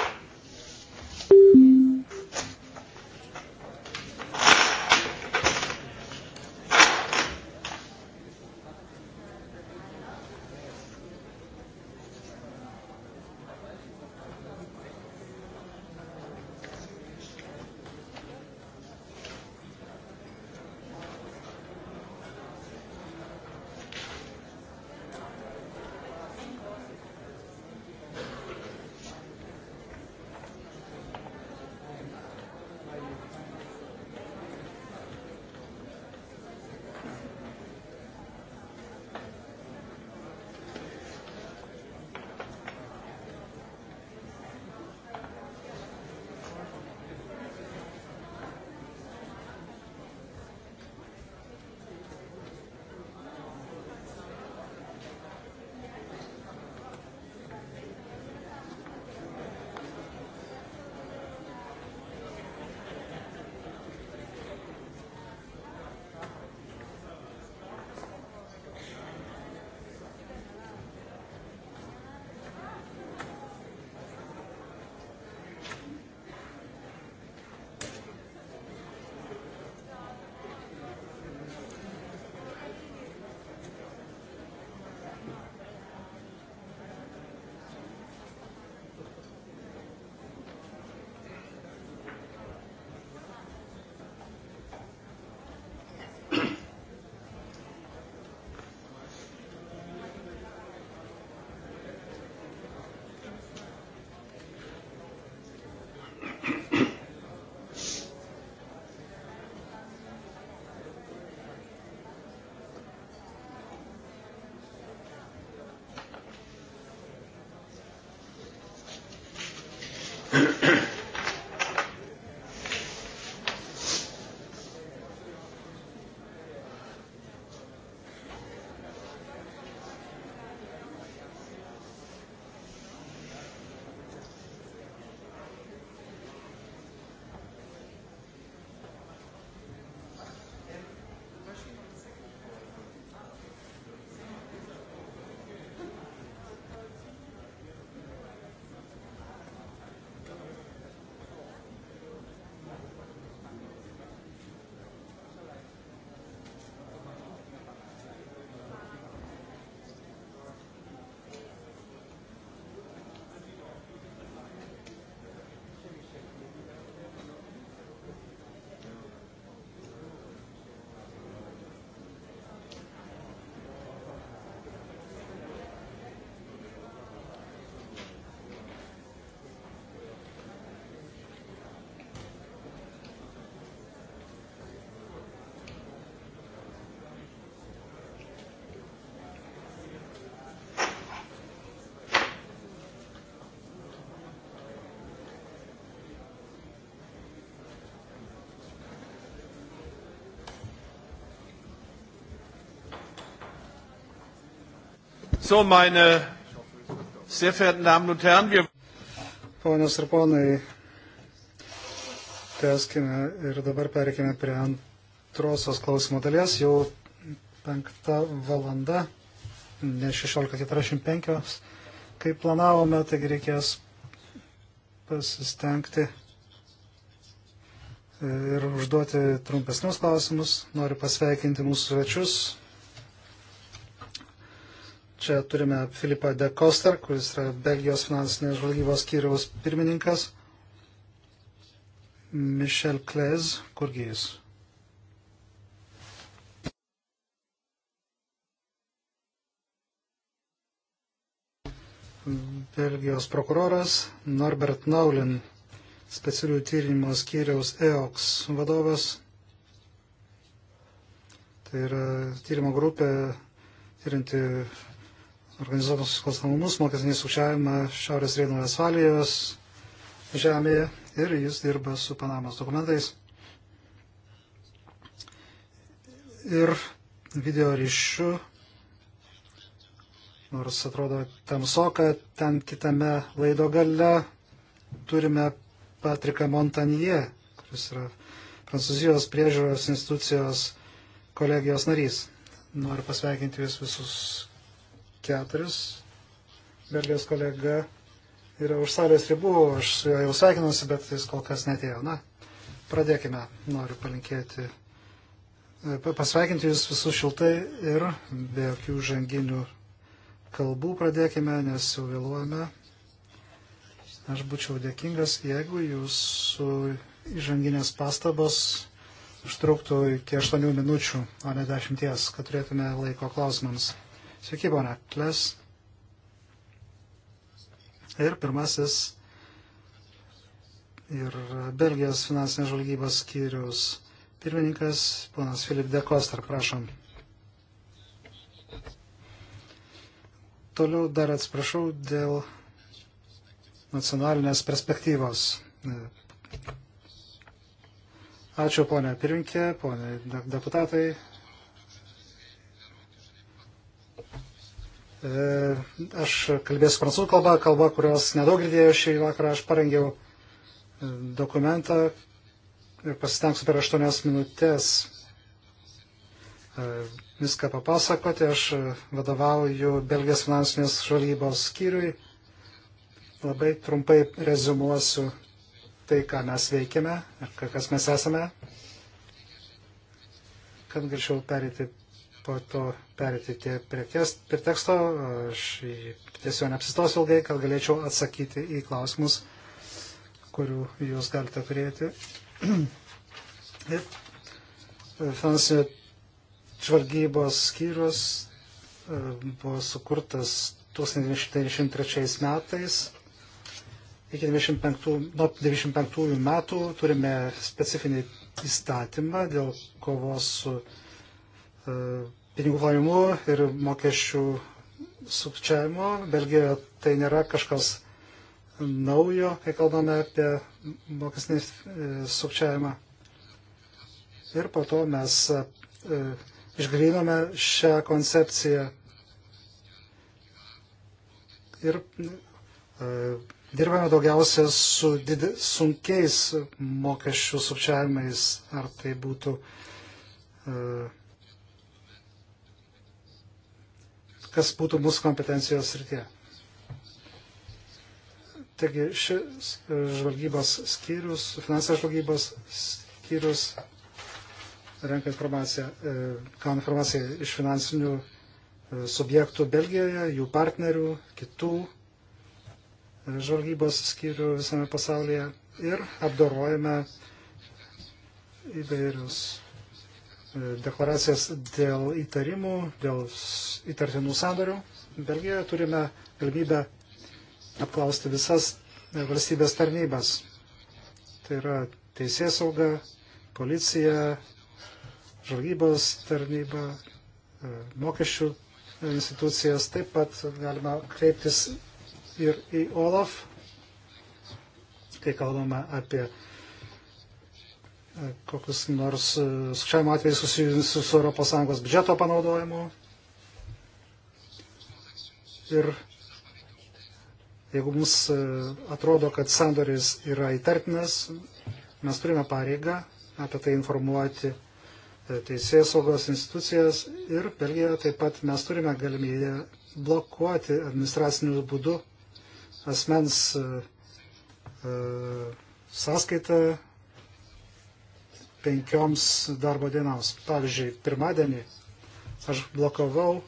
So, meine sehr verehrten Damen und Herren, wir. Ponios ir ponai, tęskime ir dabar perkime prie antrosios klausimo dalies. Jau penkta valanda, ne 16.45, kaip planavome, taigi reikės pasistengti ir užduoti trumpesnius klausimus. Noriu pasveikinti mūsų svečius, Čia turime Filipą de Koster, kuris yra Belgijos finansinės žvalgybos skyriaus pirmininkas. Michel Klez, kurgi jis? Belgijos prokuroras Norbert Naulin, specialių tyrimų skyriaus EOX vadovas. Tai yra tyrimo grupė tyrinti organizuotus nusikalstamumus, mokestinį sukčiavimą Šiaurės Reino Vesvalijos žemėje ir jis dirba su Panamos dokumentais. Ir video ryšių, nors atrodo tamsoka, ten kitame laido gale turime Patriką Montanie, kuris yra Prancūzijos priežiūros institucijos kolegijos narys. Noriu pasveikinti jūs visus keturis. Belgijos kolega yra už salės ribų, aš su juo jau sveikinusi, bet jis kol kas netėjo. Na, pradėkime. Noriu palinkėti, e, pasveikinti jūs visus šiltai ir be jokių žanginių kalbų pradėkime, nes jau vėluojame. Aš būčiau dėkingas, jeigu jūsų įžanginės pastabos užtruktų iki 8 minučių, o ne 10, kad turėtume laiko klausimams. Sveiki, ponia Kles. Ir pirmasis ir Belgijos finansinės žvalgybos skyrius pirmininkas, ponas Filip Dekostar, prašom. Toliau dar atsiprašau dėl nacionalinės perspektyvos. Ačiū ponia pirminkė, ponia deputatai, Aš kalbėsiu prancūzų kalba, kalba, kurios nedaug girdėjau šį vakarą. Aš parengiau e, dokumentą ir pasitengsiu per aštuonias minutės e, viską papasakoti. Aš e, vadovauju Belgijos finansinės žvalgybos skyriui. Labai trumpai rezumuosiu tai, ką mes veikiame ir kas mes esame, kad galėčiau perėti po to perėti tie prie teksto. Aš tiesiog neapsistosiu ilgai, kad galėčiau atsakyti į klausimus, kurių jūs galite turėti. *clears throat* Ir e, finansinio žvalgybos skyrius e, buvo sukurtas 1993 metais iki 95, nuo 95 metų turime specifinį įstatymą dėl kovos su E, pinigų plovimu ir mokesčių sukčiavimu. Belgijoje tai nėra kažkas naujo, kai kalbame apie mokesnį e, sukčiavimą. Ir po to mes e, išgrynome šią koncepciją ir dirbame daugiausia su did, sunkiais mokesčių sukčiavimais, ar tai būtų uh, kas būtų mūsų kompetencijos srityje. Taigi šis e, žvalgybos skyrius, finansės žvalgybos skyrius renka informaciją, e, gauna informaciją iš finansinių e, subjektų Belgijoje, jų partnerių, kitų žvalgybos skyrių visame pasaulyje ir apdorojame įvairius E, deklaracijas dėl įtarimų, dėl įtartinų sandorių. Belgijoje turime galimybę apklausti visas e, valstybės tarnybas. Tai yra teisėsauga, policija, žvalgybos tarnyba, e, mokesčių institucijas. Taip pat galima kreiptis ir į OLAF, kai kalbame apie kokius nors e, sukčiavimo atvejus susijusius su ES biudžeto panaudojimu. Ir jeigu mums e, atrodo, kad sandoris yra įtartinas, mes turime pareigą apie tai informuoti e, teisės saugos institucijas ir Belgijoje taip pat mes turime galimybę blokuoti administraciniu būdu asmens sąskaitą penkioms darbo dienoms. Pavyzdžiui, pirmadienį aš blokavau e,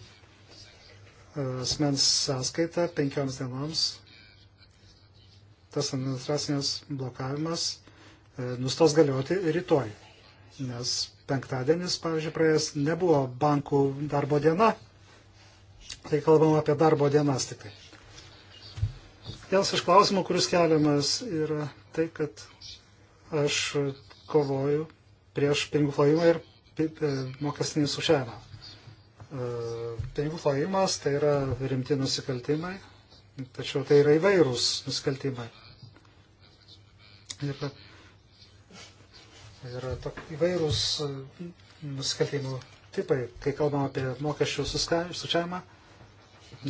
asmens sąskaitą penkioms dienoms. Tas administracinės blokavimas e, nustos galioti rytoj, nes penktadienis, pavyzdžiui, praėjęs nebuvo bankų darbo diena. Tai kalbam apie darbo dienas tik tai. Vienas iš klausimų, kuris keliamas, yra tai, kad aš kovoju prieš pinigų plovimą ir e, mokestinį sušiavimą. E, pinigų plovimas tai yra rimti nusikaltimai, tačiau tai yra įvairūs nusikaltimai. Ir yra tok, įvairūs e, nusikaltimų tipai. Kai kalbam apie mokesčių sučiavimą,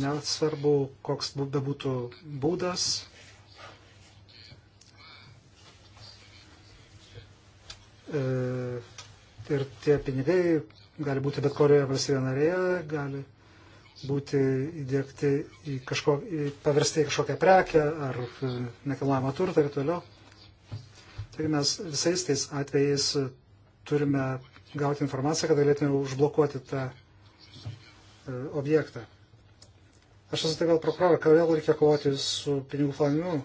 nesvarbu, koks bebūtų būdas, E, ir tie pinigai gali būti bet kurioje valstybėje narėje, gali būti įdėkti į kažko, į paversti į kažkokią prekę ar e, nekilnojamą turtą ir toliau. Taigi mes visais tais atvejais turime gauti informaciją, kad galėtume užblokuoti tą e, objektą. Aš esu taip pat prokurorą, kodėl reikia kovoti su pinigų planimu.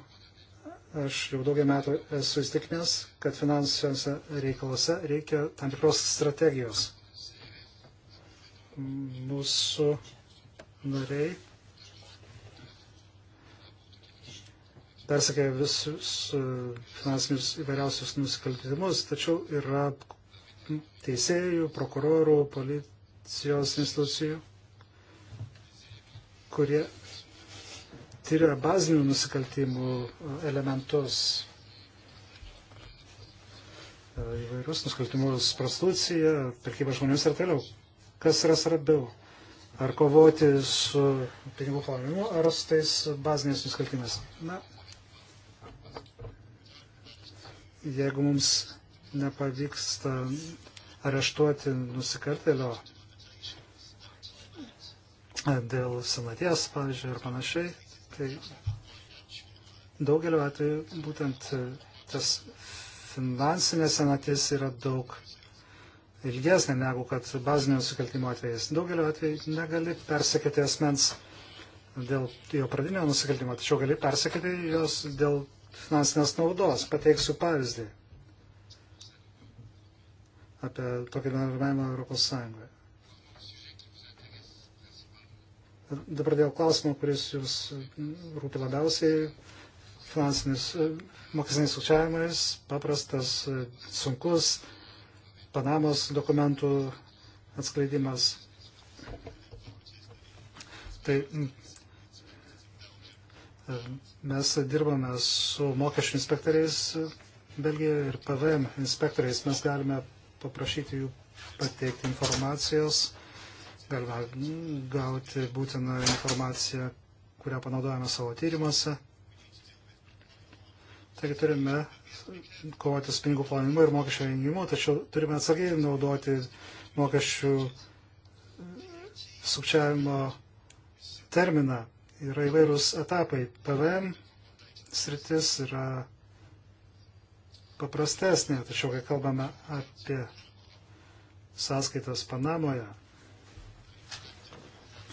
Aš jau daugia metų esu įstikinęs, kad finansiniuose reikaluose reikia tam tikros strategijos. Mūsų nariai persakė visus e, finansinius įvairiausius nusikaltimus, tačiau yra teisėjų, prokurorų, policijos institucijų, kurie tyria bazinių nusikaltimų e, elementus, e, įvairius nusikaltimus, prostituciją, prekybą žmonėmis ir toliau. Kas yra svarbiau? Ar kovoti su pinigų plovimu, ar su tais baziniais nusikaltimais? Na, jeigu mums nepavyksta areštuoti nusikaltėlio e, dėl senaties, pavyzdžiui, ir panašiai, atveju, daugeliu atveju būtent e, tas finansinė senatis yra daug ilgesnė negu kad bazinio nusikaltimo atvejais. Daugeliu atveju negali persekėti asmens dėl jo pradinio nusikaltimo, tačiau gali persekėti jos dėl finansinės naudos. Pateiksiu pavyzdį apie tokį bendradarbiavimą Europos Sąjungoje. Dabar dėl klausimo, kuris jūs mm, rūpi labiausiai, finansinis e, mokestinis sukčiavimas, paprastas, e, sunkus, Panamos dokumentų atskleidimas. Tai mm, e, mes dirbame su mokesčių inspektoriais Belgijoje ir PVM inspektoriais. Mes galime paprašyti jų pateikti informacijos galima gauti būtiną informaciją, kurią panaudojame savo tyrimuose. Taigi turime kovoti su pinigų planimu ir mokesčio vengimu, tačiau turime atsargiai naudoti mokesčių sukčiavimo terminą. Yra įvairūs etapai. PVM sritis yra paprastesnė, tačiau kai kalbame apie sąskaitas Panamoje,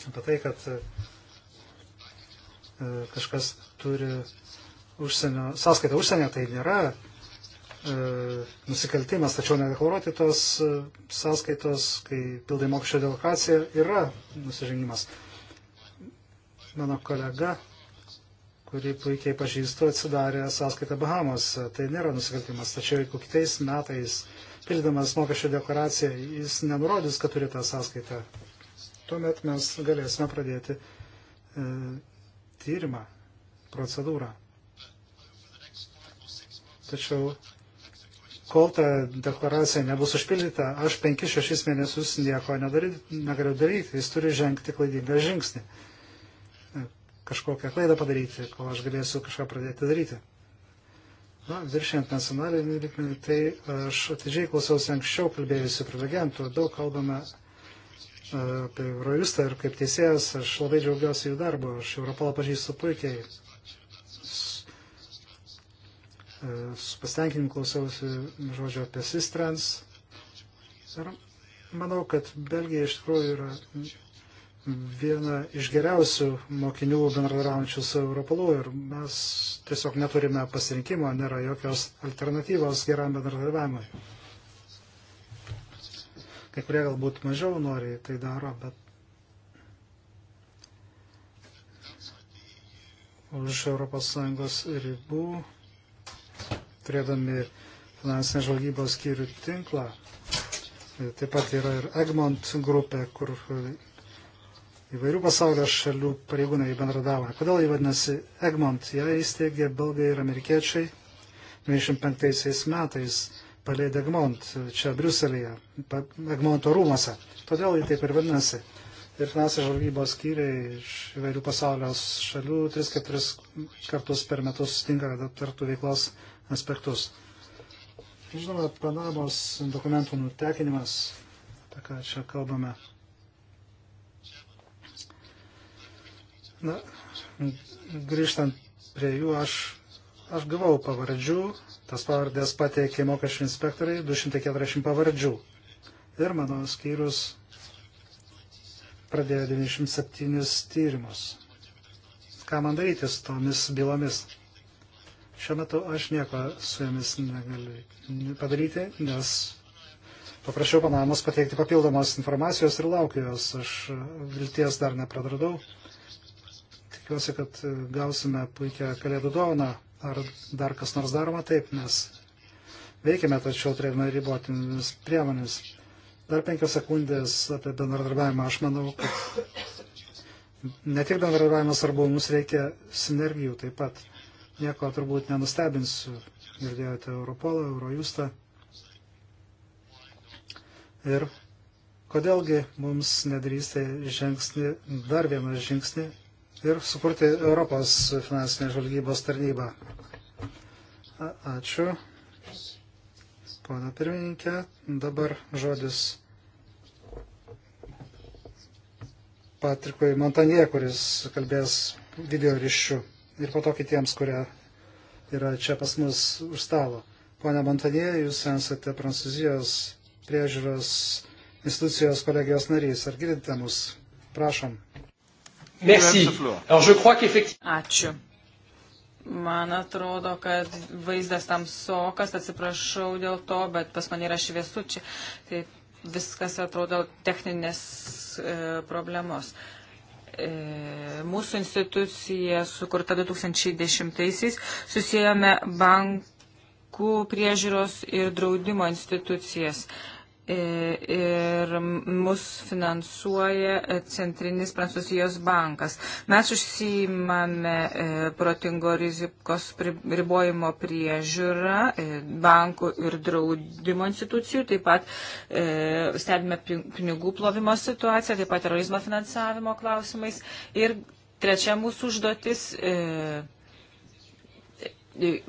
apie tai, kad e, kažkas turi užsienio, sąskaitą užsienio, tai nėra e, nusikaltimas, tačiau nedeklaruoti tos e, sąskaitos, kai pildai mokesčio delokaciją, yra nusižengimas. Mano kolega, kurį puikiai pažįstu, atsidarė sąskaitą Bahamos, tai nėra nusikaltimas, tačiau jeigu kitais metais pildamas mokesčio deklaraciją, jis nenurodys, kad turi tą sąskaitą tuomet mes galėsime pradėti e, tyrimą, procedūrą. Tačiau kol ta deklaracija nebus užpildyta, aš 5-6 mėnesius nieko negaliu daryti, jis turi žengti klaidingą žingsnį. E, kažkokią klaidą padaryti, kol aš galėsiu kažką pradėti daryti. Na, viršint nacionalinį lygmenį, tai aš atidžiai klausiausi anksčiau kalbėjusių prelegentų, daug kalbame apie Eurojustą ir kaip teisėjas, aš labai džiaugiuosi jų darbu, aš Europolą pažįstu puikiai. Su e, pasitenkinimu klausiausi žodžio apie sistrans. Ir manau, kad Belgija iš tikrųjų yra viena iš geriausių mokinių bendradaraujančių su Europolu ir mes tiesiog neturime pasirinkimo, nėra jokios alternatyvos geram bendradarbiavimui. Kai kurie galbūt mažiau nori tai daro, bet už ES ribų, turėdami finansinės žvalgybos skyrių tinklą. Taip pat yra ir Egmont grupė, kur įvairių pasaulio šalių pareigūnai bendradavo. Kodėl jį vadinasi Egmont? Ją įsteigė belgai ir amerikiečiai 25 metais palei Degmont čia Briuselėje, Degmonto rūmose. Todėl jį taip ir vadinasi. Ir finansų žvalgybos skyriai iš įvairių pasaulio šalių 3-4 kartus per metus sutinka, kad aptartų veiklos aspektus. Žinoma, Panamos dokumentų nutekinimas, apie ką čia kalbame. Na, grįžtant prie jų, aš, aš gavau pavardžių Tas pavardės pateikė mokesčių inspektoriai 240 pavardžių. Ir mano skyrius pradėjo 97 tyrimus. Ką man daryti su tomis bylomis? Šiuo metu aš nieko su jomis negaliu padaryti, nes paprašiau Panamos pateikti papildomos informacijos ir laukiu jos. Aš vilties dar nepradradau. Tikiuosi, kad gausime puikią kalėdų dovaną Ar dar kas nors daroma? Taip, mes veikiame, tačiau turėtume ribotinis priemonės. Dar penkias sekundės apie bendradarbiavimą. Aš manau, kad ne tik bendradarbiavimas svarbu, mums reikia sinergijų taip pat. Nieko turbūt nenustebinsiu. Girdėjote Europolą, Eurojustą. Ir kodėlgi mums nedarysite žingsnį, dar vieną žingsnį ir sukurti Europos finansinės žvalgybos tarnybą. Ačiū. Pana pirmininkė, dabar žodis Patrikui Montanie, kuris kalbės video ryšių ir po to kitiems, kurie yra čia pas mus už stalo. Pone Montanie, jūs esate Prancūzijos priežiūros institucijos kolegijos narys. Ar girdite mus? Prašom. Merci. Ačiū. Man atrodo, kad vaizdas tamsokas, atsiprašau dėl to, bet pas mane yra šviesu čia. Tai viskas atrodo techninės e, problemos. E, mūsų institucija sukurta 2010-aisiais, susijome bankų priežiūros ir draudimo institucijas. E, ir mus finansuoja e, Centrinis Prancūzijos bankas. Mes užsiimame e, protingo rizikos ribojimo priežiūrą e, bankų ir draudimo institucijų, taip pat stebime pinigų plovimo situaciją, taip pat terorizmo finansavimo klausimais. Ir trečia mūsų užduotis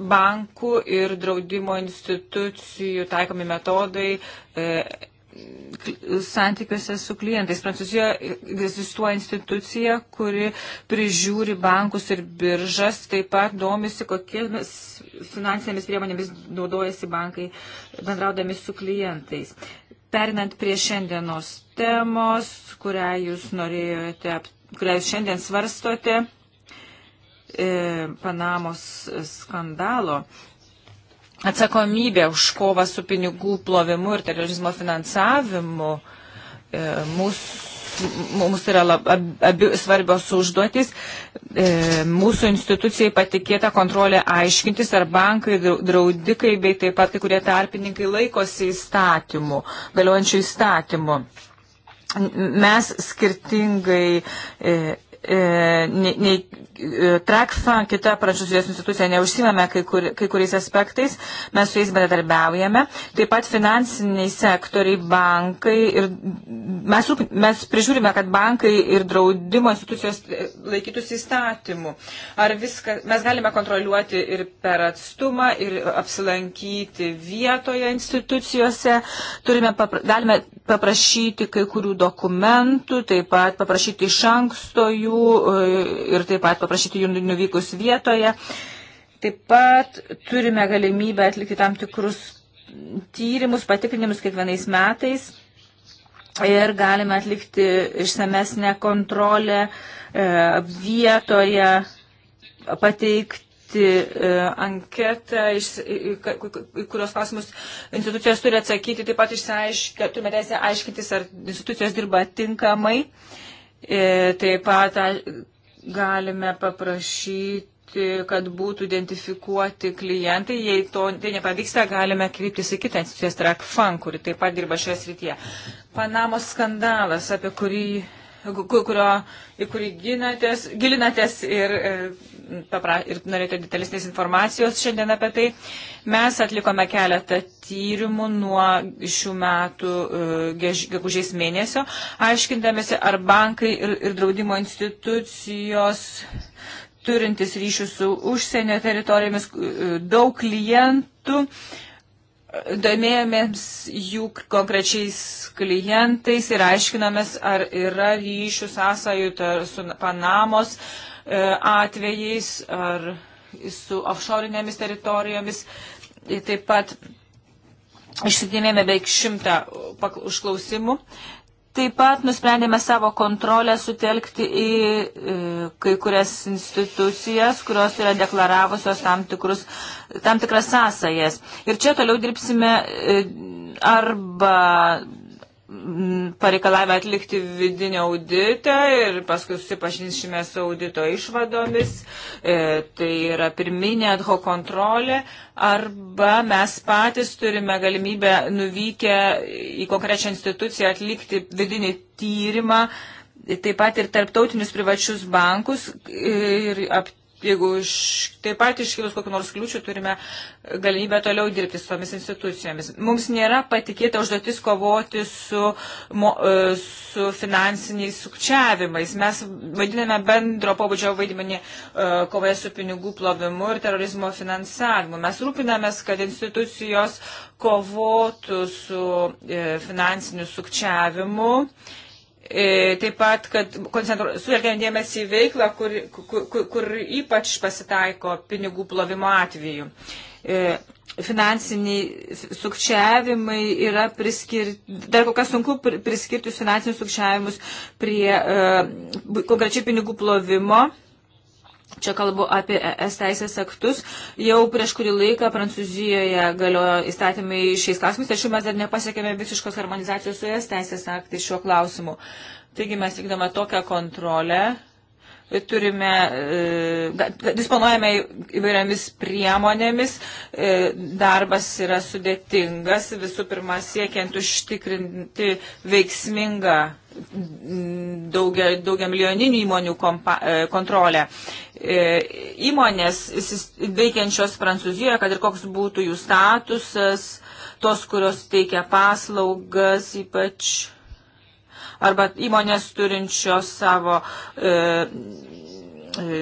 bankų ir draudimo institucijų taikomi metodai e, santykiuose su klientais. Prancūzijoje egzistuoja institucija, kuri prižiūri bankus ir biržas, taip pat domisi, kokiamis finansinėmis priemonėmis naudojasi bankai bendraudami su klientais. Perinant prie šiandienos temos, kurią jūs norėjote, kurią jūs šiandien svarstote, E, Panamos skandalo. Atsakomybė už kovą su pinigų plovimu ir terorizmo finansavimu e, mūsų mums yra lab, abi svarbios užduotis. E, mūsų institucijai patikėta kontrolė aiškintis, ar bankai, draudikai bei taip pat kai kurie tarpininkai laikosi įstatymų, galiojančių įstatymų. Mes skirtingai e, E, nei, nei e, Traksa, kita prancūzijos institucija neužsimame kai, kur, kai kuriais aspektais, mes su jais bendradarbiaujame. Taip pat finansiniai sektoriai, bankai ir mes, mes prižiūrime, kad bankai ir draudimo institucijos e, laikytųsi įstatymų. Ar viską mes galime kontroliuoti ir per atstumą, ir apsilankyti vietoje institucijose, Turime, papra, galime paprašyti kai kurių dokumentų, taip pat paprašyti iš anksto jų narių e, ir taip pat paprašyti jų nuvykus vietoje. Taip pat turime galimybę atlikti tam tikrus tyrimus, patikrinimus kiekvienais metais ir galime atlikti išsamesnę kontrolę e, vietoje, pateikti atlikti e, anketą, į kurios klausimus institucijos turi atsakyti, taip pat išsiaiškinti, turime teisę aiškintis, ar institucijos dirba tinkamai. Uh, E, taip pat galime paprašyti kad būtų identifikuoti klientai. Jei to tai nepavyksta, galime kreiptis į kitą instituciją, Strakfan, kuri taip pat dirba šioje srityje. Panamos skandalas, apie kurį, kurio, į kurį ginatės, gilinatės ir e, papra, ir norėjote detalesnės informacijos šiandien apie tai. Mes atlikome keletą tyrimų nuo šių metų e, gegužės mėnesio, aiškindamėsi, ar bankai ir, ir draudimo institucijos turintis ryšių su užsienio teritorijomis e, daug klientų, domėjomės jų konkrečiais klientais ir aiškinomės, ar yra ryšių sąsajų su Panamos E, atvejais ar su offshore'inėmis teritorijomis. Taip pat išsidėmėme beveik šimtą užklausimų. Taip pat nusprendėme savo kontrolę sutelkti į e, kai kurias institucijas, kurios yra deklaravusios tam, tikrus, tam tikras sąsajas. Ir čia toliau dirbsime e, arba pareikalavę atlikti vidinį auditą ir paskui susipažinsime su audito išvadomis, e, tai yra pirminė ad hoc kontrolė, arba mes patys turime galimybę nuvykę į konkrečią instituciją atlikti vidinį tyrimą, taip pat ir tarptautinius privačius bankus ir ap, jeigu iš, taip pat iškilus kokiu nors kliūčių, turime galimybę toliau dirbti su tomis institucijomis. Mums nėra patikėta užduotis kovoti su, mo, e, su finansiniais sukčiavimais. Mes vadiname bendro pobūdžio vaidmenį e, kovoje su pinigų plovimu ir terorizmo finansavimu. Mes rūpinamės, kad institucijos kovotų su e, finansiniu sukčiavimu E, taip pat, kad sutelkiant dėmesį į veiklą, kur, kur, kur ypač pasitaiko pinigų plovimo atveju. E, finansiniai sukčiavimai yra priskirti, dar kol kas sunku priskirti finansinius sukčiavimus prie e, konkrečiai pinigų plovimo. Čia kalbu apie ES teisės aktus. Jau prieš kurį laiką Prancūzijoje galiojo įstatymai šiais klausimais, tačiau mes dar nepasiekėme visiškos harmonizacijos su ES teisės aktai šiuo klausimu. Taigi mes vykdome tokią kontrolę, turime, e, disponuojame įvairiamis priemonėmis, e, darbas yra sudėtingas, visų pirma siekiant užtikrinti veiksmingą daugia, daugia milijoninių įmonių kompa, e, kontrolę. E, įmonės veikiančios Prancūzijoje, kad ir koks būtų jų statusas, tos, kurios teikia paslaugas, ypač arba įmonės turinčios savo e, e,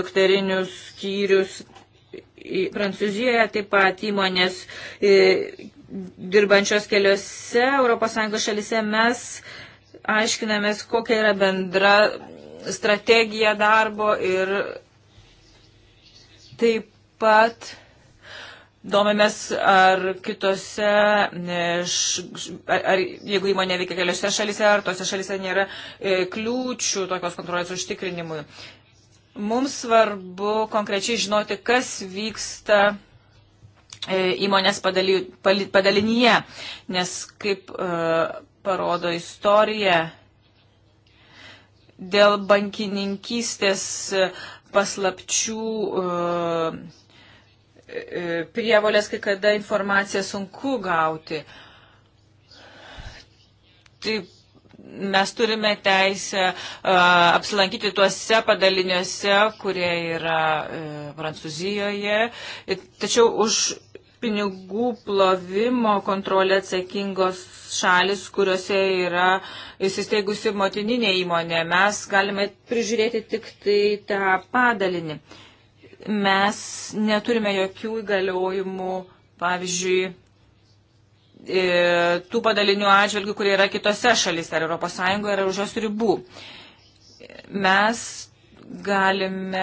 dukterinius skyrius. Prancūzijoje taip pat įmonės e, dirbančios keliose ES šalise mes aiškinamės, kokia yra bendra strategiją darbo ir taip pat Domėmės, ar kitose, ar, ar jeigu įmonė veikia keliose šalise, ar tose šalise nėra e, kliūčių tokios kontrolės užtikrinimui. Mums svarbu konkrečiai žinoti, kas vyksta e, įmonės padaly, pal, padalinyje, nes kaip e, parodo istorija, dėl bankininkystės paslapčių e, e, prievolės, kai kada informaciją sunku gauti. Taip, mes turime teisę e, apsilankyti tuose padaliniuose, kurie yra Prancūzijoje, tačiau už pinigų plovimo kontrolę atsakingos šalis, kuriuose yra įsisteigusi motininė įmonė. Mes galime prižiūrėti tik tai tą padalinį. Mes neturime jokių įgaliojimų, pavyzdžiui, e, tų padalinių atžvilgių, kurie yra kitose šalyse ar ES ar už jos ribų. Mes galime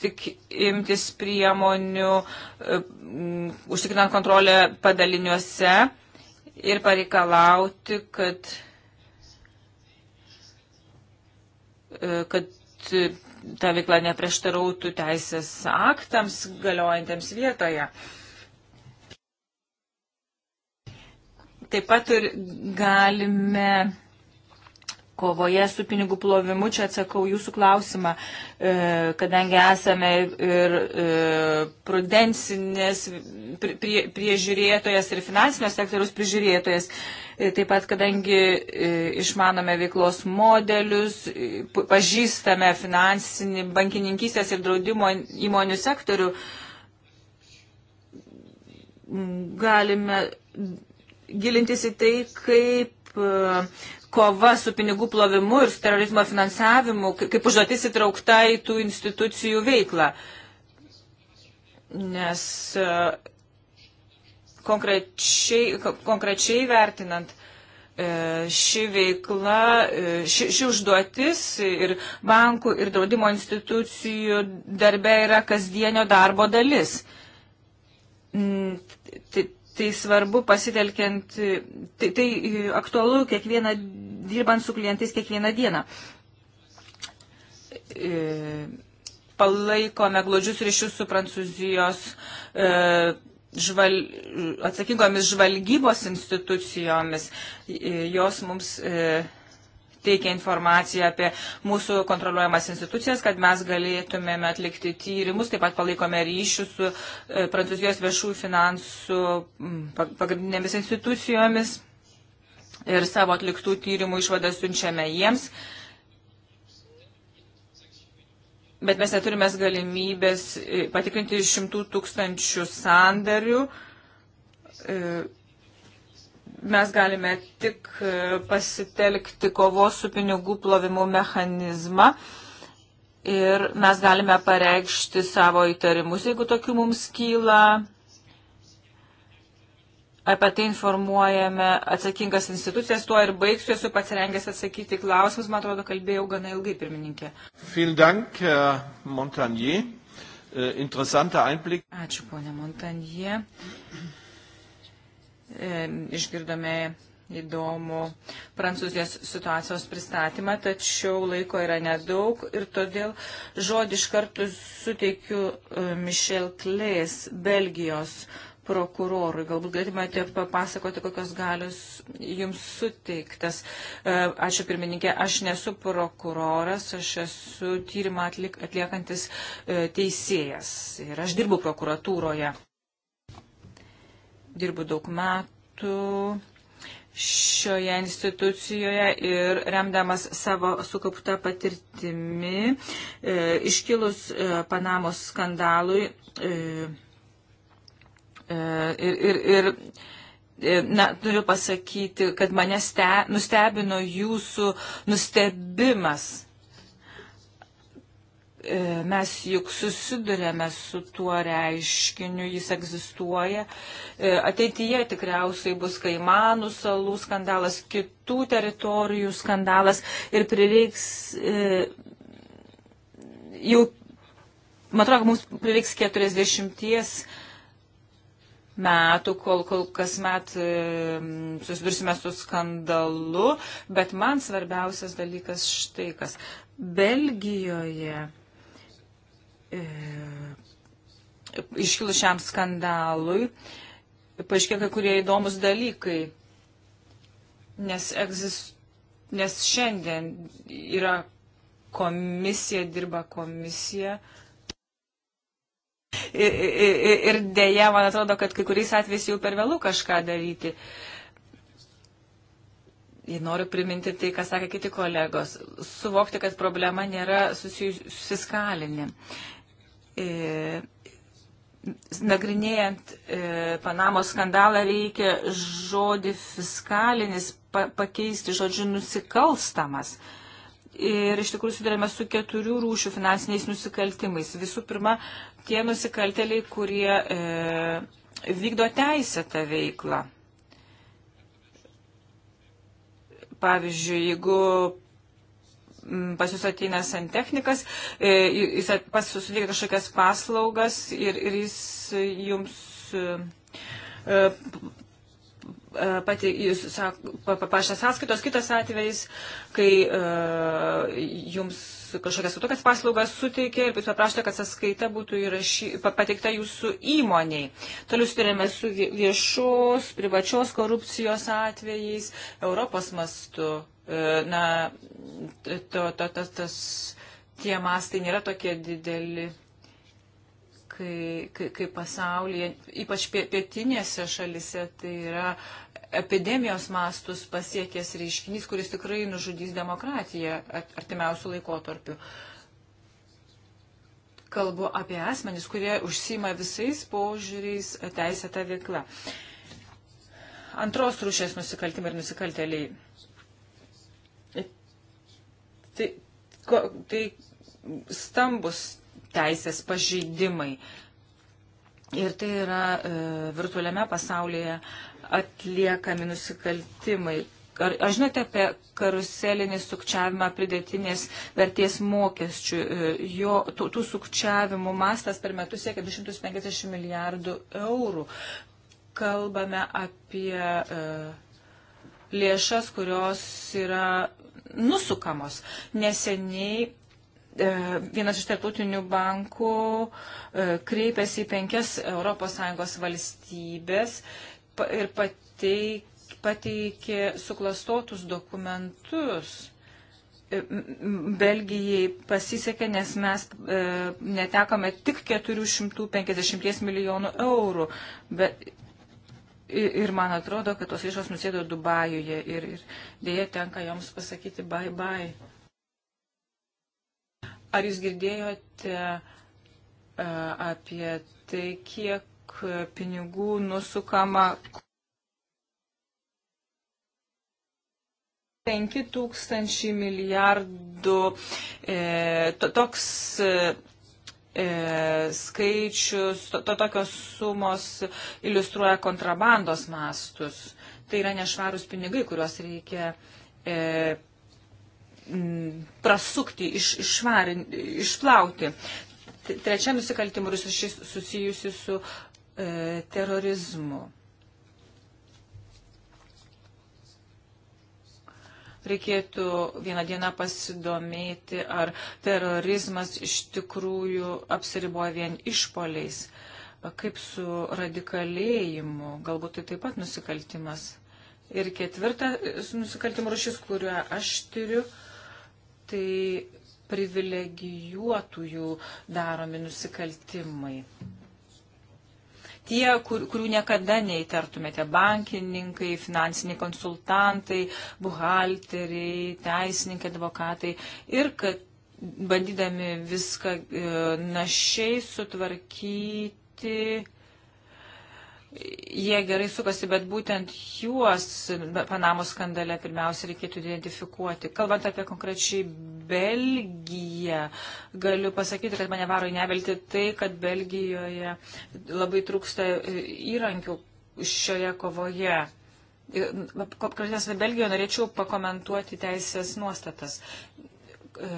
tik imtis priemonių, e, užtikrinant kontrolę padaliniuose ir pareikalauti, kad, e, kad ta veikla neprieštarautų teisės aktams galiojantiems vietoje. Taip pat ir galime kovoje su pinigų plovimu. Čia atsakau jūsų klausimą, e, kadangi esame ir e, prudensinės priežiūrėtojas ir finansinio sektoriaus prižiūrėtojas. E, taip pat, kadangi išmanome veiklos modelius, pažįstame finansinį bankininkystės ir draudimo įmonių sektorių, galime gilintis į tai, kaip kova su pinigų plovimu ir su terorizmo finansavimu kaip užduotis įtraukta į tų institucijų veiklą. Nes e, konkrečiai, konkrečiai vertinant, e, ši veikla, e, ši, ši užduotis ir bankų ir draudimo institucijų darbė yra kasdienio darbo dalis. Tai svarbu pasitelkiant, tai, tai aktualu kiekvieną, dirbant su klientais kiekvieną dieną. E, palaikome glodžius ryšius su Prancūzijos e, žval, atsakingomis žvalgybos institucijomis. E, jos mums. E, teikia informaciją apie mūsų kontroliuojamas institucijas, kad mes galėtumėme atlikti tyrimus, taip pat palaikome ryšius su e, Prancūzijos viešųjų finansų pagrindinėmis institucijomis ir savo atliktų tyrimų išvadas siunčiame jiems. Bet mes neturime galimybės e, patikrinti šimtų tūkstančių sandarių e, mes galime tik e, pasitelkti kovos su pinigų plovimu mechanizmą ir mes galime pareikšti savo įtarimus, jeigu tokių mums kyla. Apie tai informuojame atsakingas institucijas, tuo ir baigsiu, esu pasirengęs atsakyti klausimus, man atrodo, kalbėjau gana ilgai, pirmininkė. Dank, Montagnier. Äh, Ačiū, ponė Montagnier. E, išgirdome įdomų Prancūzijos situacijos pristatymą, tačiau laiko yra nedaug ir todėl žodį iš karto suteikiu e, Michel Klės, Belgijos prokurorui. Galbūt galėtumėte papasakoti, kokios galios jums suteiktas. E, ačiū pirmininkė, aš nesu prokuroras, aš esu tyrimą atlik, atliekantis teisėjas ir aš dirbu prokuratūroje dirbu daug metų šioje institucijoje ir remdamas savo sukauptą patirtimi, e, iškilus e, Panamos skandalui e, e, ir, ir, ir e, na, turiu pasakyti, kad mane ste, nustebino jūsų nustebimas E, mes juk susidurėme su tuo reiškiniu, jis egzistuoja. E, ateityje tikriausiai bus Kaimanų salų skandalas, kitų teritorijų skandalas ir prireiks e, jau, man atrodo, mums prireiks 40 metų, kol, kol kas met susidursime su skandalu, bet man svarbiausias dalykas štai kas. Belgijoje e, iškilus šiam skandalui, paaiškėjo kai kurie įdomus dalykai, nes, egzist, nes šiandien yra komisija, dirba komisija. Ir, ir, ir dėja, man atrodo, kad kai kuriais atvejais jau per vėlų kažką daryti. Ir noriu priminti tai, ką sakė kiti kolegos. Suvokti, kad problema nėra susiskalinė. Susijus E, nagrinėjant e, Panamos skandalą reikia žodį fiskalinis pakeisti žodžiu nusikalstamas. Ir iš tikrųjų sudarėme su keturių rūšių finansiniais nusikaltimais. Visų pirma, tie nusikalteliai, kurie e, vykdo teisėtą veiklą. Pavyzdžiui, jeigu Mm, pas jūs ateina santechnikas, e, jis pas jūs sudėkia kažkokias paslaugas ir, ir jis jums e, e, pati, jūs paprašė sąskaitos, kitas atvejis, kai uh, jums kažkokias tokias paslaugas suteikė ir jūs paprašėte, kad sąskaita būtų įraši, pateikta jūsų įmoniai. Toliau turėjome su viešos, privačios korupcijos atvejais, Europos mastu. E, na, to, to, tas, tas, tie mastai nėra tokie dideli, kai, kai, kai pasaulyje, ypač pietinėse šalise, tai yra epidemijos mastus pasiekęs reiškinys, kuris tikrai nužudys demokratiją artimiausių laikotarpių. Kalbu apie asmenys, kurie užsima visais požiūriais teisėtą veiklą. Antros rūšės nusikaltimai ir nusikalteliai tai stambus teisės pažeidimai. Ir tai yra e, virtualiame pasaulyje atliekami nusikaltimai. Ar, ar žinote apie karuselinį sukčiavimą pridėtinės vertės mokesčių? E, jo, tų, tų sukčiavimų mastas per metus siekia 250 milijardų eurų. Kalbame apie e, lėšas, kurios yra nusukamos. Neseniai e, vienas iš tarptautinių bankų e, kreipėsi į penkias ES valstybės ir pateik, pateikė suklastotus dokumentus. E, Belgijai pasisekė, nes mes e, netekome tik 450 milijonų eurų, bet Ir man atrodo, kad tos lėšos nusėdo Dubajuje ir, ir dėja tenka joms pasakyti bye bye. Ar jūs girdėjote e, apie tai, kiek pinigų nusukama 5 tūkstančiai milijardų, e, toks e, e, skaičius, to, to tokios sumos iliustruoja kontrabandos mastus. Tai yra nešvarūs pinigai, kuriuos reikia e, prasukti, iš, išvarin, išplauti. Trečia nusikaltimų rusišys susijusi su e, terorizmu. reikėtų vieną dieną pasidomėti, ar terorizmas iš tikrųjų apsiriboja vien išpoliais, kaip su radikalėjimu, galbūt tai taip pat nusikaltimas. Ir ketvirta nusikaltimų rušis, kurią aš tyriu, tai privilegijuotųjų daromi nusikaltimai tie, kur, kurių niekada neįtartumėte - bankininkai, finansiniai konsultantai, buhalteriai, teisininkai, advokatai. Ir kad bandydami viską e, našiai sutvarkyti, jie gerai sukasi, bet būtent juos Panamos skandale pirmiausia reikėtų identifikuoti. Kalbant apie konkrečiai Belgiją, galiu pasakyti, kad mane varo į nevilti tai, kad Belgijoje labai trūksta e, įrankių šioje kovoje. Kalbėdamas apie Belgiją, norėčiau pakomentuoti teisės nuostatas. E,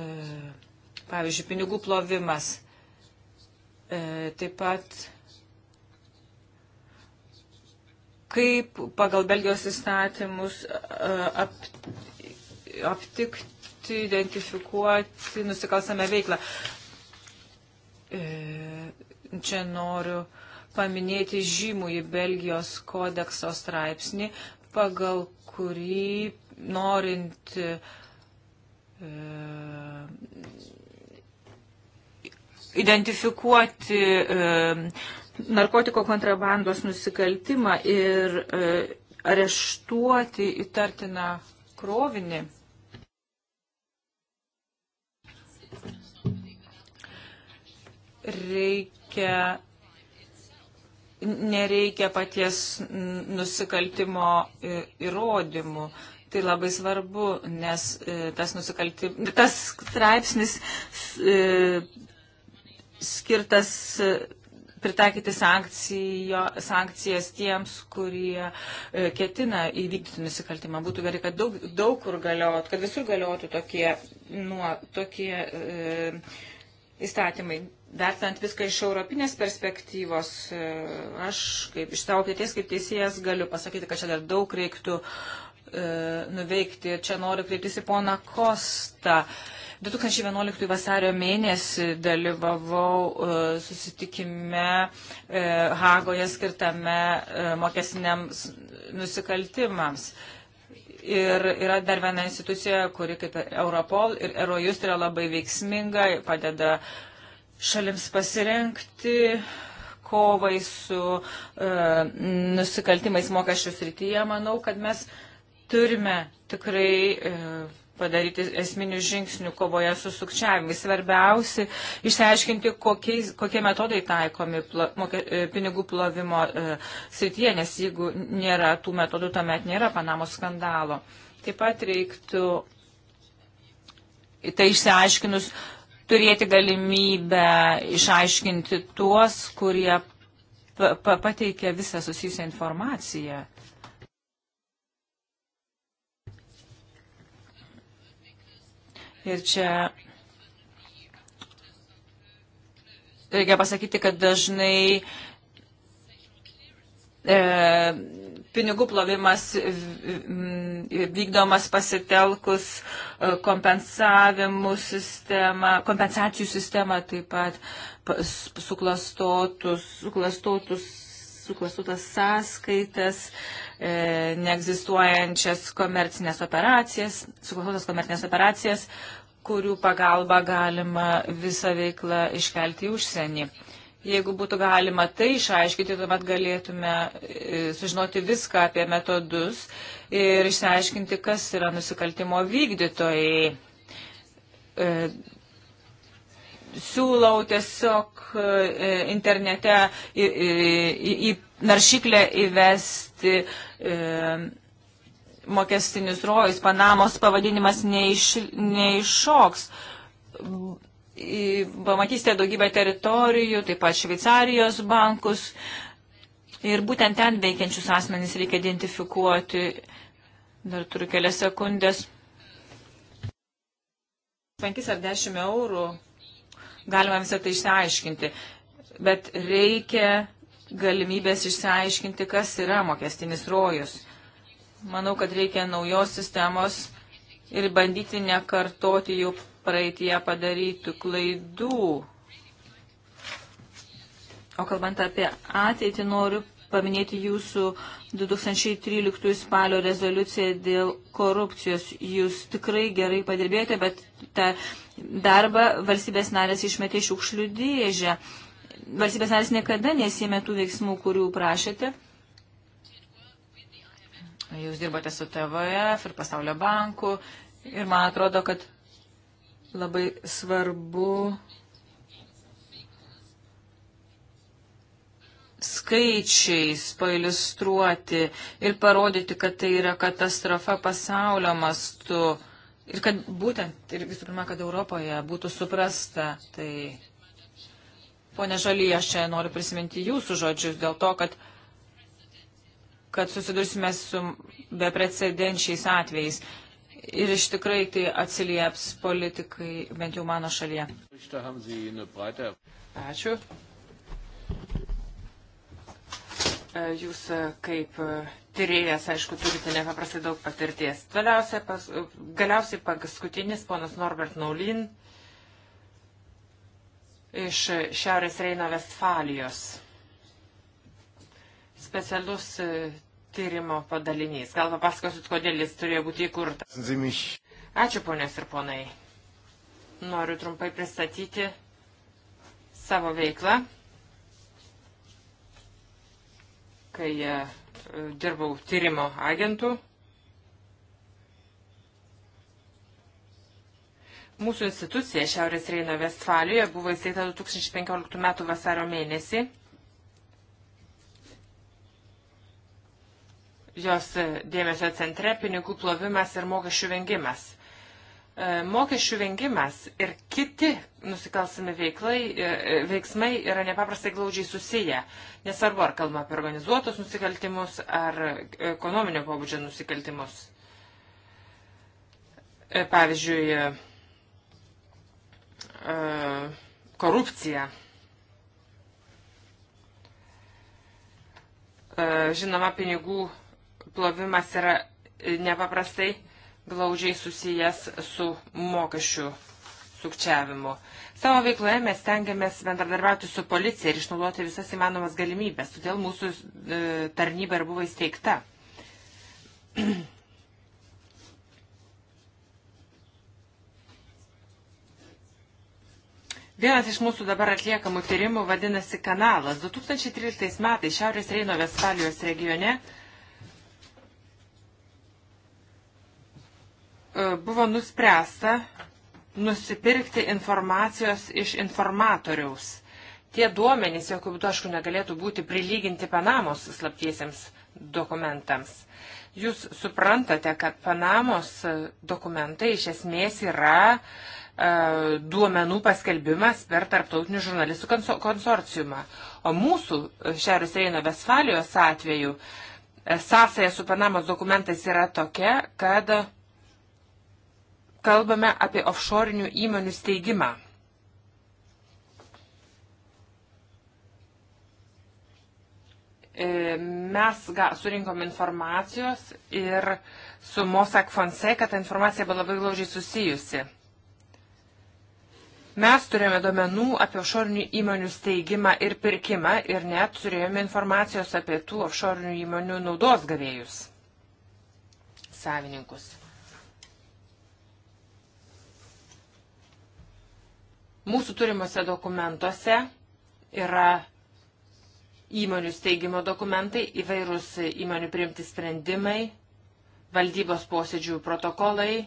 pavyzdžiui, pinigų plovimas. E, taip pat kaip pagal Belgijos įstatymus ap, aptikti, identifikuoti nusikalstamą veiklą. E, čia noriu paminėti žymųjį Belgijos kodekso straipsnį, pagal kurį norint e, identifikuoti e, narkotiko kontrabandos nusikaltimą ir e, areštuoti įtartiną krovinį. Reikia, nereikia paties nusikaltimo e, įrodymų. Tai labai svarbu, nes e, tas, tas straipsnis e, skirtas pritaikyti sankcijo, sankcijas tiems, kurie e, ketina įvykdyti nusikaltimą. Būtų gerai, kad daug, daug kur galiotų, kad visur galiotų tokie, nuo, tokie e, įstatymai. Vertant viską iš europinės perspektyvos, e, aš kaip, iš savo pėties kaip teisėjas galiu pasakyti, kad čia dar daug reiktų e, nuveikti. Čia noriu kreiptis į poną Kostą. E, 2011 vasario mėnesį dalyvavau e, susitikime e, Hagoje skirtame e, mokesiniams nusikaltimams. Ir yra dar viena institucija, kuri kaip Europol ir Eurojust yra labai veiksminga, padeda šalims pasirinkti kovai su e, nusikaltimais mokesčių srityje. Manau, kad mes turime tikrai. E, padaryti esminių žingsnių kovoje su sukčiavimu. Svarbiausia išsiaiškinti, kokiais, kokie metodai taikomi plo, mokė, e, pinigų plovimo e, srityje, nes jeigu nėra tų metodų, tuomet nėra Panamos skandalo. Taip pat reiktų, tai išsiaiškinus, turėti galimybę išaiškinti tuos, kurie pateikė visą susijusią informaciją. Ir čia reikia pasakyti, kad dažnai e, pinigų plovimas vykdomas pasitelkus e, kompensavimų sistemą, kompensacijų sistemą taip pat suklastotus, suklastotus suklastotas sąskaitas, E, neegzistuojančias komercinės operacijas, suklausas komercinės operacijas, kurių pagalba galima visą veiklą iškelti į užsienį. Jeigu būtų galima tai išaiškinti, tuomet galėtume e, sužinoti viską apie metodus ir išsiaiškinti, kas yra nusikaltimo vykdytojai e, siūlau tiesiog e, internete į, į, į naršyklę įvesti e, mokestinius rojus. Panamos pavadinimas neiš, neiššoks. Pamatysite daugybę teritorijų, taip pat Šveicarijos bankus. Ir būtent ten veikiančius asmenys reikia identifikuoti. Dar turiu kelias sekundės. 5 ar 10 eurų galima visą tai išsiaiškinti. Bet reikia galimybės išsiaiškinti, kas yra mokestinis rojus. Manau, kad reikia naujos sistemos ir bandyti nekartoti jų praeitie padarytų klaidų. O kalbant apie ateitį, noriu paminėti jūsų 2013 spalio rezoliuciją dėl korupcijos. Jūs tikrai gerai padirbėjote, bet tą darbą valstybės narės išmetė šiukšlių dėžę. Valstybės narės niekada nesėmė tų veiksmų, kurių prašėte. Jūs dirbate su TVF ir Pasaulio banku ir man atrodo, kad labai svarbu skaičiais pailustruoti ir parodyti, kad tai yra katastrofa pasaulio mastu. Ir kad būtent, ir visų pirma, kad Europoje būtų suprasta, tai, ponė Žaly, aš čia noriu prisiminti jūsų žodžius dėl to, kad, kad susidursime su beprecedenčiais atvejais. Ir iš tikrai tai atsilieps politikai, bent jau mano šalyje. Ačiū. E, jūs e, kaip e, tyrėjas, aišku, turite nepaprastai daug patirties. Toliausia, pas, galiausiai paskutinis ponas Norbert Naulin iš Šiaurės Reino Vestfalijos. Specialus tyrimo padalinys. Gal papasakosit, kodėl jis turėjo būti įkurtas. Ačiū, ponės ir ponai. Noriu trumpai pristatyti savo veiklą kai e, dirbau tyrimo agentų. Mūsų institucija Šiaurės Reino Vestfalijoje buvo įsteigta 2015 m. vasario mėnesį. Jos e, dėmesio centre pinigų plovimas ir mokesčių vengimas – E, mokesčių vengimas ir kiti nusikalstami veiklai, e, e, veiksmai yra nepaprastai glaudžiai susiję. Nesvarbu, ar kalbame apie organizuotus nusikaltimus ar ekonominio pobūdžio nusikaltimus. Pavyzdžiui, korupcija. Žinoma, pinigų plovimas yra nepaprastai uh, glaudžiai susijęs su mokesčių sukčiavimu. Savo veikloje mes tengiamės bendradarbiauti su policija ir išnaudoti visas įmanomas galimybės, todėl mūsų e, tarnyba ir buvo įsteigta. *clears throat* Vienas iš mūsų dabar atliekamų tyrimų vadinasi kanalas. 2013 metais Šiaurės Reino Vestfalijos regione E, buvo nuspręsta nusipirkti informacijos iš informatoriaus. Tie duomenys, jokių būtų, aišku, negalėtų būti prilyginti Panamos slaptiesiems dokumentams. Jūs suprantate, kad Panamos dokumentai iš esmės yra e, duomenų paskelbimas per tarptautinių žurnalistų konsorciumą. O mūsų Šerus Reino Vesfalijos atveju e, sąsaja su Panamos dokumentais yra tokia, kad kalbame apie offshore'inių įmonių steigimą. E, mes ga, surinkom informacijos ir su Mossack Fonseca ta informacija buvo labai glaužiai susijusi. Mes turėjome duomenų apie offshore įmonių steigimą ir pirkimą ir net turėjome informacijos apie tų offshore įmonių naudos gavėjus, savininkus. Mūsų turimuose dokumentuose yra įmonių steigimo dokumentai, įvairūs įmonių priimti sprendimai, valdybos posėdžių protokolai.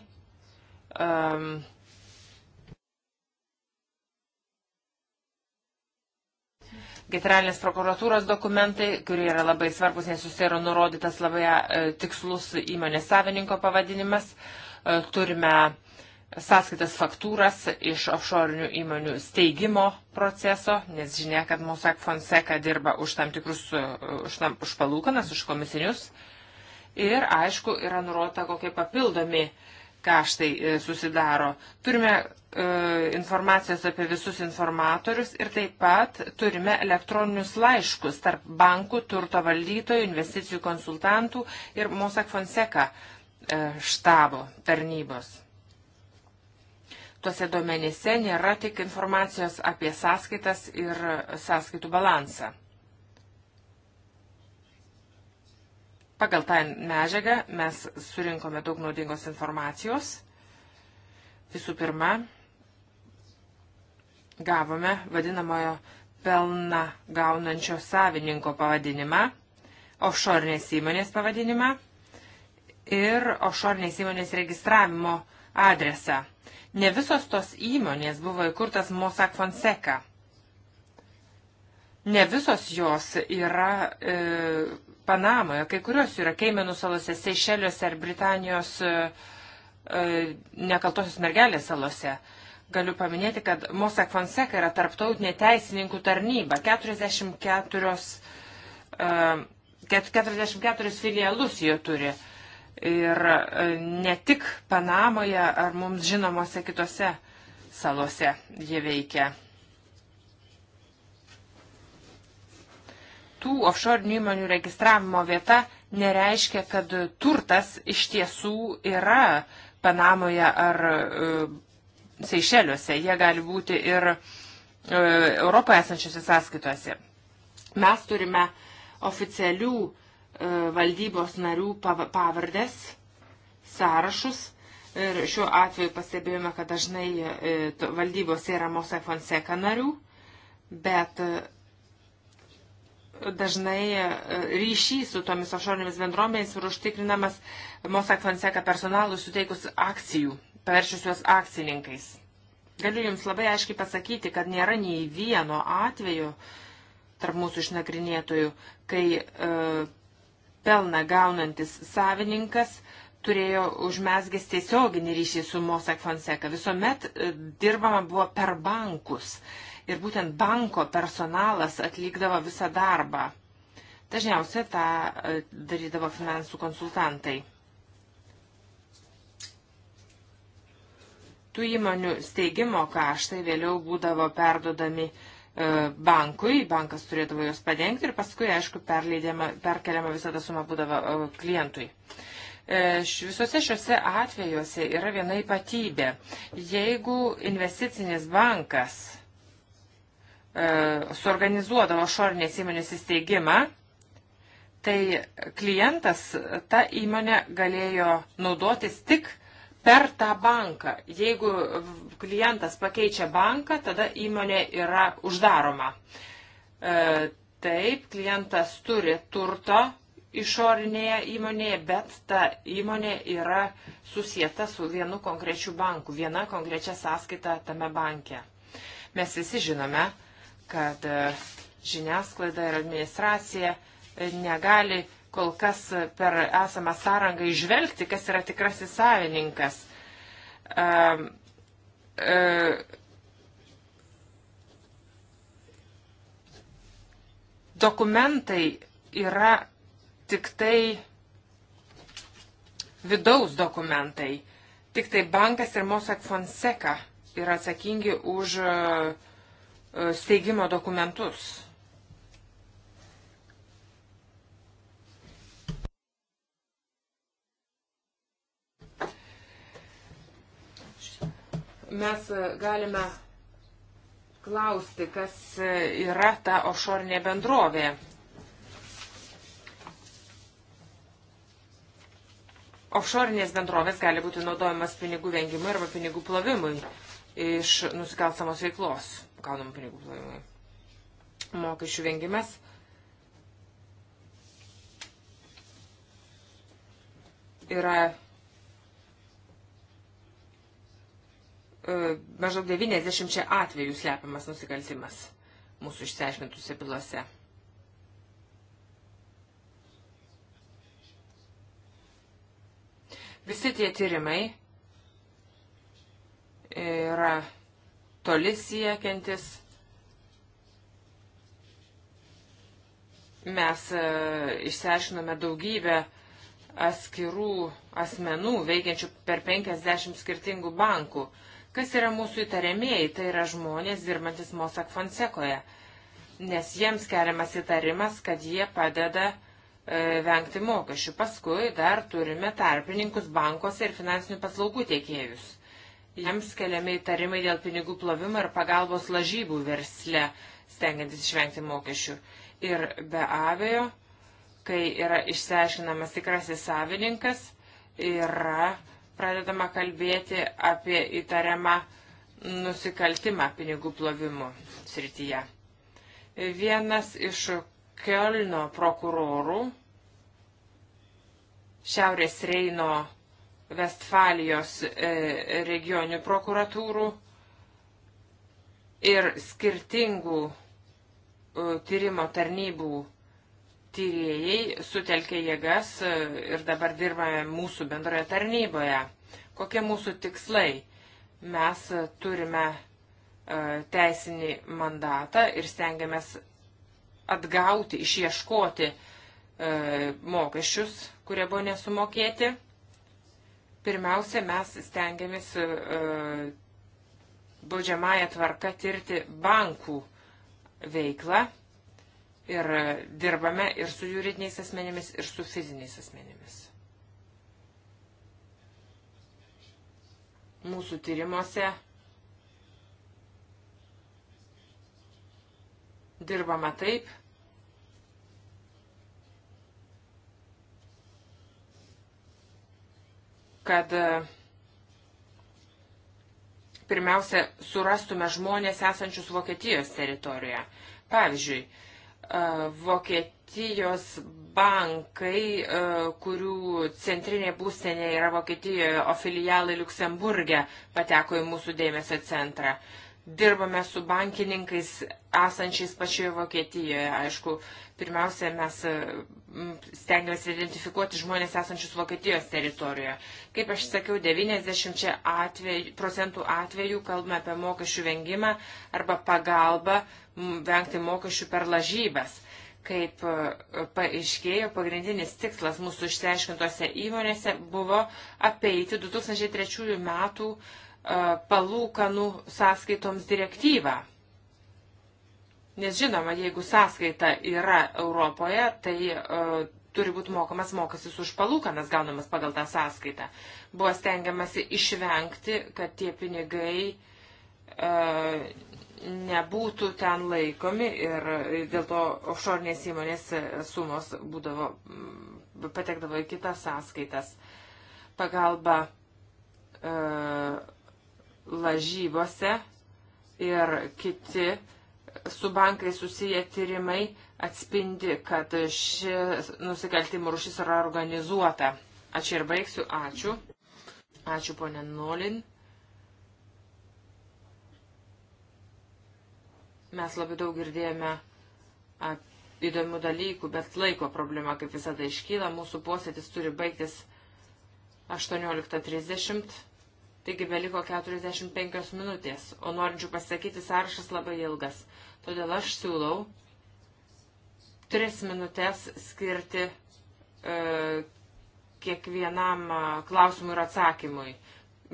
Um, Generalinės prokuratūros dokumentai, kurie yra labai svarbus, nes jūs yra nurodytas labai e, tikslus įmonės savininko pavadinimas. E, turime sąskaitas faktūras iš offshore įmonių steigimo proceso, nes žinia, kad Mossack Fonseca dirba už tam tikrus, už, tam, už palūkanas, už komisinius. Ir aišku, yra nurodyta, kokie papildomi kaštai e, susidaro. Turime e, informacijos apie visus informatorius ir taip pat turime elektroninius laiškus tarp bankų, turto valdytojų, investicijų konsultantų ir Mossack Fonseca e, štabo tarnybos tuose duomenyse nėra tik informacijos apie sąskaitas ir sąskaitų balansą. Pagal tą medžiagą mes surinkome daug naudingos informacijos. Visų pirma, gavome vadinamojo pelną gaunančio savininko pavadinimą, offshore'nės įmonės pavadinimą ir offshore'nės įmonės registravimo adresą. Ne visos tos įmonės buvo įkurtas Mossack Fonseca. Ne visos jos yra e, Panamoje, kai kurios yra Keimenų salose, Seišeliuose ar Britanijos e, e nekaltosios mergelės salose. Galiu paminėti, kad Mossack Fonseca yra tarptautinė teisininkų tarnyba. 44, e, 44 filialus jie turi. E, ir e, ne tik Panamoje ar mums žinomose kitose salose jie veikia. Tų offshore įmonių registravimo vieta nereiškia, kad turtas iš tiesų yra Panamoje ar e, Seišeliuose. Jie gali būti ir e, Europoje esančiose sąskaitose. Mes turime oficialių uh, E, valdybos narių pavardės, sąrašus. Ir šiuo atveju pastebėjome, kad dažnai e, valdybos yra Mosai Fonseca narių, bet e, dažnai ryšys su tomis ašorinėmis bendruomenėmis yra užtikrinamas Mosai Fonseca personalui suteikus akcijų, paverčius juos akcininkais. Galiu Jums labai aiškiai pasakyti, kad nėra nei vieno atveju tarp mūsų išnagrinėtojų, kai e, pelną gaunantis savininkas turėjo užmesgęs tiesioginį ryšį su Mossack Fonseca. Visuomet e, dirbama buvo per bankus ir būtent banko personalas atlikdavo visą darbą. Dažniausiai tą e, darydavo finansų konsultantai. Tų įmonių steigimo kaštai vėliau būdavo perdodami uh, E, bankui, bankas turėdavo juos padengti ir paskui, aišku, perkeliama visą tą sumą būdavo e, klientui. E, visose šiuose atvejuose yra viena ypatybė. Jeigu investicinis bankas suorganizuodavo šornės įmonės įsteigimą, tai klientas tą įmonę galėjo naudotis tik per tą banką. Jeigu klientas pakeičia banką, tada įmonė yra uždaroma. E, taip, klientas turi turto išorinėje įmonėje, bet ta įmonė yra susieta su vienu konkrečiu banku, viena konkrečia sąskaita tame banke. Mes visi žinome, kad e, žiniasklaida ir administracija e, negali kol kas per esamą sąrangą išvelgti, kas yra tikrasis savininkas. Um, uh, dokumentai yra tik tai vidaus dokumentai. Tik tai bankas ir Mossack Fonseca yra atsakingi už e, steigimo dokumentus. Mes e, galime klausti, kas e, yra ta ošornė bendrovė. Ošorinės bendrovės gali būti naudojamas pinigų vengimui arba pinigų plovimui iš nusikalstamos veiklos gaunamų pinigų plovimui. Mokesčių vengimas. Yra E, maždaug 90 atvejų slepiamas nusikaltimas mūsų išsiaiškintųse bylose. Visi tie tyrimai yra toli siekiantis. Mes e, išsiaiškiname daugybę atskirų asmenų veikiančių per 50 skirtingų bankų. E, Kas yra mūsų įtariamieji? Tai yra žmonės dirbantis Mosak Fonsekoje, nes jiems keliamas įtarimas, kad jie padeda e, vengti mokesčių. Paskui dar turime tarpininkus bankose ir finansinių paslaugų tiekėjus. Jiems keliami įtarimai dėl pinigų plovimo ir pagalbos lažybų versle, stengiantis išvengti mokesčių. Ir be abejo, kai yra išsiaiškinamas tikrasis savininkas, yra pradedama kalbėti apie įtariamą nusikaltimą pinigų plovimų srityje. Vienas iš Kölno prokurorų Šiaurės Reino Vestfalijos e, regionių prokuratūrų ir skirtingų e, tyrimo tarnybų tyrėjai sutelkė jėgas e, ir dabar dirbame mūsų bendroje tarnyboje. Kokie mūsų tikslai? Mes e, turime e, teisinį mandatą ir stengiamės atgauti, išieškoti mokesčius, kurie buvo nesumokėti. Pirmiausia, mes stengiamės baudžiamąją tvarką tirti bankų veiklą Ir dirbame ir su juridiniais asmenimis, ir su fiziniais asmenimis. Mūsų tyrimuose dirbama taip, kad e, pirmiausia surastume žmonės esančius Vokietijos teritorijoje. Pavyzdžiui, Vokietijos bankai, kurių centrinė būstinė yra Vokietijoje, o filialai Luksemburgė pateko į mūsų dėmesio centrą. Uh, dirbame su bankininkais esančiais pačioje Vokietijoje. Aišku, pirmiausia, mes e, stengiamės identifikuoti žmonės esančius Vokietijos teritorijoje. Kaip aš sakiau, 90 atveju, procentų atvejų kalbame apie mokesčių vengimą arba pagalbą vengti mokesčių per lažybas kaip e, paaiškėjo, pagrindinis tikslas mūsų išsiaiškintose įmonėse buvo apeiti 2003 metų E, palūkanų sąskaitoms direktyvą. Nes žinoma, jeigu sąskaita yra Europoje, tai uh, turi būti mokamas mokestis už palūkanas gaunamas pagal tą sąskaitą. Buvo stengiamasi išvengti, kad tie pinigai uh, nebūtų ten laikomi ir dėl to offshore'nės įmonės sumos būdavo, patekdavo į kitas sąskaitas. Pagalba uh, lažybose ir kiti su bankai susiję tyrimai atspindi, kad ši nusikaltimų rušis yra organizuota. Aš ir baigsiu. Ačiū. Ačiū, ponė Nolin. Mes labai daug girdėjome įdomių dalykų, bet laiko problema, kaip visada, iškyla. Mūsų posėdis turi baigtis 18.30. Taigi beliko 45 minutės, o norinčių pasakyti sąrašas labai ilgas. Todėl aš siūlau 3 minutės skirti e, kiekvienam e, klausimui ir atsakymui.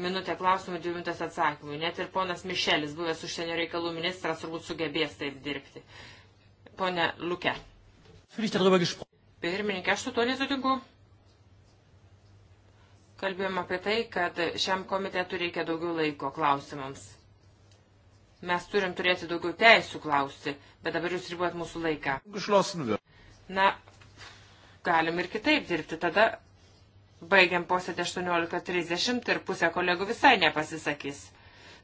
Minutė klausimui, dvi minutės atsakymui. Net ir ponas Mišelis, buvęs užsienio reikalų ministras, turbūt sugebės taip dirbti. Pone Luke. Pirmininkė, aš su to nesutinku kalbėjom apie tai, kad šiam komitetui reikia daugiau laiko klausimams. Mes turim turėti daugiau teisų klausti, bet dabar jūs ribuojat mūsų laiką. Na, galim ir kitaip dirbti. Tada baigiam posėdį 18.30 ir pusė kolegų visai nepasisakys.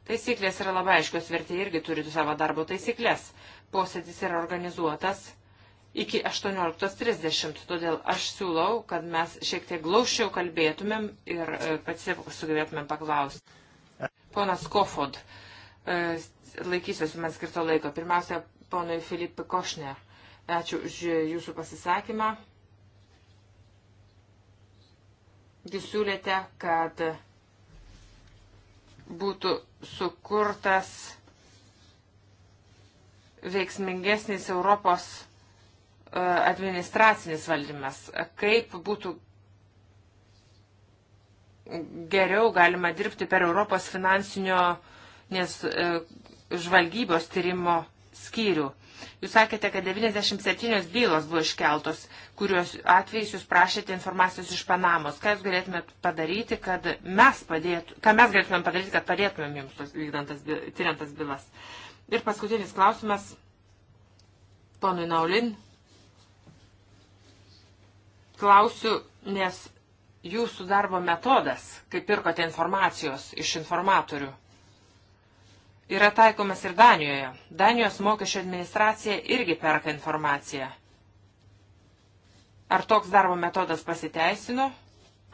Taisyklės yra labai aiškios, vertėjai irgi turi savo darbo taisyklės. Posėdis yra organizuotas iki 18.30. Todėl aš siūlau, kad mes šiek tiek glaušiau kalbėtumėm ir e, pats sugebėtumėm paklausti. Ponas Kofod, e, laikysiuosi man skirto laiko. Pirmiausia, ponui Filipui Košner. Ačiū už jūsų pasisakymą. Jūs siūlėte, kad būtų sukurtas veiksmingesnis Europos E, administracinis valdymas, kaip būtų geriau galima dirbti per Europos finansinio nes, e, žvalgybos tyrimo skyrių. Jūs sakėte, kad 97 bylos buvo iškeltos, kurios atvejais jūs prašėte informacijos iš Panamos. Ką jūs galėtumėt padaryti, kad mes padėtų, ką mes galėtumėm padaryti, kad padėtumėm jums vykdantas, tyriantas bylas. Ir paskutinis klausimas, ponui Naulin. Klausiu, nes jūsų darbo metodas, kaip pirkote informacijos iš informatorių, yra taikomas ir Danijoje. Danijos mokesčio administracija irgi perka informaciją. Ar toks darbo metodas pasiteisino?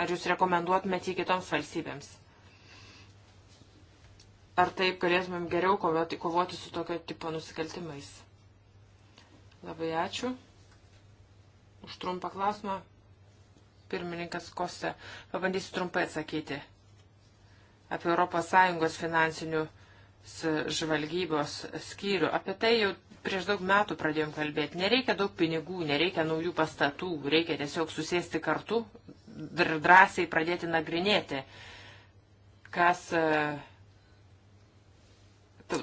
Ar jūs rekomenduotumėte jį kitoms valstybėms? Ar taip galėtumėm geriau kovoti, kovoti su tokio tipo nusikaltimais? Labai ačiū už trumpą klausimą. Pirmininkas Kosta, pabandysiu trumpai atsakyti apie ES finansinių žvalgybos skyrių. Apie tai jau prieš daug metų pradėjom kalbėti. Nereikia daug pinigų, nereikia naujų pastatų, reikia tiesiog susėsti kartu ir drąsiai pradėti nagrinėti, kas e,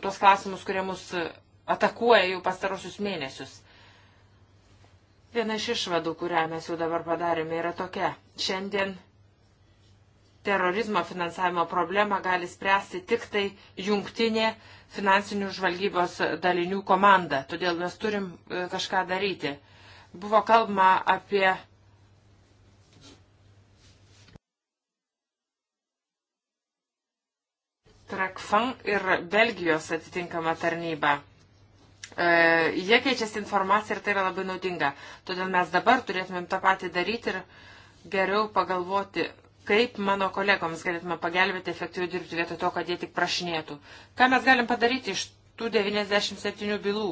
tuos klausimus, kurie mus atakuoja jau pastarosius mėnesius. Viena iš išvadų, kurią mes jau dabar padarėme, yra tokia. Šiandien terorizmo finansavimo problemą gali spręsti tik tai jungtinė finansinių žvalgybos dalinių komanda. Todėl mes turim e, kažką daryti. Buvo kalbama apie. Trakfang ir Belgijos atitinkama tarnyba. E, jie keičiasi informaciją ir tai yra labai naudinga. Todėl mes dabar turėtumėm tą patį daryti ir geriau pagalvoti, kaip mano kolegoms galėtume pagelbėti efektyviau dirbti vietoj to, kad jie tik prašinėtų. Ką mes galim padaryti iš tų 97 bylų?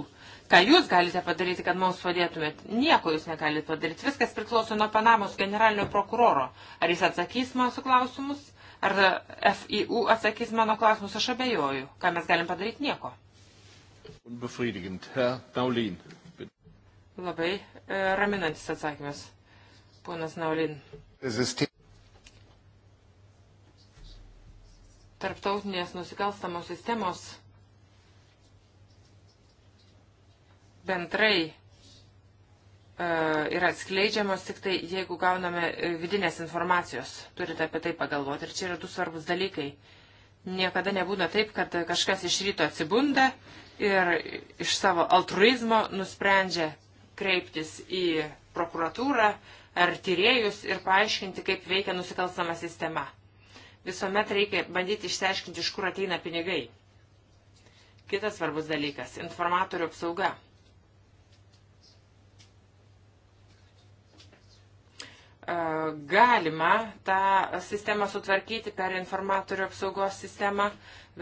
Ką jūs galite padaryti, kad mums padėtumėt? Nieko jūs negalite padaryti. Viskas priklauso nuo Panamos generalinio prokuroro. Ar jis atsakys mūsų klausimus, ar FIU atsakys mano klausimus, aš abejoju. Ką mes galim padaryti? Nieko. Unbefriedigint. Herr Daulin. Labai e, raminantis atsakymas. Ponas Naulin. Tarptautinės nusikalstamos sistemos bendrai e, yra atskleidžiamos tik tai, jeigu gauname e, vidinės informacijos. Turite apie tai pagalvoti. Ir čia yra du svarbus dalykai. Niekada nebūna taip, kad kažkas iš ryto atsibunda ir iš savo altruizmo nusprendžia kreiptis į prokuratūrą ar tyriejus ir paaiškinti, kaip veikia nusikalstama sistema. Visuomet reikia bandyti išsiaiškinti, iš kur ateina pinigai. Kitas svarbus dalykas - informatorių apsauga. E, galima tą sistemą sutvarkyti per informatorių apsaugos sistemą,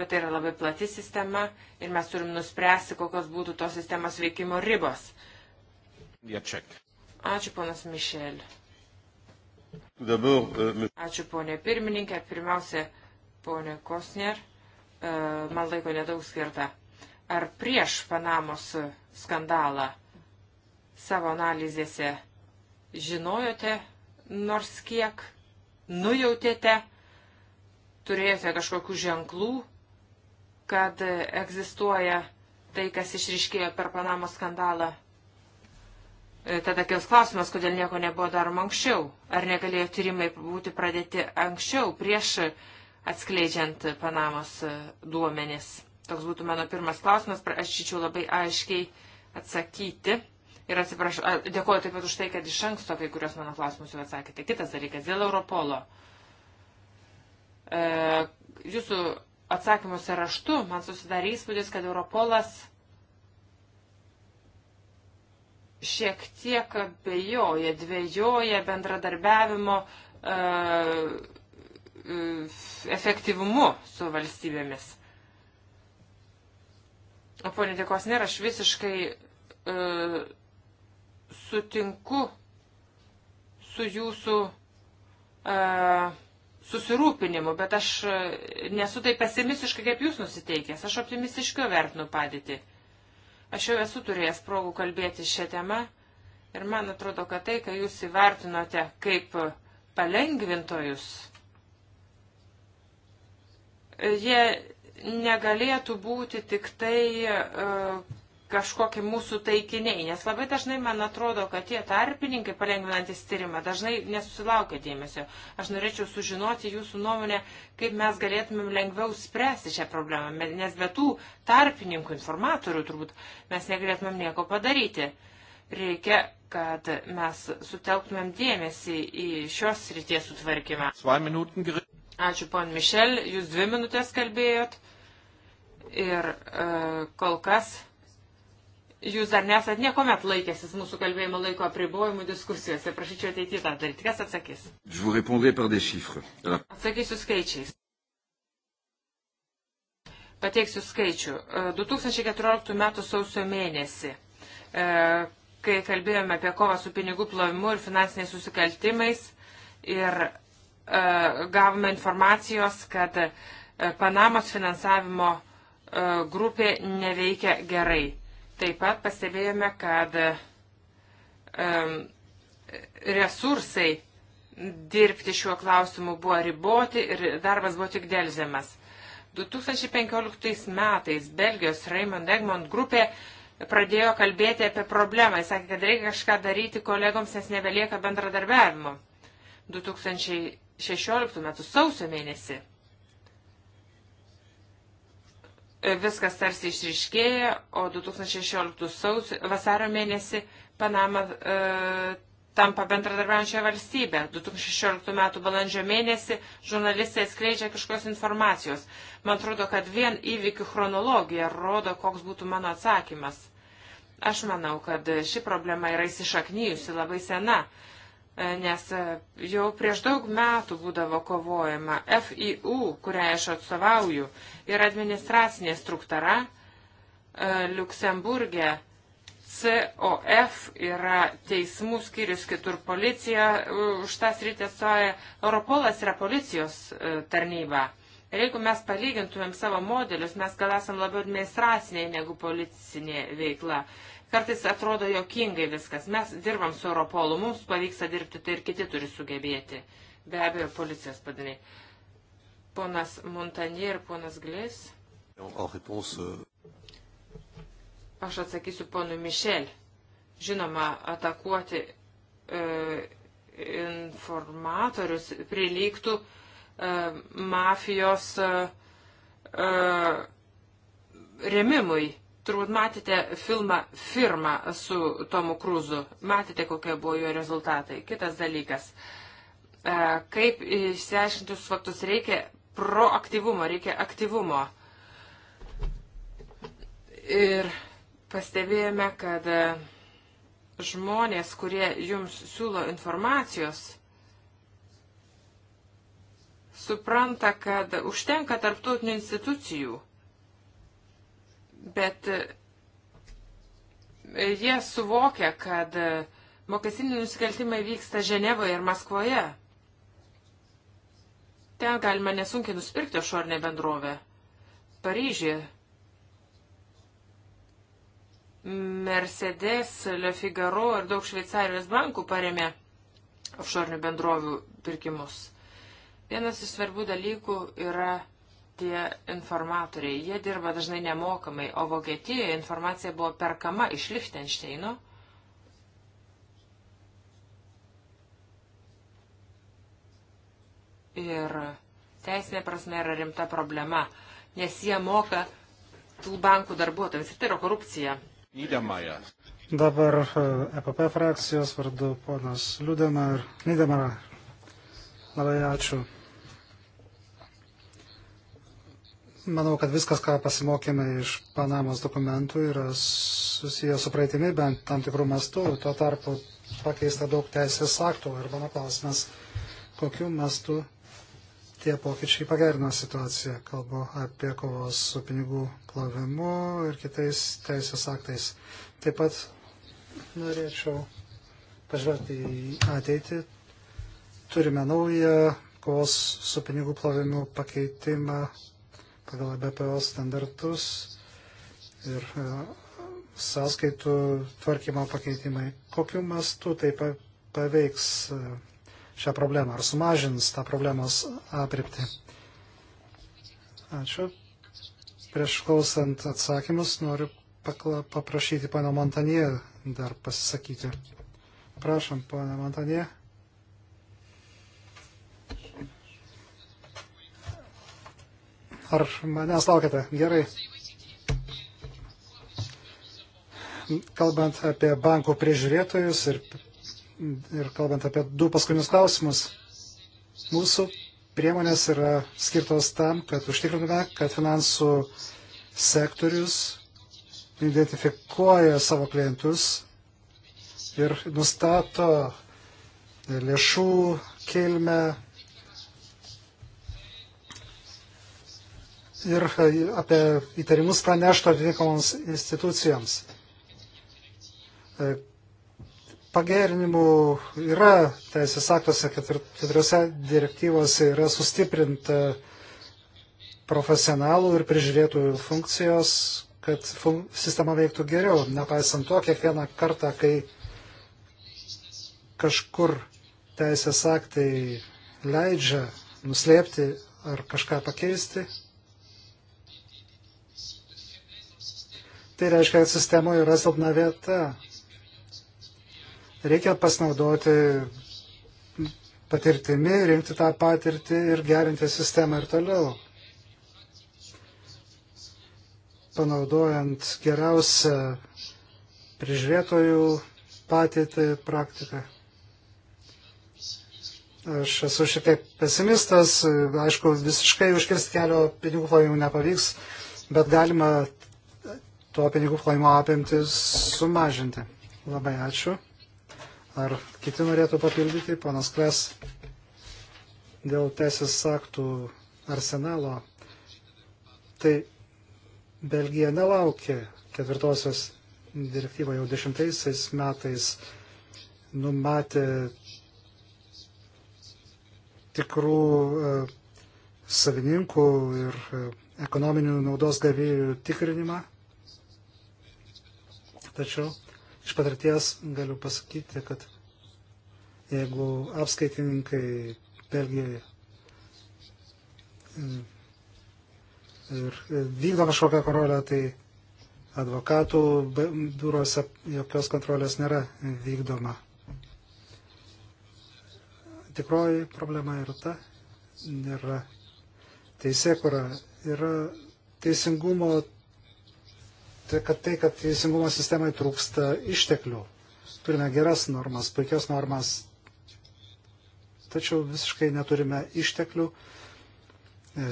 bet tai yra labai plati sistema ir mes turim nuspręsti, kokios būtų tos sistemos veikimo ribos. Ačiū, ponas Mišel. E, Ačiū, ponė pirmininkė. Pirmiausia, ponė Kosner, e, man laiko nedaug skirta. Ar prieš Panamos skandalą savo analizėse žinojote, nors kiek, nujautėte, turėjote kažkokių ženklų, kad egzistuoja tai, kas išriškėjo per Panamo skandalą. E, tada kils klausimas, kodėl nieko nebuvo daroma anksčiau. Ar negalėjo tyrimai būti pradėti anksčiau, prieš atskleidžiant Panamos e, duomenis? Toks būtų mano pirmas klausimas, aš šičiau labai aiškiai atsakyti. Ir atsiprašau, dėkuoju taip pat už tai, kad iš anksto kai kurios mano klausimus jau atsakėte. Kitas dalykas, dėl Europolo. E, jūsų atsakymuose raštu man susidarė įspūdis, kad Europolas šiek tiek abejoja, dvėjoja bendradarbiavimo e, e, efektyvumu su valstybėmis. O ponė Dėkos nėra, aš visiškai e, sutinku su jūsų uh, susirūpinimu, bet aš e, nesu taip pesimistiškai, kaip jūs nusiteikęs. Aš optimistiškiau vertinu padėtį. Aš jau esu turėjęs progų kalbėti šią temą ir man atrodo, kad tai, ką jūs įvertinote kaip palengvintojus, jie negalėtų būti tik tai uh, kažkokie mūsų taikiniai, nes labai dažnai man atrodo, kad tie tarpininkai palengvinantis tyrimą dažnai nesusilaukia dėmesio. Aš norėčiau sužinoti jūsų nuomonę, kaip mes galėtumėm lengviau spręsti šią problemą, nes be tų tarpininkų informatorių turbūt mes negalėtumėm nieko padaryti. Reikia, kad mes sutelktumėm dėmesį į šios ryties sutvarkymą. Ačiū, pon Mišel, jūs dvi minutės kalbėjot ir e, kol kas jūs dar nesat niekuomet laikęsis mūsų kalbėjimo laiko apribojimų diskusijose. Prašyčiau ateityje tą daryti. Kas atsakys? Atsakysiu skaičiais. Pateiksiu skaičių. 2014 e, m. sausio mėnesį, e, kai kalbėjome apie kovą su pinigų plovimu ir finansiniais susikaltimais ir e, gavome informacijos, kad Panamos finansavimo grupė neveikia gerai Taip pat pastebėjome, kad um, resursai dirbti šiuo klausimu buvo riboti ir darbas buvo tik dėlžiamas. 2015 metais Belgijos Raymond Egmont grupė pradėjo kalbėti apie problemą. Jis sakė, kad reikia kažką daryti kolegoms, nes nebelieka bendradarbiavimo. 2016 metų sausio mėnesį E, viskas tarsi išriškėja, o 2016 sausio, vasario mėnesį Panama e, tampa bendradarbiaujančia valstybė. 2016 m. balandžio mėnesį žurnalistai atskleidžia kažkokios informacijos. Man atrodo, kad vien įvykių chronologija rodo, koks būtų mano atsakymas. Aš manau, kad ši problema yra įsišaknyjusi labai sena. E, nes e, jau prieš daug metų būdavo kovojama. FIU, kurią aš atstovauju, ir administracinė struktūra e, Luksemburgė. COF yra teismų skyrius, kitur policija e, už tas rytį atstoja, Europolas yra policijos tarnyba. Ir jeigu mes palygintumėm savo modelius, mes gal esam labiau administraciniai negu policinė veikla. Kartais atrodo jokingai viskas. Mes dirbam su Europolu, mums pavyksta dirbti, tai ir kiti turi sugebėti. Be abejo, policijos padiniai. Ponas Montanier ir ponas Glės. Euh, Aš atsakysiu ponui Mišel. Žinoma, atakuoti e, informatorius prilygtų e, mafijos e, e remimui. Turbūt matėte filmą Firma su Tomu Krūzu. Matėte, kokie buvo jo rezultatai. Kitas dalykas. E, kaip išsiaiškinti faktus reikia proaktyvumo, reikia aktyvumo. Ir pastebėjome, kad e, žmonės, kurie jums siūlo informacijos, supranta, kad užtenka tarptautinių institucijų bet e, jie suvokia, kad e, mokestiniai nusikaltimai vyksta Ženevoje ir Maskvoje. Ten galima nesunkiai nusipirkti išorinę bendrovę. Paryžiuje. Mercedes, Le Figaro ir daug Šveicarijos bankų paremė offshore bendrovių pirkimus. Vienas iš svarbių dalykų yra tie informatoriai. Jie dirba dažnai nemokamai, o Vokietijoje informacija buvo perkama iš Lichtensteino. Ir teisinė prasme yra rimta problema, nes jie moka tų bankų darbuotojams ir tai yra korupcija. Nydemaja. Dabar EPP e frakcijos vardu ponas Liudemar. Nydemar. Labai ačiū. Manau, kad viskas, ką pasimokėme iš Panamos dokumentų, yra susijęs su praeitimi bent tam tikrų mastų. Tuo tarpu pakeista daug teisės aktų ir mano klausimas, kokiu mastu tie pokyčiai pagerino situaciją. Kalbu apie kovos su pinigų plovimu ir kitais teisės aktais. Taip pat norėčiau pažvelgti į ateitį. Turime naują kovos su pinigų plovimu pakeitimą pagal BPO standartus ir e, sąskaitų tvarkymo pakeitimai. Kokiu mastu tai paveiks e, šią problemą ar sumažins tą problemos aprypti? Ačiū. Prieš klausant atsakymus noriu pakla, paprašyti pana Montanie dar pasisakyti. Prašom, pana Montanie. Ar manęs laukiate? Gerai. Kalbant apie bankų priežiūrėtojus ir, ir kalbant apie du paskutinius klausimus, mūsų priemonės yra skirtos tam, kad užtikrintume, kad finansų sektorius identifikuoja savo klientus ir nustato lėšų kilmę ir e, apie įtarimus praneštų atitinkamoms institucijoms. E, pagerinimų yra teisės aktuose, keturiose direktyvose yra sustiprinta profesionalų ir prižiūrėtojų funkcijos, kad fun sistema veiktų geriau. Nepaisant to, kiekvieną kartą, kai kažkur teisės aktai leidžia nuslėpti ar kažką pakeisti, Tai reiškia, kad sistemoje yra silpna vieta. Reikia pasinaudoti patirtimi, rinkti tą patirtį ir gerinti sistemą ir toliau. Panaudojant geriausią prižiūrėtojų patirtį praktiką. Aš esu šiek tiek pesimistas, aišku, visiškai užkirsti kelio pinigų plovimų nepavyks, bet galima to pinigų plovimo apimtis sumažinti. Labai ačiū. Ar kiti norėtų papildyti, panas Kles, dėl teisės aktų arsenalo? Tai Belgija nelaukė ketvirtosios direktyvą jau dešimtaisiais metais numatė tikrų e, savininkų ir e, ekonominių naudos gavėjų tikrinimą Tačiau iš patirties galiu pasakyti, kad jeigu apskaitininkai Belgijoje mm, ir vykdo kažkokią kontrolę, tai advokatų biuruose jokios kontrolės nėra vykdoma. Tikroji problema yra ta, nėra teisė, kur yra teisingumo tai, kad tai, kad teisingumo sistemai trūksta išteklių. Turime geras normas, puikias normas, tačiau visiškai neturime išteklių e,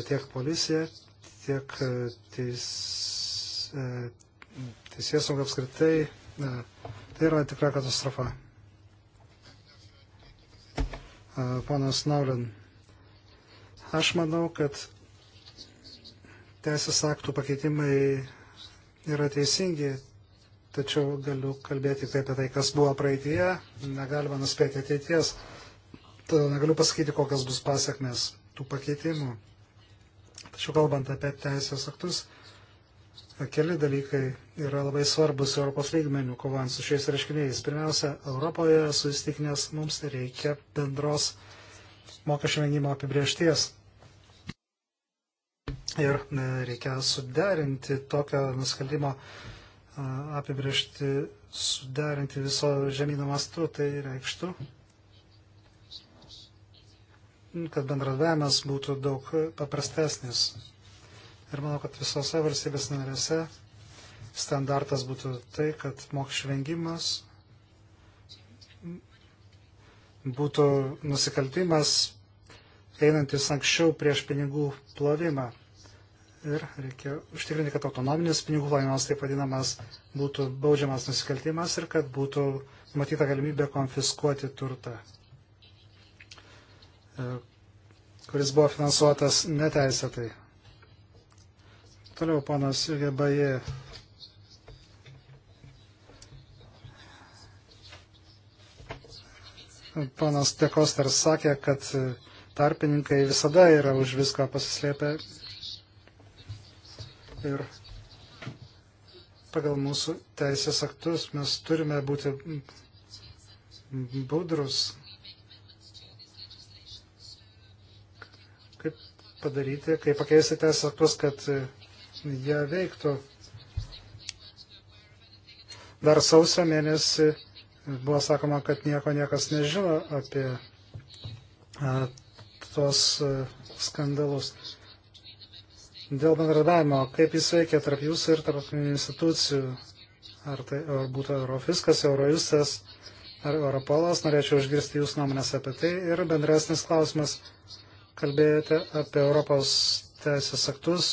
tiek policija, tiek e, teis, e, teisės sauga apskritai. Tai yra tikra katastrofa. Ponas Naulin, aš manau, kad teisės aktų pakeitimai yra teisingi, tačiau galiu kalbėti tik tai apie tai, kas buvo praeitie, negalima nuspėti ateities, todėl negaliu pasakyti, kokios bus pasiekmes tų pakeitimų. Tačiau kalbant apie teisės aktus, keli dalykai yra labai svarbus Europos lygmenių kovant su šiais reiškiniais. Pirmiausia, Europoje susitikinęs mums reikia bendros mokesčių vengimo apibriešties ir e, reikia suderinti tokio nusikaltimo e, apibriežti, suderinti viso žemyną mastu, tai reikštų, kad bendradavimas būtų daug paprastesnis. Ir manau, kad visose valstybės narėse standartas būtų tai, kad mokesčių vengimas būtų nusikaltimas einantis anksčiau prieš pinigų plovimą ir reikia užtikrinti, kad autonominis pinigų plavimas, taip vadinamas, būtų baudžiamas nusikaltimas ir kad būtų matyta galimybė konfiskuoti turtą, e, kuris buvo finansuotas neteisėtai. Toliau ponas Gebaje. Ponas Tekosters sakė, kad tarpininkai visada yra už viską pasislėpę ir pagal mūsų teisės aktus mes turime būti budrus, kaip padaryti, kaip pakeisti teisės aktus, kad jie veiktų. Dar sausio mėnesį buvo sakoma, kad nieko niekas nežino apie a, tos a, skandalus. Dėl bendradavimo, kaip jis veikia tarp jūsų ir tarp institucijų, ar tai ar būtų Eurofiskas, Eurojustas ar Europolas, norėčiau išgirsti jūsų nuomonės apie tai. Ir bendresnis klausimas, kalbėjote apie Europos teisės aktus,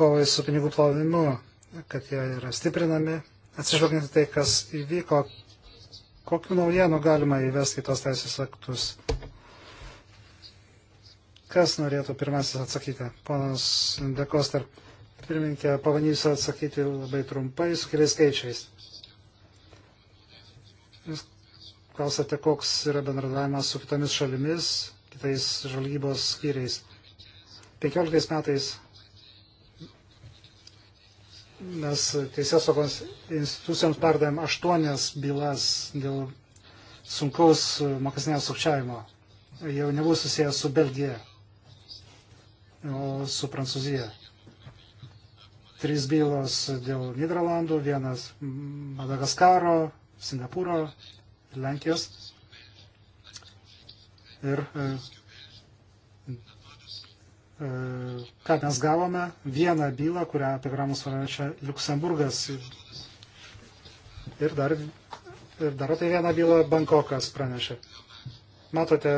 kovai su pinigų plovimu, kad jie yra stiprinami. Atsižvelgiant tai, kas įvyko, kokiu naujienu galima įvesti į tos teisės aktus. Kas norėtų pirmasis atsakyti? Ponas Dekoster, pirmininkė, pavanysiu atsakyti labai trumpai su keliais skaičiais. Jūs klausate, koks yra bendradavimas su kitomis šalimis, kitais žvalgybos skyriais. 15 metais mes teisės saugos institucijoms perdavėm aštuonias bylas dėl sunkaus mokesnės sukčiavimo. Jau nebus susijęs su Belgija su Prancūzija. Trys bylos dėl Niderlandų, vienas Madagaskaro, Singapūro, Lenkijos. Ir e, e, ką mes gavome? Vieną bylą, kurią apie kurią mus pranešė Luksemburgas. Ir dar, ir dar apie vieną bylą Bankokas pranešė. Matote,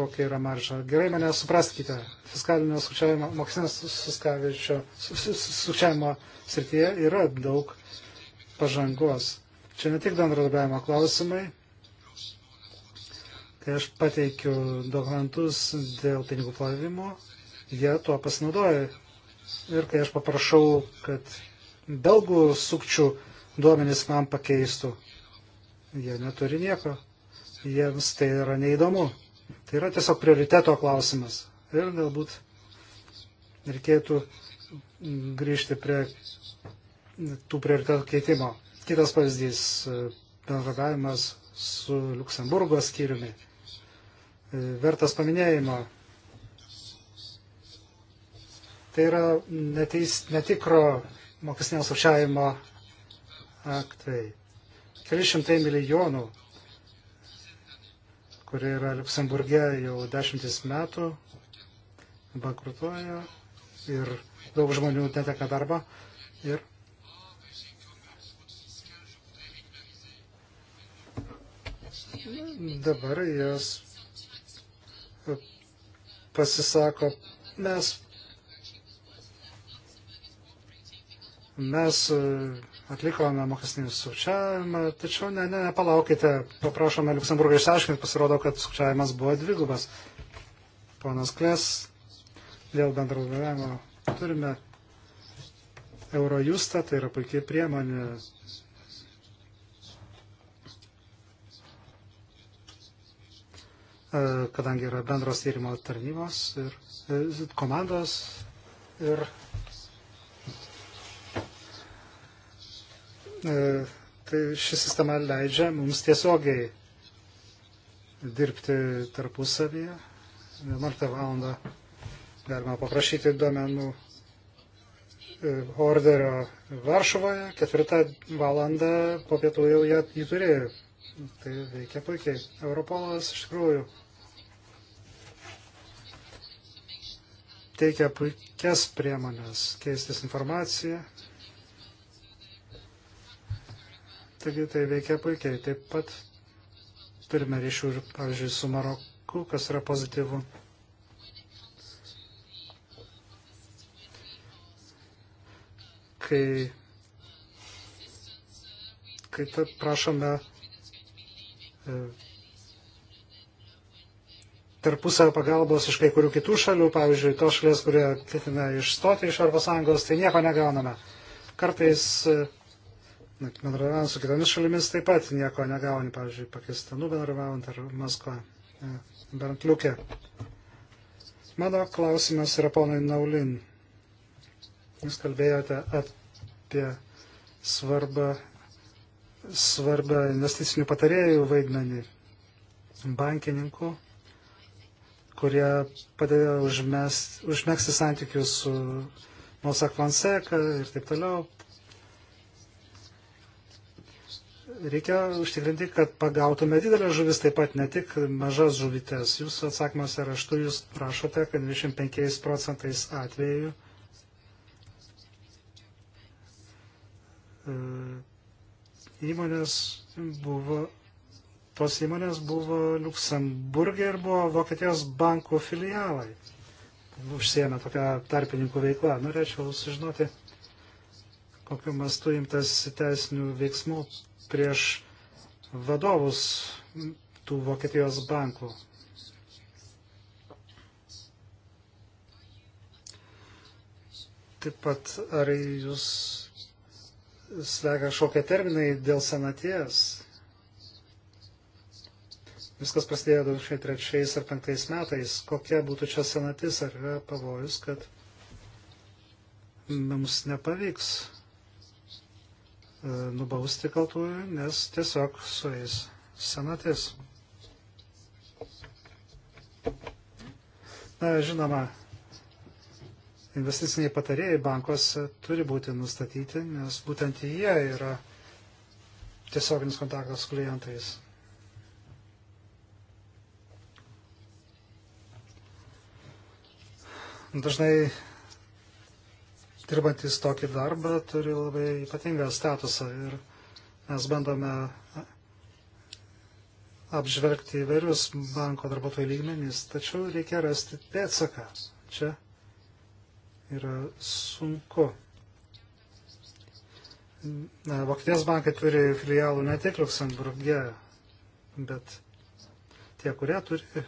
kokia yra marža. Gerai mane supraskite, fiskalinio sukčiavimo, mokslinio sukčiavimo srityje yra daug pažangos. Čia ne tik bendradarbiavimo klausimai, kai aš pateikiu dokumentus dėl pinigų plovimo, jie tuo pasinaudoja. Ir kai aš paprašau, kad belgų sukčių duomenys man pakeistų, jie neturi nieko. Jiems tai yra neįdomu. Tai yra tiesiog prioriteto klausimas. Ir galbūt reikėtų grįžti prie tų prioritetų keitimo. Kitas pavyzdys - bendradavimas su Luksemburgo skyriumi. Vertas paminėjimo. Tai yra neteis, netikro mokestinio sukčiavimo aktai. Keli šimtai milijonų kuri yra Luksemburgė jau dešimtis metų, bankrutuoja ir daug žmonių neteka darbo. Ir dabar jos pasisako, mes, mes atlikome mokestinį sukčiavimą, tačiau ne, ne, nepalaukite, paprašome Luksemburgą išsiaiškinti, pasirodo, kad sukčiavimas buvo dvigubas. Ponas Kles, dėl bendradarbiavimo turime Eurojustą, tai yra puikiai priemonė. E, kadangi yra bendros tyrimo tarnybos ir e, komandos ir E, tai ši sistema leidžia mums tiesiogiai dirbti tarpusavyje. 11 valandą galima paprašyti duomenų e, orderio Varšuvoje, 4 valandą po pietų jau jį turėjo. Tai veikia puikiai. Europolas iš tikrųjų teikia puikias priemonės keistis informaciją Taigi tai veikia puikiai. Taip pat turime ryšių ir, pavyzdžiui, su Maroku, kas yra pozityvu. Kai, kai prašome e, tarpusavio pagalbos iš kai kurių kitų šalių, pavyzdžiui, tos šalies, kurie ketina išstoti iš Europos Sąjungos, tai nieko negauname. Kartais e, bendradarbiavant su kitomis šalimis taip pat nieko negauni, pavyzdžiui, Pakistanu bendradarbiavant ar Maskva, e, bent liukė. Mano klausimas yra ponai Naulin. Jūs kalbėjote apie svarbą, svarbą investicinių patarėjų vaidmenį, bankininkų, kurie padėjo užmest, užmėgsti santykius su Mosak Fonseca ir taip toliau. reikia užtikrinti, kad pagautume didelės žuvis, taip pat ne tik mažas žuvytės. Jūsų atsakymuose raštu jūs prašote, kad 25 procentais atveju e, įmonės buvo, tos įmonės buvo Luksemburgė ir buvo Vokietijos bankų filialai. Užsiemė tokią tarpininkų veiklą. Norėčiau sužinoti kokiu mastu imtas teisinių veiksmų prieš vadovus tų Vokietijos bankų. Taip pat, ar jūs svega kažkokie terminai dėl senaties? Viskas prasidėjo 2003 ar 2005 metais. Kokia būtų čia senatis? Ar yra pavojus, kad mums nepavyks E, nubausti kaltųjų, nes tiesiog su jais senatis. Na, žinoma, investiciniai patarėjai bankose turi būti nustatyti, nes būtent jie yra tiesioginis kontaktas su klientais. Dažnai dirbantis tokį darbą turi labai ypatingą statusą ir mes bandome apžvelgti įvairius banko darbuotojų lygmenys, tačiau reikia rasti pėtsaką. Čia yra sunku. Na, Vokietijos bankai turi filialų ne tik Luksemburgė, bet tie, kurie turi e,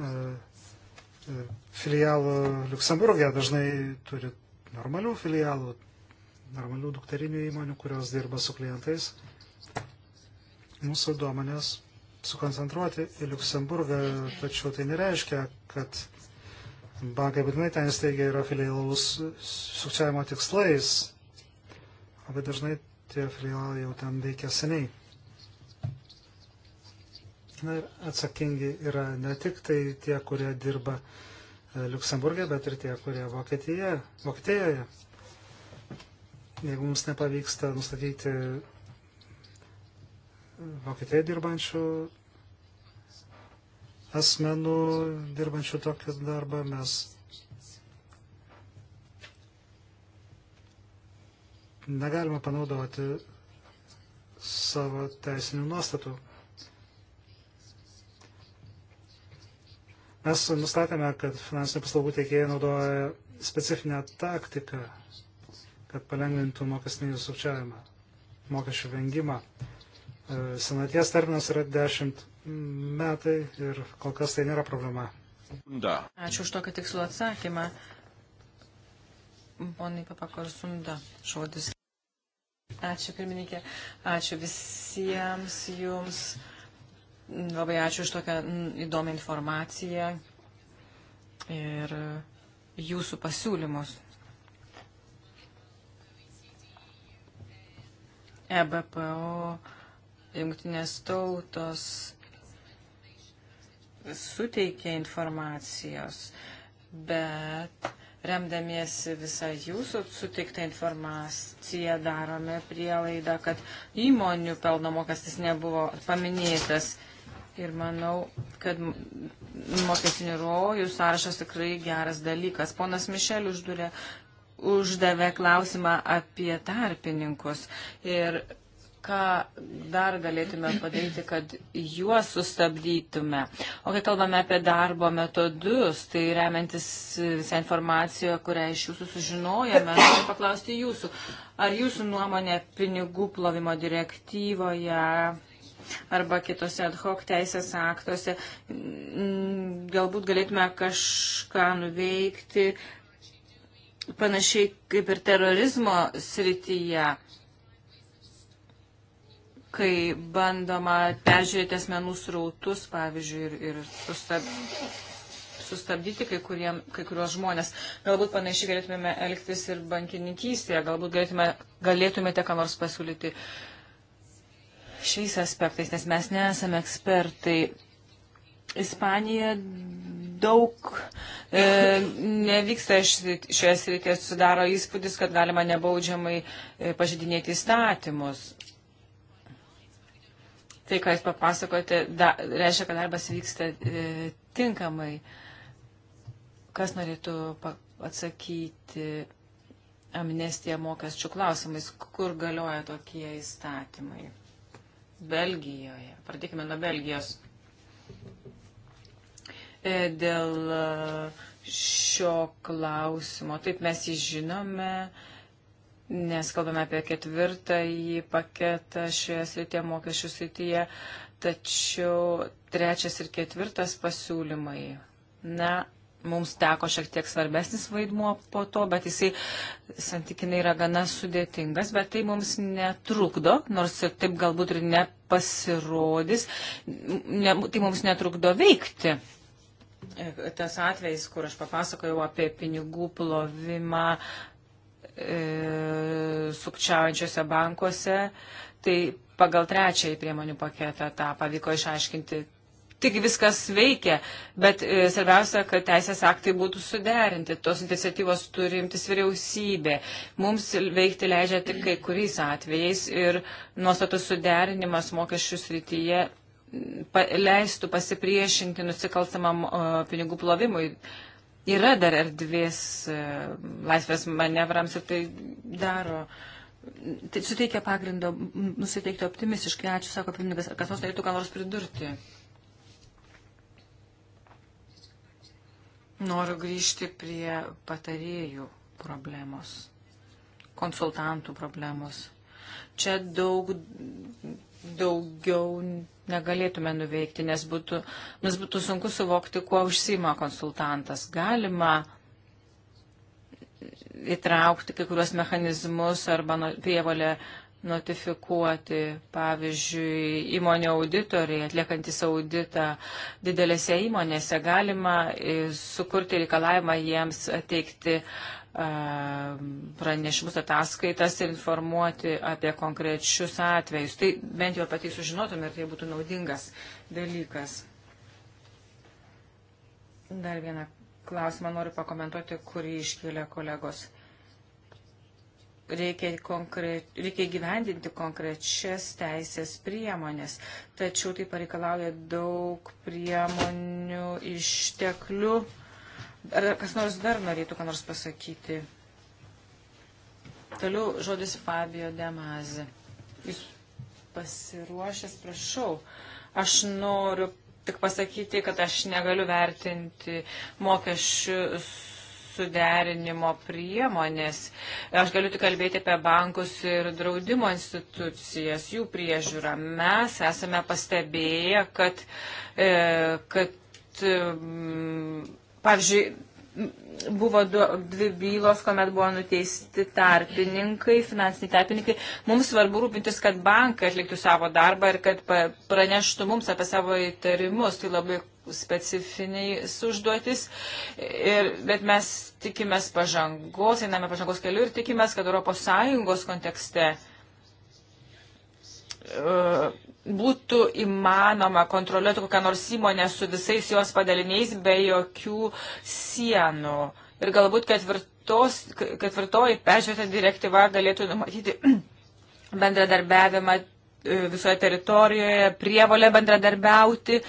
e, filialų Luksemburgė, dažnai turi normalių filialų, normalių dukterinių įmonių, kurios dirba su klientais. Mūsų duomenės sukoncentruoti į Luksemburgą, tačiau tai nereiškia, kad bankai būtinai ten steigia yra filialus sukčiavimo tikslais, labai dažnai tie filialai jau ten veikia seniai. Na ir atsakingi yra ne tik tai tie, kurie dirba uh, E, Luksemburgė, bet ir tie, kurie Vokietija, Vokietijoje. Jeigu mums nepavyksta nustatyti Vokietijoje dirbančių asmenų, dirbančių tokį darbą, mes negalime panaudoti savo teisinių nuostatų. Mes nustatėme, kad finansinių paslaugų teikėjai naudoja specifinę taktiką, kad palengvintų mokestinį sukčiavimą, mokesčių vengimą. E, senaties terminas yra 10 metai ir kol kas tai nėra problema. Da. Ačiū už tokį tikslų atsakymą. Ponai Papakor Sunda, žodis. Ačiū pirmininkė, ačiū visiems jums. Labai ačiū iš tokią mm, įdomią informaciją ir jūsų pasiūlymus. EBPO, jungtinės tautos suteikia informacijos, bet remdamiesi visą jūsų suteiktą informaciją darome prielaidą, kad įmonių pelno mokestis nebuvo paminėtas Ir manau, kad mokesinių rojų sąrašas tikrai geras dalykas. Ponas Mišel uždurė, uždavė klausimą apie tarpininkus ir ką dar galėtume padaryti, kad juos sustabdytume. O kai kalbame apie darbo metodus, tai remiantis visą informaciją, kurią iš jūsų sužinojame, noriu paklausti jūsų, ar jūsų nuomonė pinigų plovimo direktyvoje arba kitose ad hoc teisės aktuose. Mm, galbūt galėtume kažką nuveikti panašiai kaip ir terorizmo srityje kai bandoma peržiūrėti asmenų srautus, pavyzdžiui, ir, ir sustab, sustabdyti kai, kuriem, kai kuriuos žmonės. Galbūt panašiai galėtume elgtis ir bankininkystėje, galbūt galėtume, galėtumėte ką nors pasiūlyti šiais aspektais, nes mes nesame ekspertai. Ispanija daug e, nevyksta šioje srityje, susidaro įspūdis, kad galima nebaudžiamai e, pažydinėti įstatymus. Tai, ką jūs papasakote, da, reiškia, kad darbas vyksta e, tinkamai. Kas norėtų atsakyti amnestiją mokesčių klausimais, kur galioja tokie įstatymai? Belgijoje. Pradėkime nuo Belgijos. E, dėl e, šio klausimo, taip mes jį žinome, nes kalbame apie ketvirtąjį paketą šioje srityje, mokesčių srityje, tačiau trečias ir ketvirtas pasiūlymai. Na, mums teko šiek tiek svarbesnis vaidmuo po to, bet jisai santykinai yra gana sudėtingas, bet tai mums netrukdo, nors ir taip galbūt ir nepasirodys, ne, tai mums netrukdo veikti. Tas atvejs, kur aš papasakojau apie pinigų plovimą e, sukčiaujančiose bankuose, tai pagal trečiąjį priemonių paketą tą pavyko išaiškinti Taigi viskas veikia, bet e, svarbiausia, kad teisės aktai būtų suderinti. Tos iniciatyvos turi imtis vyriausybė. Mums veikti leidžia tik kai kuriais atvejais ir nuostatų suderinimas mokesčių srityje pa, leistų pasipriešinti nusikalstamam e, pinigų plovimui. Yra dar erdvės e, laisvės manevrams ir tai daro. Tai suteikia pagrindo nusiteikti optimistiškai. Ačiū, sako pirmininkas. Ar kas nors norėtų ką nors pridurti? Noriu grįžti prie patarėjų problemos, konsultantų problemos. Čia daug, daugiau negalėtume nuveikti, nes būtų, nes būtų sunku suvokti, kuo užsima konsultantas. Galima įtraukti kai kuriuos mechanizmus arba prievalę notifikuoti, pavyzdžiui, įmonė auditoriai, atliekantis auditą didelėse įmonėse, galima e, sukurti reikalavimą jiems teikti e, pranešimus ataskaitas ir informuoti apie konkrečius atvejus. Tai bent jau patys tai sužinotume ir tai būtų naudingas dalykas. Dar vieną klausimą noriu pakomentuoti, kurį iškėlė kolegos reikia, konkre... reikia gyvendinti konkrečias teisės priemonės, tačiau tai pareikalauja daug priemonių išteklių. Ar kas nors dar norėtų ką nors pasakyti? Toliau žodis Fabio Demazi. Jūs pasiruošęs, prašau. Aš noriu tik pasakyti, kad aš negaliu vertinti mokesčių suderinimo priemonės. Aš galiu tik kalbėti apie bankus ir draudimo institucijas, jų priežiūrą. Mes esame pastebėję, kad, e, kad e, pavyzdžiui, buvo du, dvi bylos, kuomet buvo nuteisti tarpininkai, finansiniai tarpininkai. Mums svarbu rūpintis, kad bankai atliktų savo darbą ir kad praneštų mums apie savo įtarimus. Tai labai specifiniai užduotis, ir, bet mes tikimės pažangos, einame pažangos keliu ir tikimės, kad ES kontekste uh, būtų įmanoma kontroliuoti kokią nors įmonę su visais jos padaliniais be jokių sienų. Ir galbūt ketvirtos, ketvirtoji peržiūrėta direktyva galėtų numatyti *clears throat* bendradarbiavimą e, visoje teritorijoje, prievolę bendradarbiauti. Uh,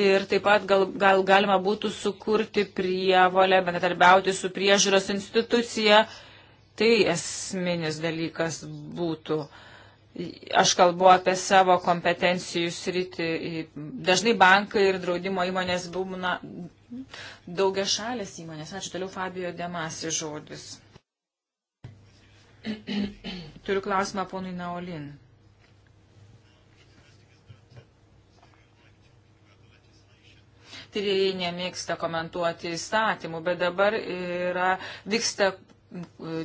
Ir taip pat gal, gal galima būtų sukurti prievolę, bendradarbiauti su priežiūros institucija. Tai esminis dalykas būtų. Aš kalbu apie savo kompetencijų sritį. Dažnai bankai ir draudimo įmonės būna daugia šalės įmonės. Ačiū toliau Fabio Demasi žodis. Turiu klausimą ponui Naolin. tyrėjai nemėgsta komentuoti įstatymų, bet dabar yra, vyksta e,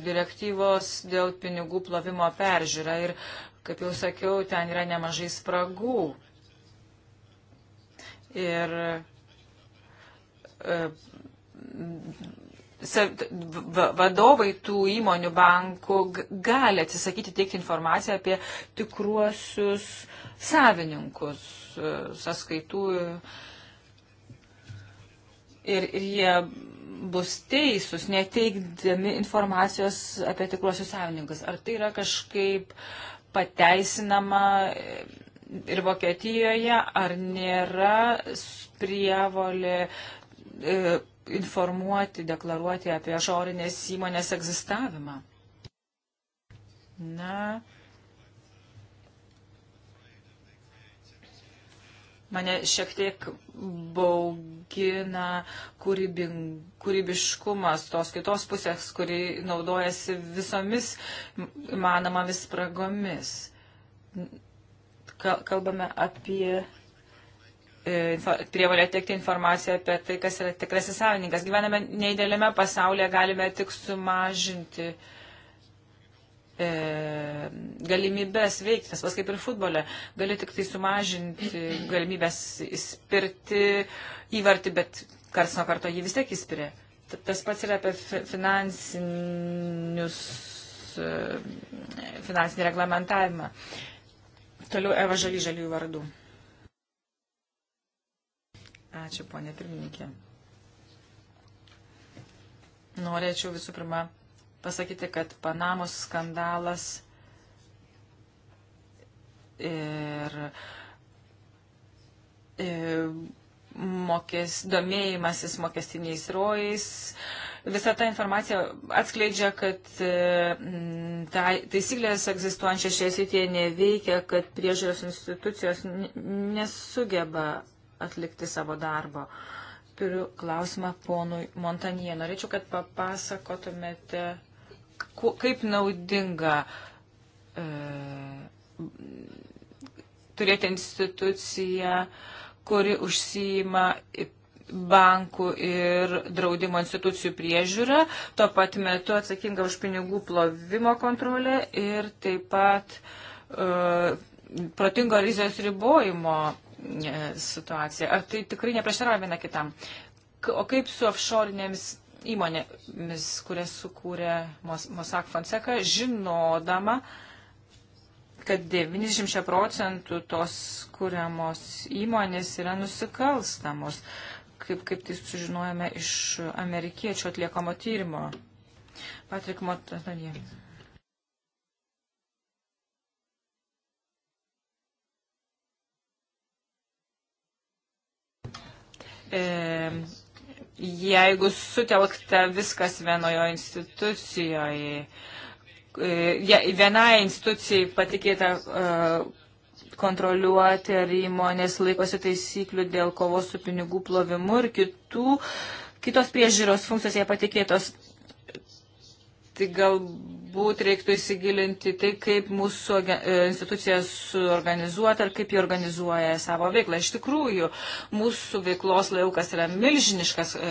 direktyvos dėl pinigų plovimo peržiūra ir, kaip jau sakiau, ten yra nemažai spragų. Ir e, vadovai tų įmonių bankų gali atsisakyti teikti informaciją apie tikruosius savininkus e, sąskaitų ir, ir jie bus teisūs, neteikdami informacijos apie tikruosius savininkus. Ar tai yra kažkaip pateisinama ir Vokietijoje, ar nėra prievolė e, informuoti, deklaruoti apie žorinės įmonės egzistavimą? Na, Mane šiek tiek baugina kūrybing, kūrybiškumas tos kitos pusės, kuri naudojasi visomis manomomis spragomis. Kalbame apie e, prievalė teikti informaciją apie tai, kas yra tikrasis savininkas. Gyvename neįdėlėme pasaulyje, galime tik sumažinti uh, e, galimybės veikti, tas pas kaip ir futbole, gali tik tai sumažinti galimybės įspirti įvartį, bet kars nuo karto jį vis tiek įspiria. Tas pats yra apie finansinius, e, finansinį reglamentavimą. Toliau Eva Žaly Žaliųjų vardų. Ačiū, ponė pirmininkė. Norėčiau visų pirma pasakyti, kad Panamos skandalas ir, ir mokės, domėjimasis mokestiniais rojais. Visa ta informacija atskleidžia, kad mm, ta, taisyklės egzistuojančios šioje srityje neveikia, kad priežiūros institucijos nesugeba atlikti savo darbo. Turiu klausimą ponui Montanie. Norėčiau, kad papasakotumėte kaip naudinga e, turėti instituciją, kuri užsijima bankų ir draudimo institucijų priežiūra, tuo pat metu atsakinga už pinigų plovimo kontrolę ir taip pat e, protingo rizijos ribojimo e, situacija. Ar tai tikrai neprieštarauja viena kitam? O kaip su offshore'inėmis įmonėmis, kurias sukūrė Mossack Fonseca, žinodama, kad 90 procentų tos kuriamos įmonės yra nusikalstamos, kaip, kaip tai sužinojame iš amerikiečių atliekamo tyrimo. Patrik Motanė. E, jeigu sutelkta viskas vienoje institucijoje, e, vienai institucijai patikėta e, kontroliuoti, ar įmonės laikosi taisyklių dėl kovos su pinigų plovimu ir kitų, kitos priežiūros funkcijos jai patikėtos tai galbūt reiktų įsigilinti tai, kaip mūsų e, institucija suorganizuota ir kaip jie organizuoja savo veiklą. Iš tikrųjų, mūsų veiklos laukas yra milžiniškas, e,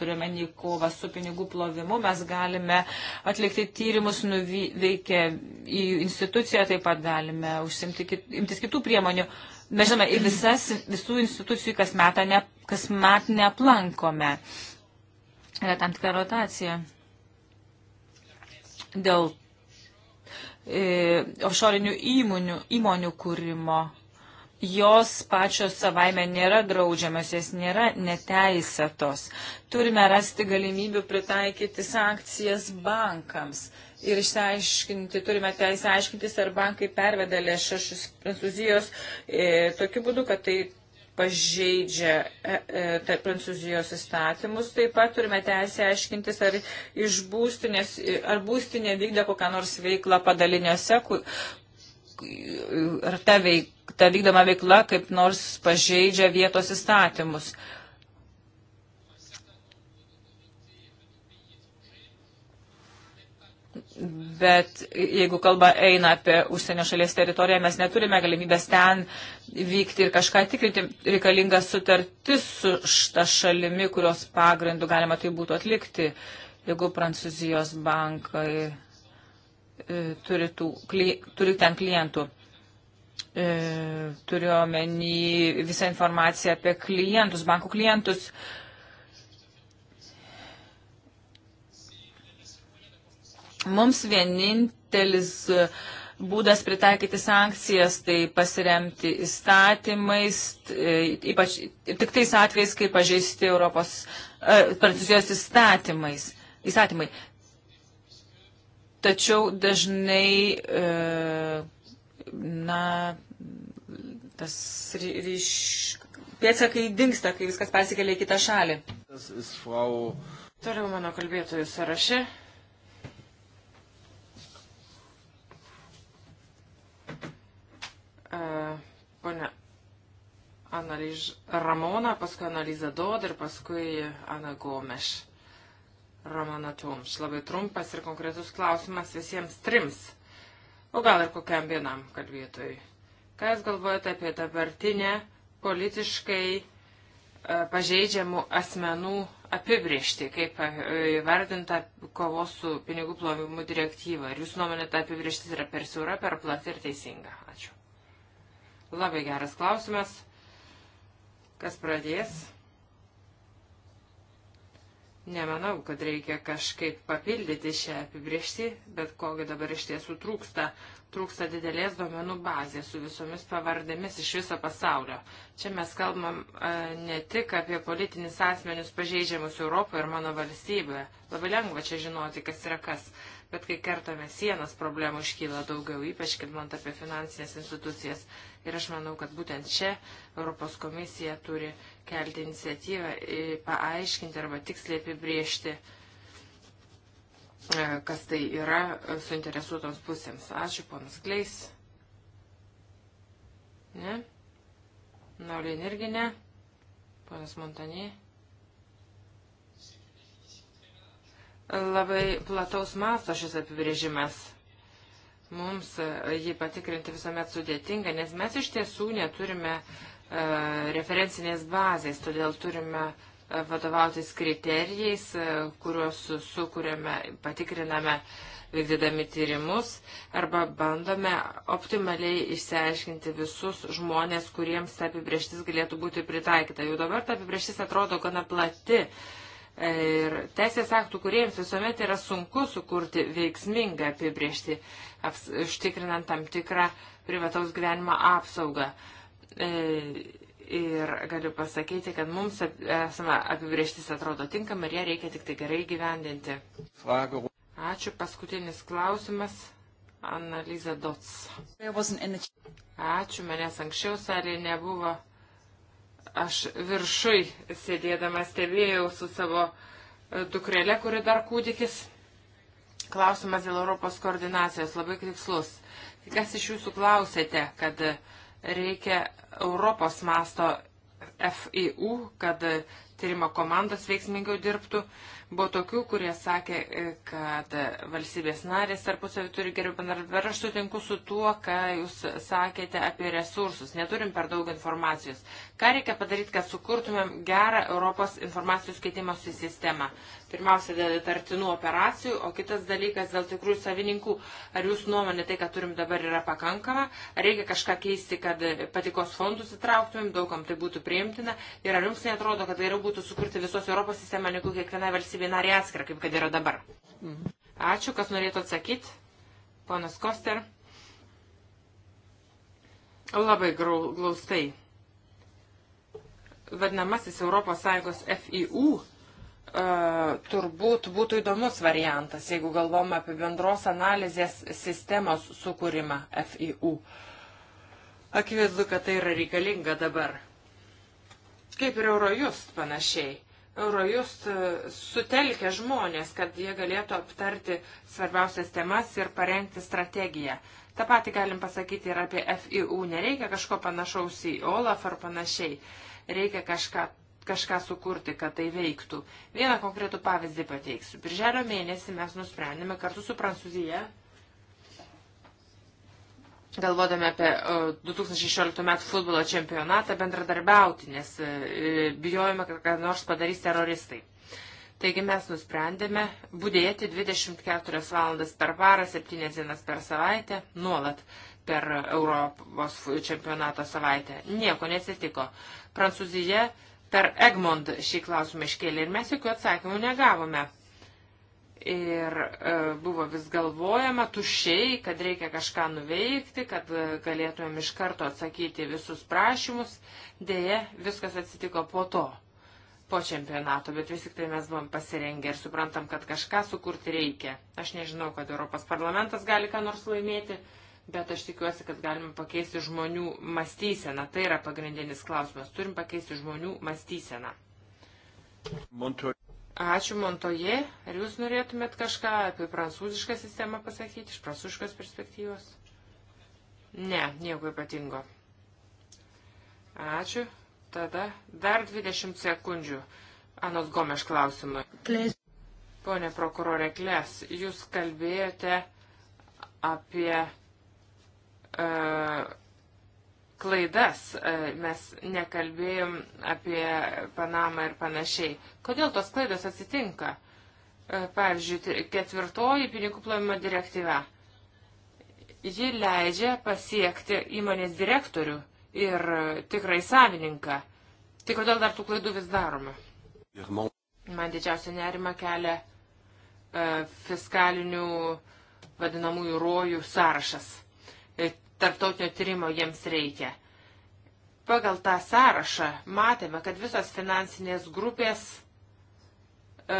turime į kovą su pinigų plovimu, mes galime atlikti tyrimus nuveikę į instituciją, taip pat galime užsimti, kit, imtis kitų priemonių. Mes žinome, visas, visų institucijų kas, ne, kas met neaplankome. Yra tam tikra rotacija dėl e, offshore'inių įmonių, įmonių kūrimo. Jos pačios savaime nėra draudžiamas, jas nėra neteisėtos. Turime rasti galimybių pritaikyti sankcijas bankams ir išsiaiškinti, turime teisę aiškintis, ar bankai perveda lėšas iš Prancūzijos e, tokiu būdu, kad tai pažeidžia e, e, prancūzijos įstatymus. Taip pat turime teisę aiškintis, ar, būstinės, ar būstinė vykdo kokią nors veiklą padaliniuose, kur, ar ta, veik, ta vykdoma veikla kaip nors pažeidžia vietos įstatymus. E, bet jeigu kalba eina apie užsienio šalies teritoriją, mes neturime galimybės ten vykti ir kažką tikrinti. Reikalinga sutartis su ta šalimi, kurios pagrindu galima tai būtų atlikti, jeigu Prancūzijos bankai e, turi, tų, kli, turi ten klientų. E, turiu omeny visą informaciją apie klientus, bankų klientus. E, Mums vienintelis e, būdas pritaikyti sankcijas, tai pasiremti įstatymais, e, ypač tik tais atvejais, kai pažeisti Europos, e, prancūzijos įstatymais. Įstatymai. Tačiau dažnai, e, na, tas ryš... pėtsakai dinksta, kai viskas persikelia į kitą šalį. Frau... Toliau mano kalbėtojų sąraše E, ponia Analiž Ramona, paskui Analiza Dod ir paskui Ana Gomeš. Ramona Tumš. Labai trumpas ir konkretus klausimas visiems trims. O gal ir kokiam vienam kalbėtojui. Ką Jūs galvojate apie dabartinę politiškai e, pažeidžiamų asmenų apibriešti, kaip e, įvardinta kovos su pinigų plovimu direktyva. Ir jūs nuomonė, ta apibrieštis yra per siūra, per plati ir teisinga. Ačiū. Labai geras klausimas. Kas pradės? Nemanau, kad reikia kažkaip papildyti šią apibriežtį, bet kogi dabar iš tiesų trūksta. Trūksta didelės duomenų bazė su visomis pavardėmis iš viso pasaulio. Čia mes kalbam e, ne tik apie politinis asmenius pažeidžiamus Europoje ir mano valstybėje. Labai lengva čia žinoti, kas yra kas bet kai kertame sienas, problemų iškyla daugiau, ypač kalbant apie finansinės institucijas. Ir aš manau, kad būtent čia Europos komisija turi kelti iniciatyvą, e, paaiškinti arba tiksliai apibriežti, e, kas tai yra suinteresuotoms pusėms. Ačiū, ponas Kleis. Ne? Naulin irgi ne. Ponas Montanė. labai plataus masto šis apibrėžimas. Mums e, jį patikrinti visuomet sudėtinga, nes mes iš tiesų neturime e, referencinės bazės, todėl turime e, vadovautis kriterijais, kuriuos sukūrėme, patikriname vykdydami tyrimus arba bandome optimaliai išsiaiškinti visus žmonės, kuriems ta apibrieštis galėtų būti pritaikyta. Jau dabar ta apibrieštis atrodo gana plati. Uh, Ir teisės aktų kuriems visuomet yra sunku sukurti veiksmingą apibriežti, aps, užtikrinant tam tikrą privataus gyvenimo apsaugą. E, ir galiu pasakyti, kad mums ap, esama apibriežtis atrodo tinkama ir ją reikia tik tai gerai gyvendinti. Ačiū. Paskutinis klausimas. Analiza Dots. Ačiū, manęs anksčiau salėje nebuvo. Aš viršui sėdėdama stebėjau su savo e, dukrelė, kuri dar kūdikis. Klausimas dėl Europos koordinacijos labai tikslus. Tai kas iš jūsų klausėte, kad e, reikia Europos masto FIU, kad e, tyrimo komandos veiksmingiau dirbtų? Buvo tokių, kurie sakė, e, kad valstybės narės tarpusavį turi geriau bendradarbiauti. Aš sutinku su tuo, ką jūs sakėte apie resursus. Neturim per daug informacijos. Ką reikia padaryti, kad sukurtumėm gerą Europos informacijos keitimosi sistemą? Pirmiausia, dėl įtartinų operacijų, o kitas dalykas dėl tikrųjų savininkų. Ar jūs nuomonė tai, ką turim dabar, yra pakankama? Ar reikia kažką keisti, kad patikos fondus įtrauktumėm, daugam tai būtų priimtina? Ir ar jums netrodo, kad geriau tai būtų sukurti visos Europos sistemą negu kiekviena valstybė? valstybė narė atskira, kaip kad yra dabar. Ačiū, kas norėtų atsakyti. Ponas Koster. Labai glaustai. Vadinamasis ES FIU e, turbūt būtų įdomus variantas, jeigu galvom apie bendros analizės sistemos sukūrimą FIU. Akivaizdu, kad tai yra reikalinga dabar. Kaip ir Eurojust panašiai. Eurojust e, sutelkia žmonės, kad jie galėtų aptarti svarbiausias temas ir parengti strategiją. Ta pati galim pasakyti ir apie FIU. Nereikia kažko panašaus į OLAF ar panašiai. Reikia kažką, kažką sukurti, kad tai veiktų. Vieną konkretų pavyzdį pateiksiu. Birželio mėnesį mes nusprendėme kartu su Prancūzija galvodami apie 2016 metų futbolo čempionatą, bendradarbiauti, nes e, bijojame, kad ką nors padarys teroristai. Taigi mes nusprendėme būdėti 24 valandas per parą, 7 dienas per savaitę, nuolat per Europos čempionato savaitę. Nieko nesitiko. Prancūzija per Egmont šį klausimą iškėlė ir mes jokių atsakymų negavome. Ir e, buvo vis galvojama tušiai, kad reikia kažką nuveikti, kad e, galėtumėm iš karto atsakyti visus prašymus. Deja, viskas atsitiko po to, po čempionato, bet vis tik tai mes buvom pasirengę ir suprantam, kad kažką sukurti reikia. Aš nežinau, kad Europos parlamentas gali ką nors laimėti, bet aš tikiuosi, kad galime pakeisti žmonių mąstyseną. Tai yra pagrindinis klausimas. Turim pakeisti žmonių mąstyseną. Montoy. Ačiū, Montoje. Ar jūs norėtumėt kažką apie prancūzišką sistemą pasakyti, iš prancūziškos perspektyvos? Ne, nieko ypatingo. Ačiū. Tada dar 20 sekundžių. Anos Gomeš klausimui. Klės. Pone prokurorė Klės, jūs kalbėjote apie uh, klaidas, e, mes nekalbėjom apie Panamą ir panašiai. Kodėl tos klaidos atsitinka? E, pavyzdžiui, ketvirtoji pinigų plovimo direktyva. Ji leidžia pasiekti įmonės direktorių ir e, tikrai savininką. Tai kodėl dar tų klaidų vis daroma? Man didžiausia nerima kelia fiskalinių vadinamųjų rojų sąrašas tarptautinio tyrimo jiems reikia. Pagal tą sąrašą matėme, kad visos finansinės grupės e,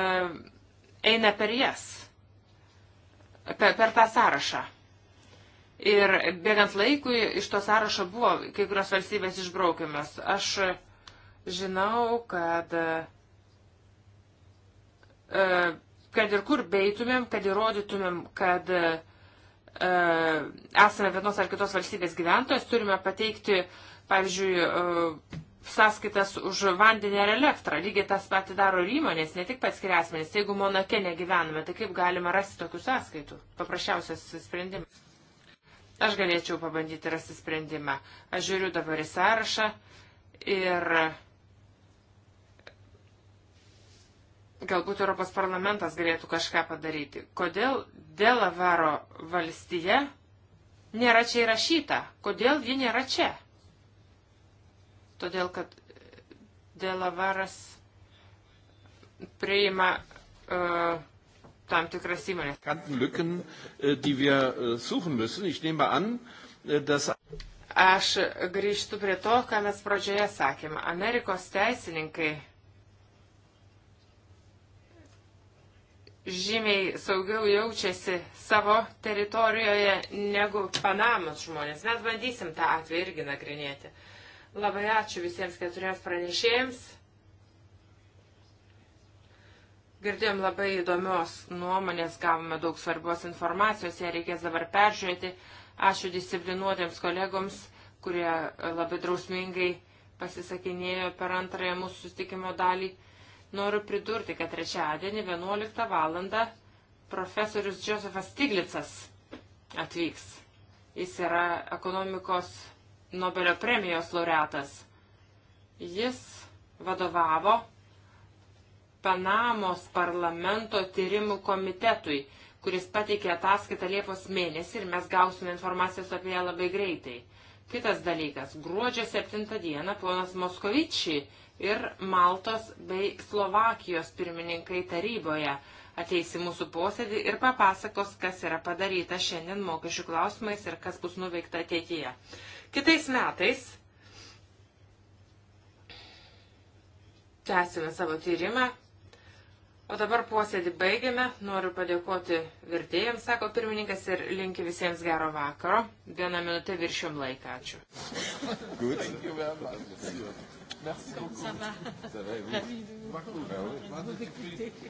eina per jas, per, per tą sąrašą. Ir bėgant laikui iš to sąrašo buvo kai kurios valstybės išbraukiamas. Aš žinau, kad, e, kad ir kur beitumėm, kad įrodytumėm, kad E, esame vienos ar kitos valstybės gyventojas, turime pateikti, pavyzdžiui, e, sąskaitas už vandenį ar elektrą. Lygiai tas pati daro ir įmonės, ne tik pats kiriasmenės. Jeigu Monake negyvename, tai kaip galima rasti tokių sąskaitų? Paprasčiausias sprendimas. Aš galėčiau pabandyti rasti sprendimą. Aš žiūriu dabar į sąrašą ir Galbūt Europos parlamentas galėtų kažką padaryti. Kodėl Delavaro valstija nėra čia įrašyta? Kodėl ji nėra čia? Todėl, kad Delavaras priima uh, tam tikras įmonės. Lücken, e, die wir e, suchen müssen. Ich nehme an, dass Aš grįžtu prie to, ką mes pradžioje sakėme. Amerikos teisininkai žymiai saugiau jaučiasi savo teritorijoje negu Panamos žmonės. Mes bandysim tą atvejį irgi nagrinėti. Labai ačiū visiems keturiems pranešėjams. Girdėjom labai įdomios nuomonės, gavome daug svarbios informacijos, ją reikės dabar peržiūrėti. Ačiū disciplinuotiems kolegoms, kurie labai drausmingai pasisakinėjo per antrąją mūsų sustikimo dalį. Noriu pridurti, kad trečiadienį 11 val. profesorius Josefas Stiglicas atvyks. Jis yra ekonomikos Nobelio premijos laureatas. Jis vadovavo Panamos parlamento tyrimų komitetui, kuris pateikė ataskaitą Liepos mėnesį ir mes gausime informacijos apie ją labai greitai. Kitas dalykas, gruodžio 7 dieną ponas Moskovičiai ir Maltos bei Slovakijos pirmininkai taryboje ateis į mūsų posėdį ir papasakos, kas yra padaryta šiandien mokesčių klausimais ir kas bus nuveikta ateityje. Kitais metais tęsime savo tyrimą. O dabar posėdį baigiame. Noriu padėkoti vertėjams, sako pirmininkas, ir linkiu visiems gero vakaro. Vieną minutę viršium laiką. Ačiū. Good. Merci beaucoup. Ça va. Ça va, oui. Ravi de vous, bah, oui. vous écouter.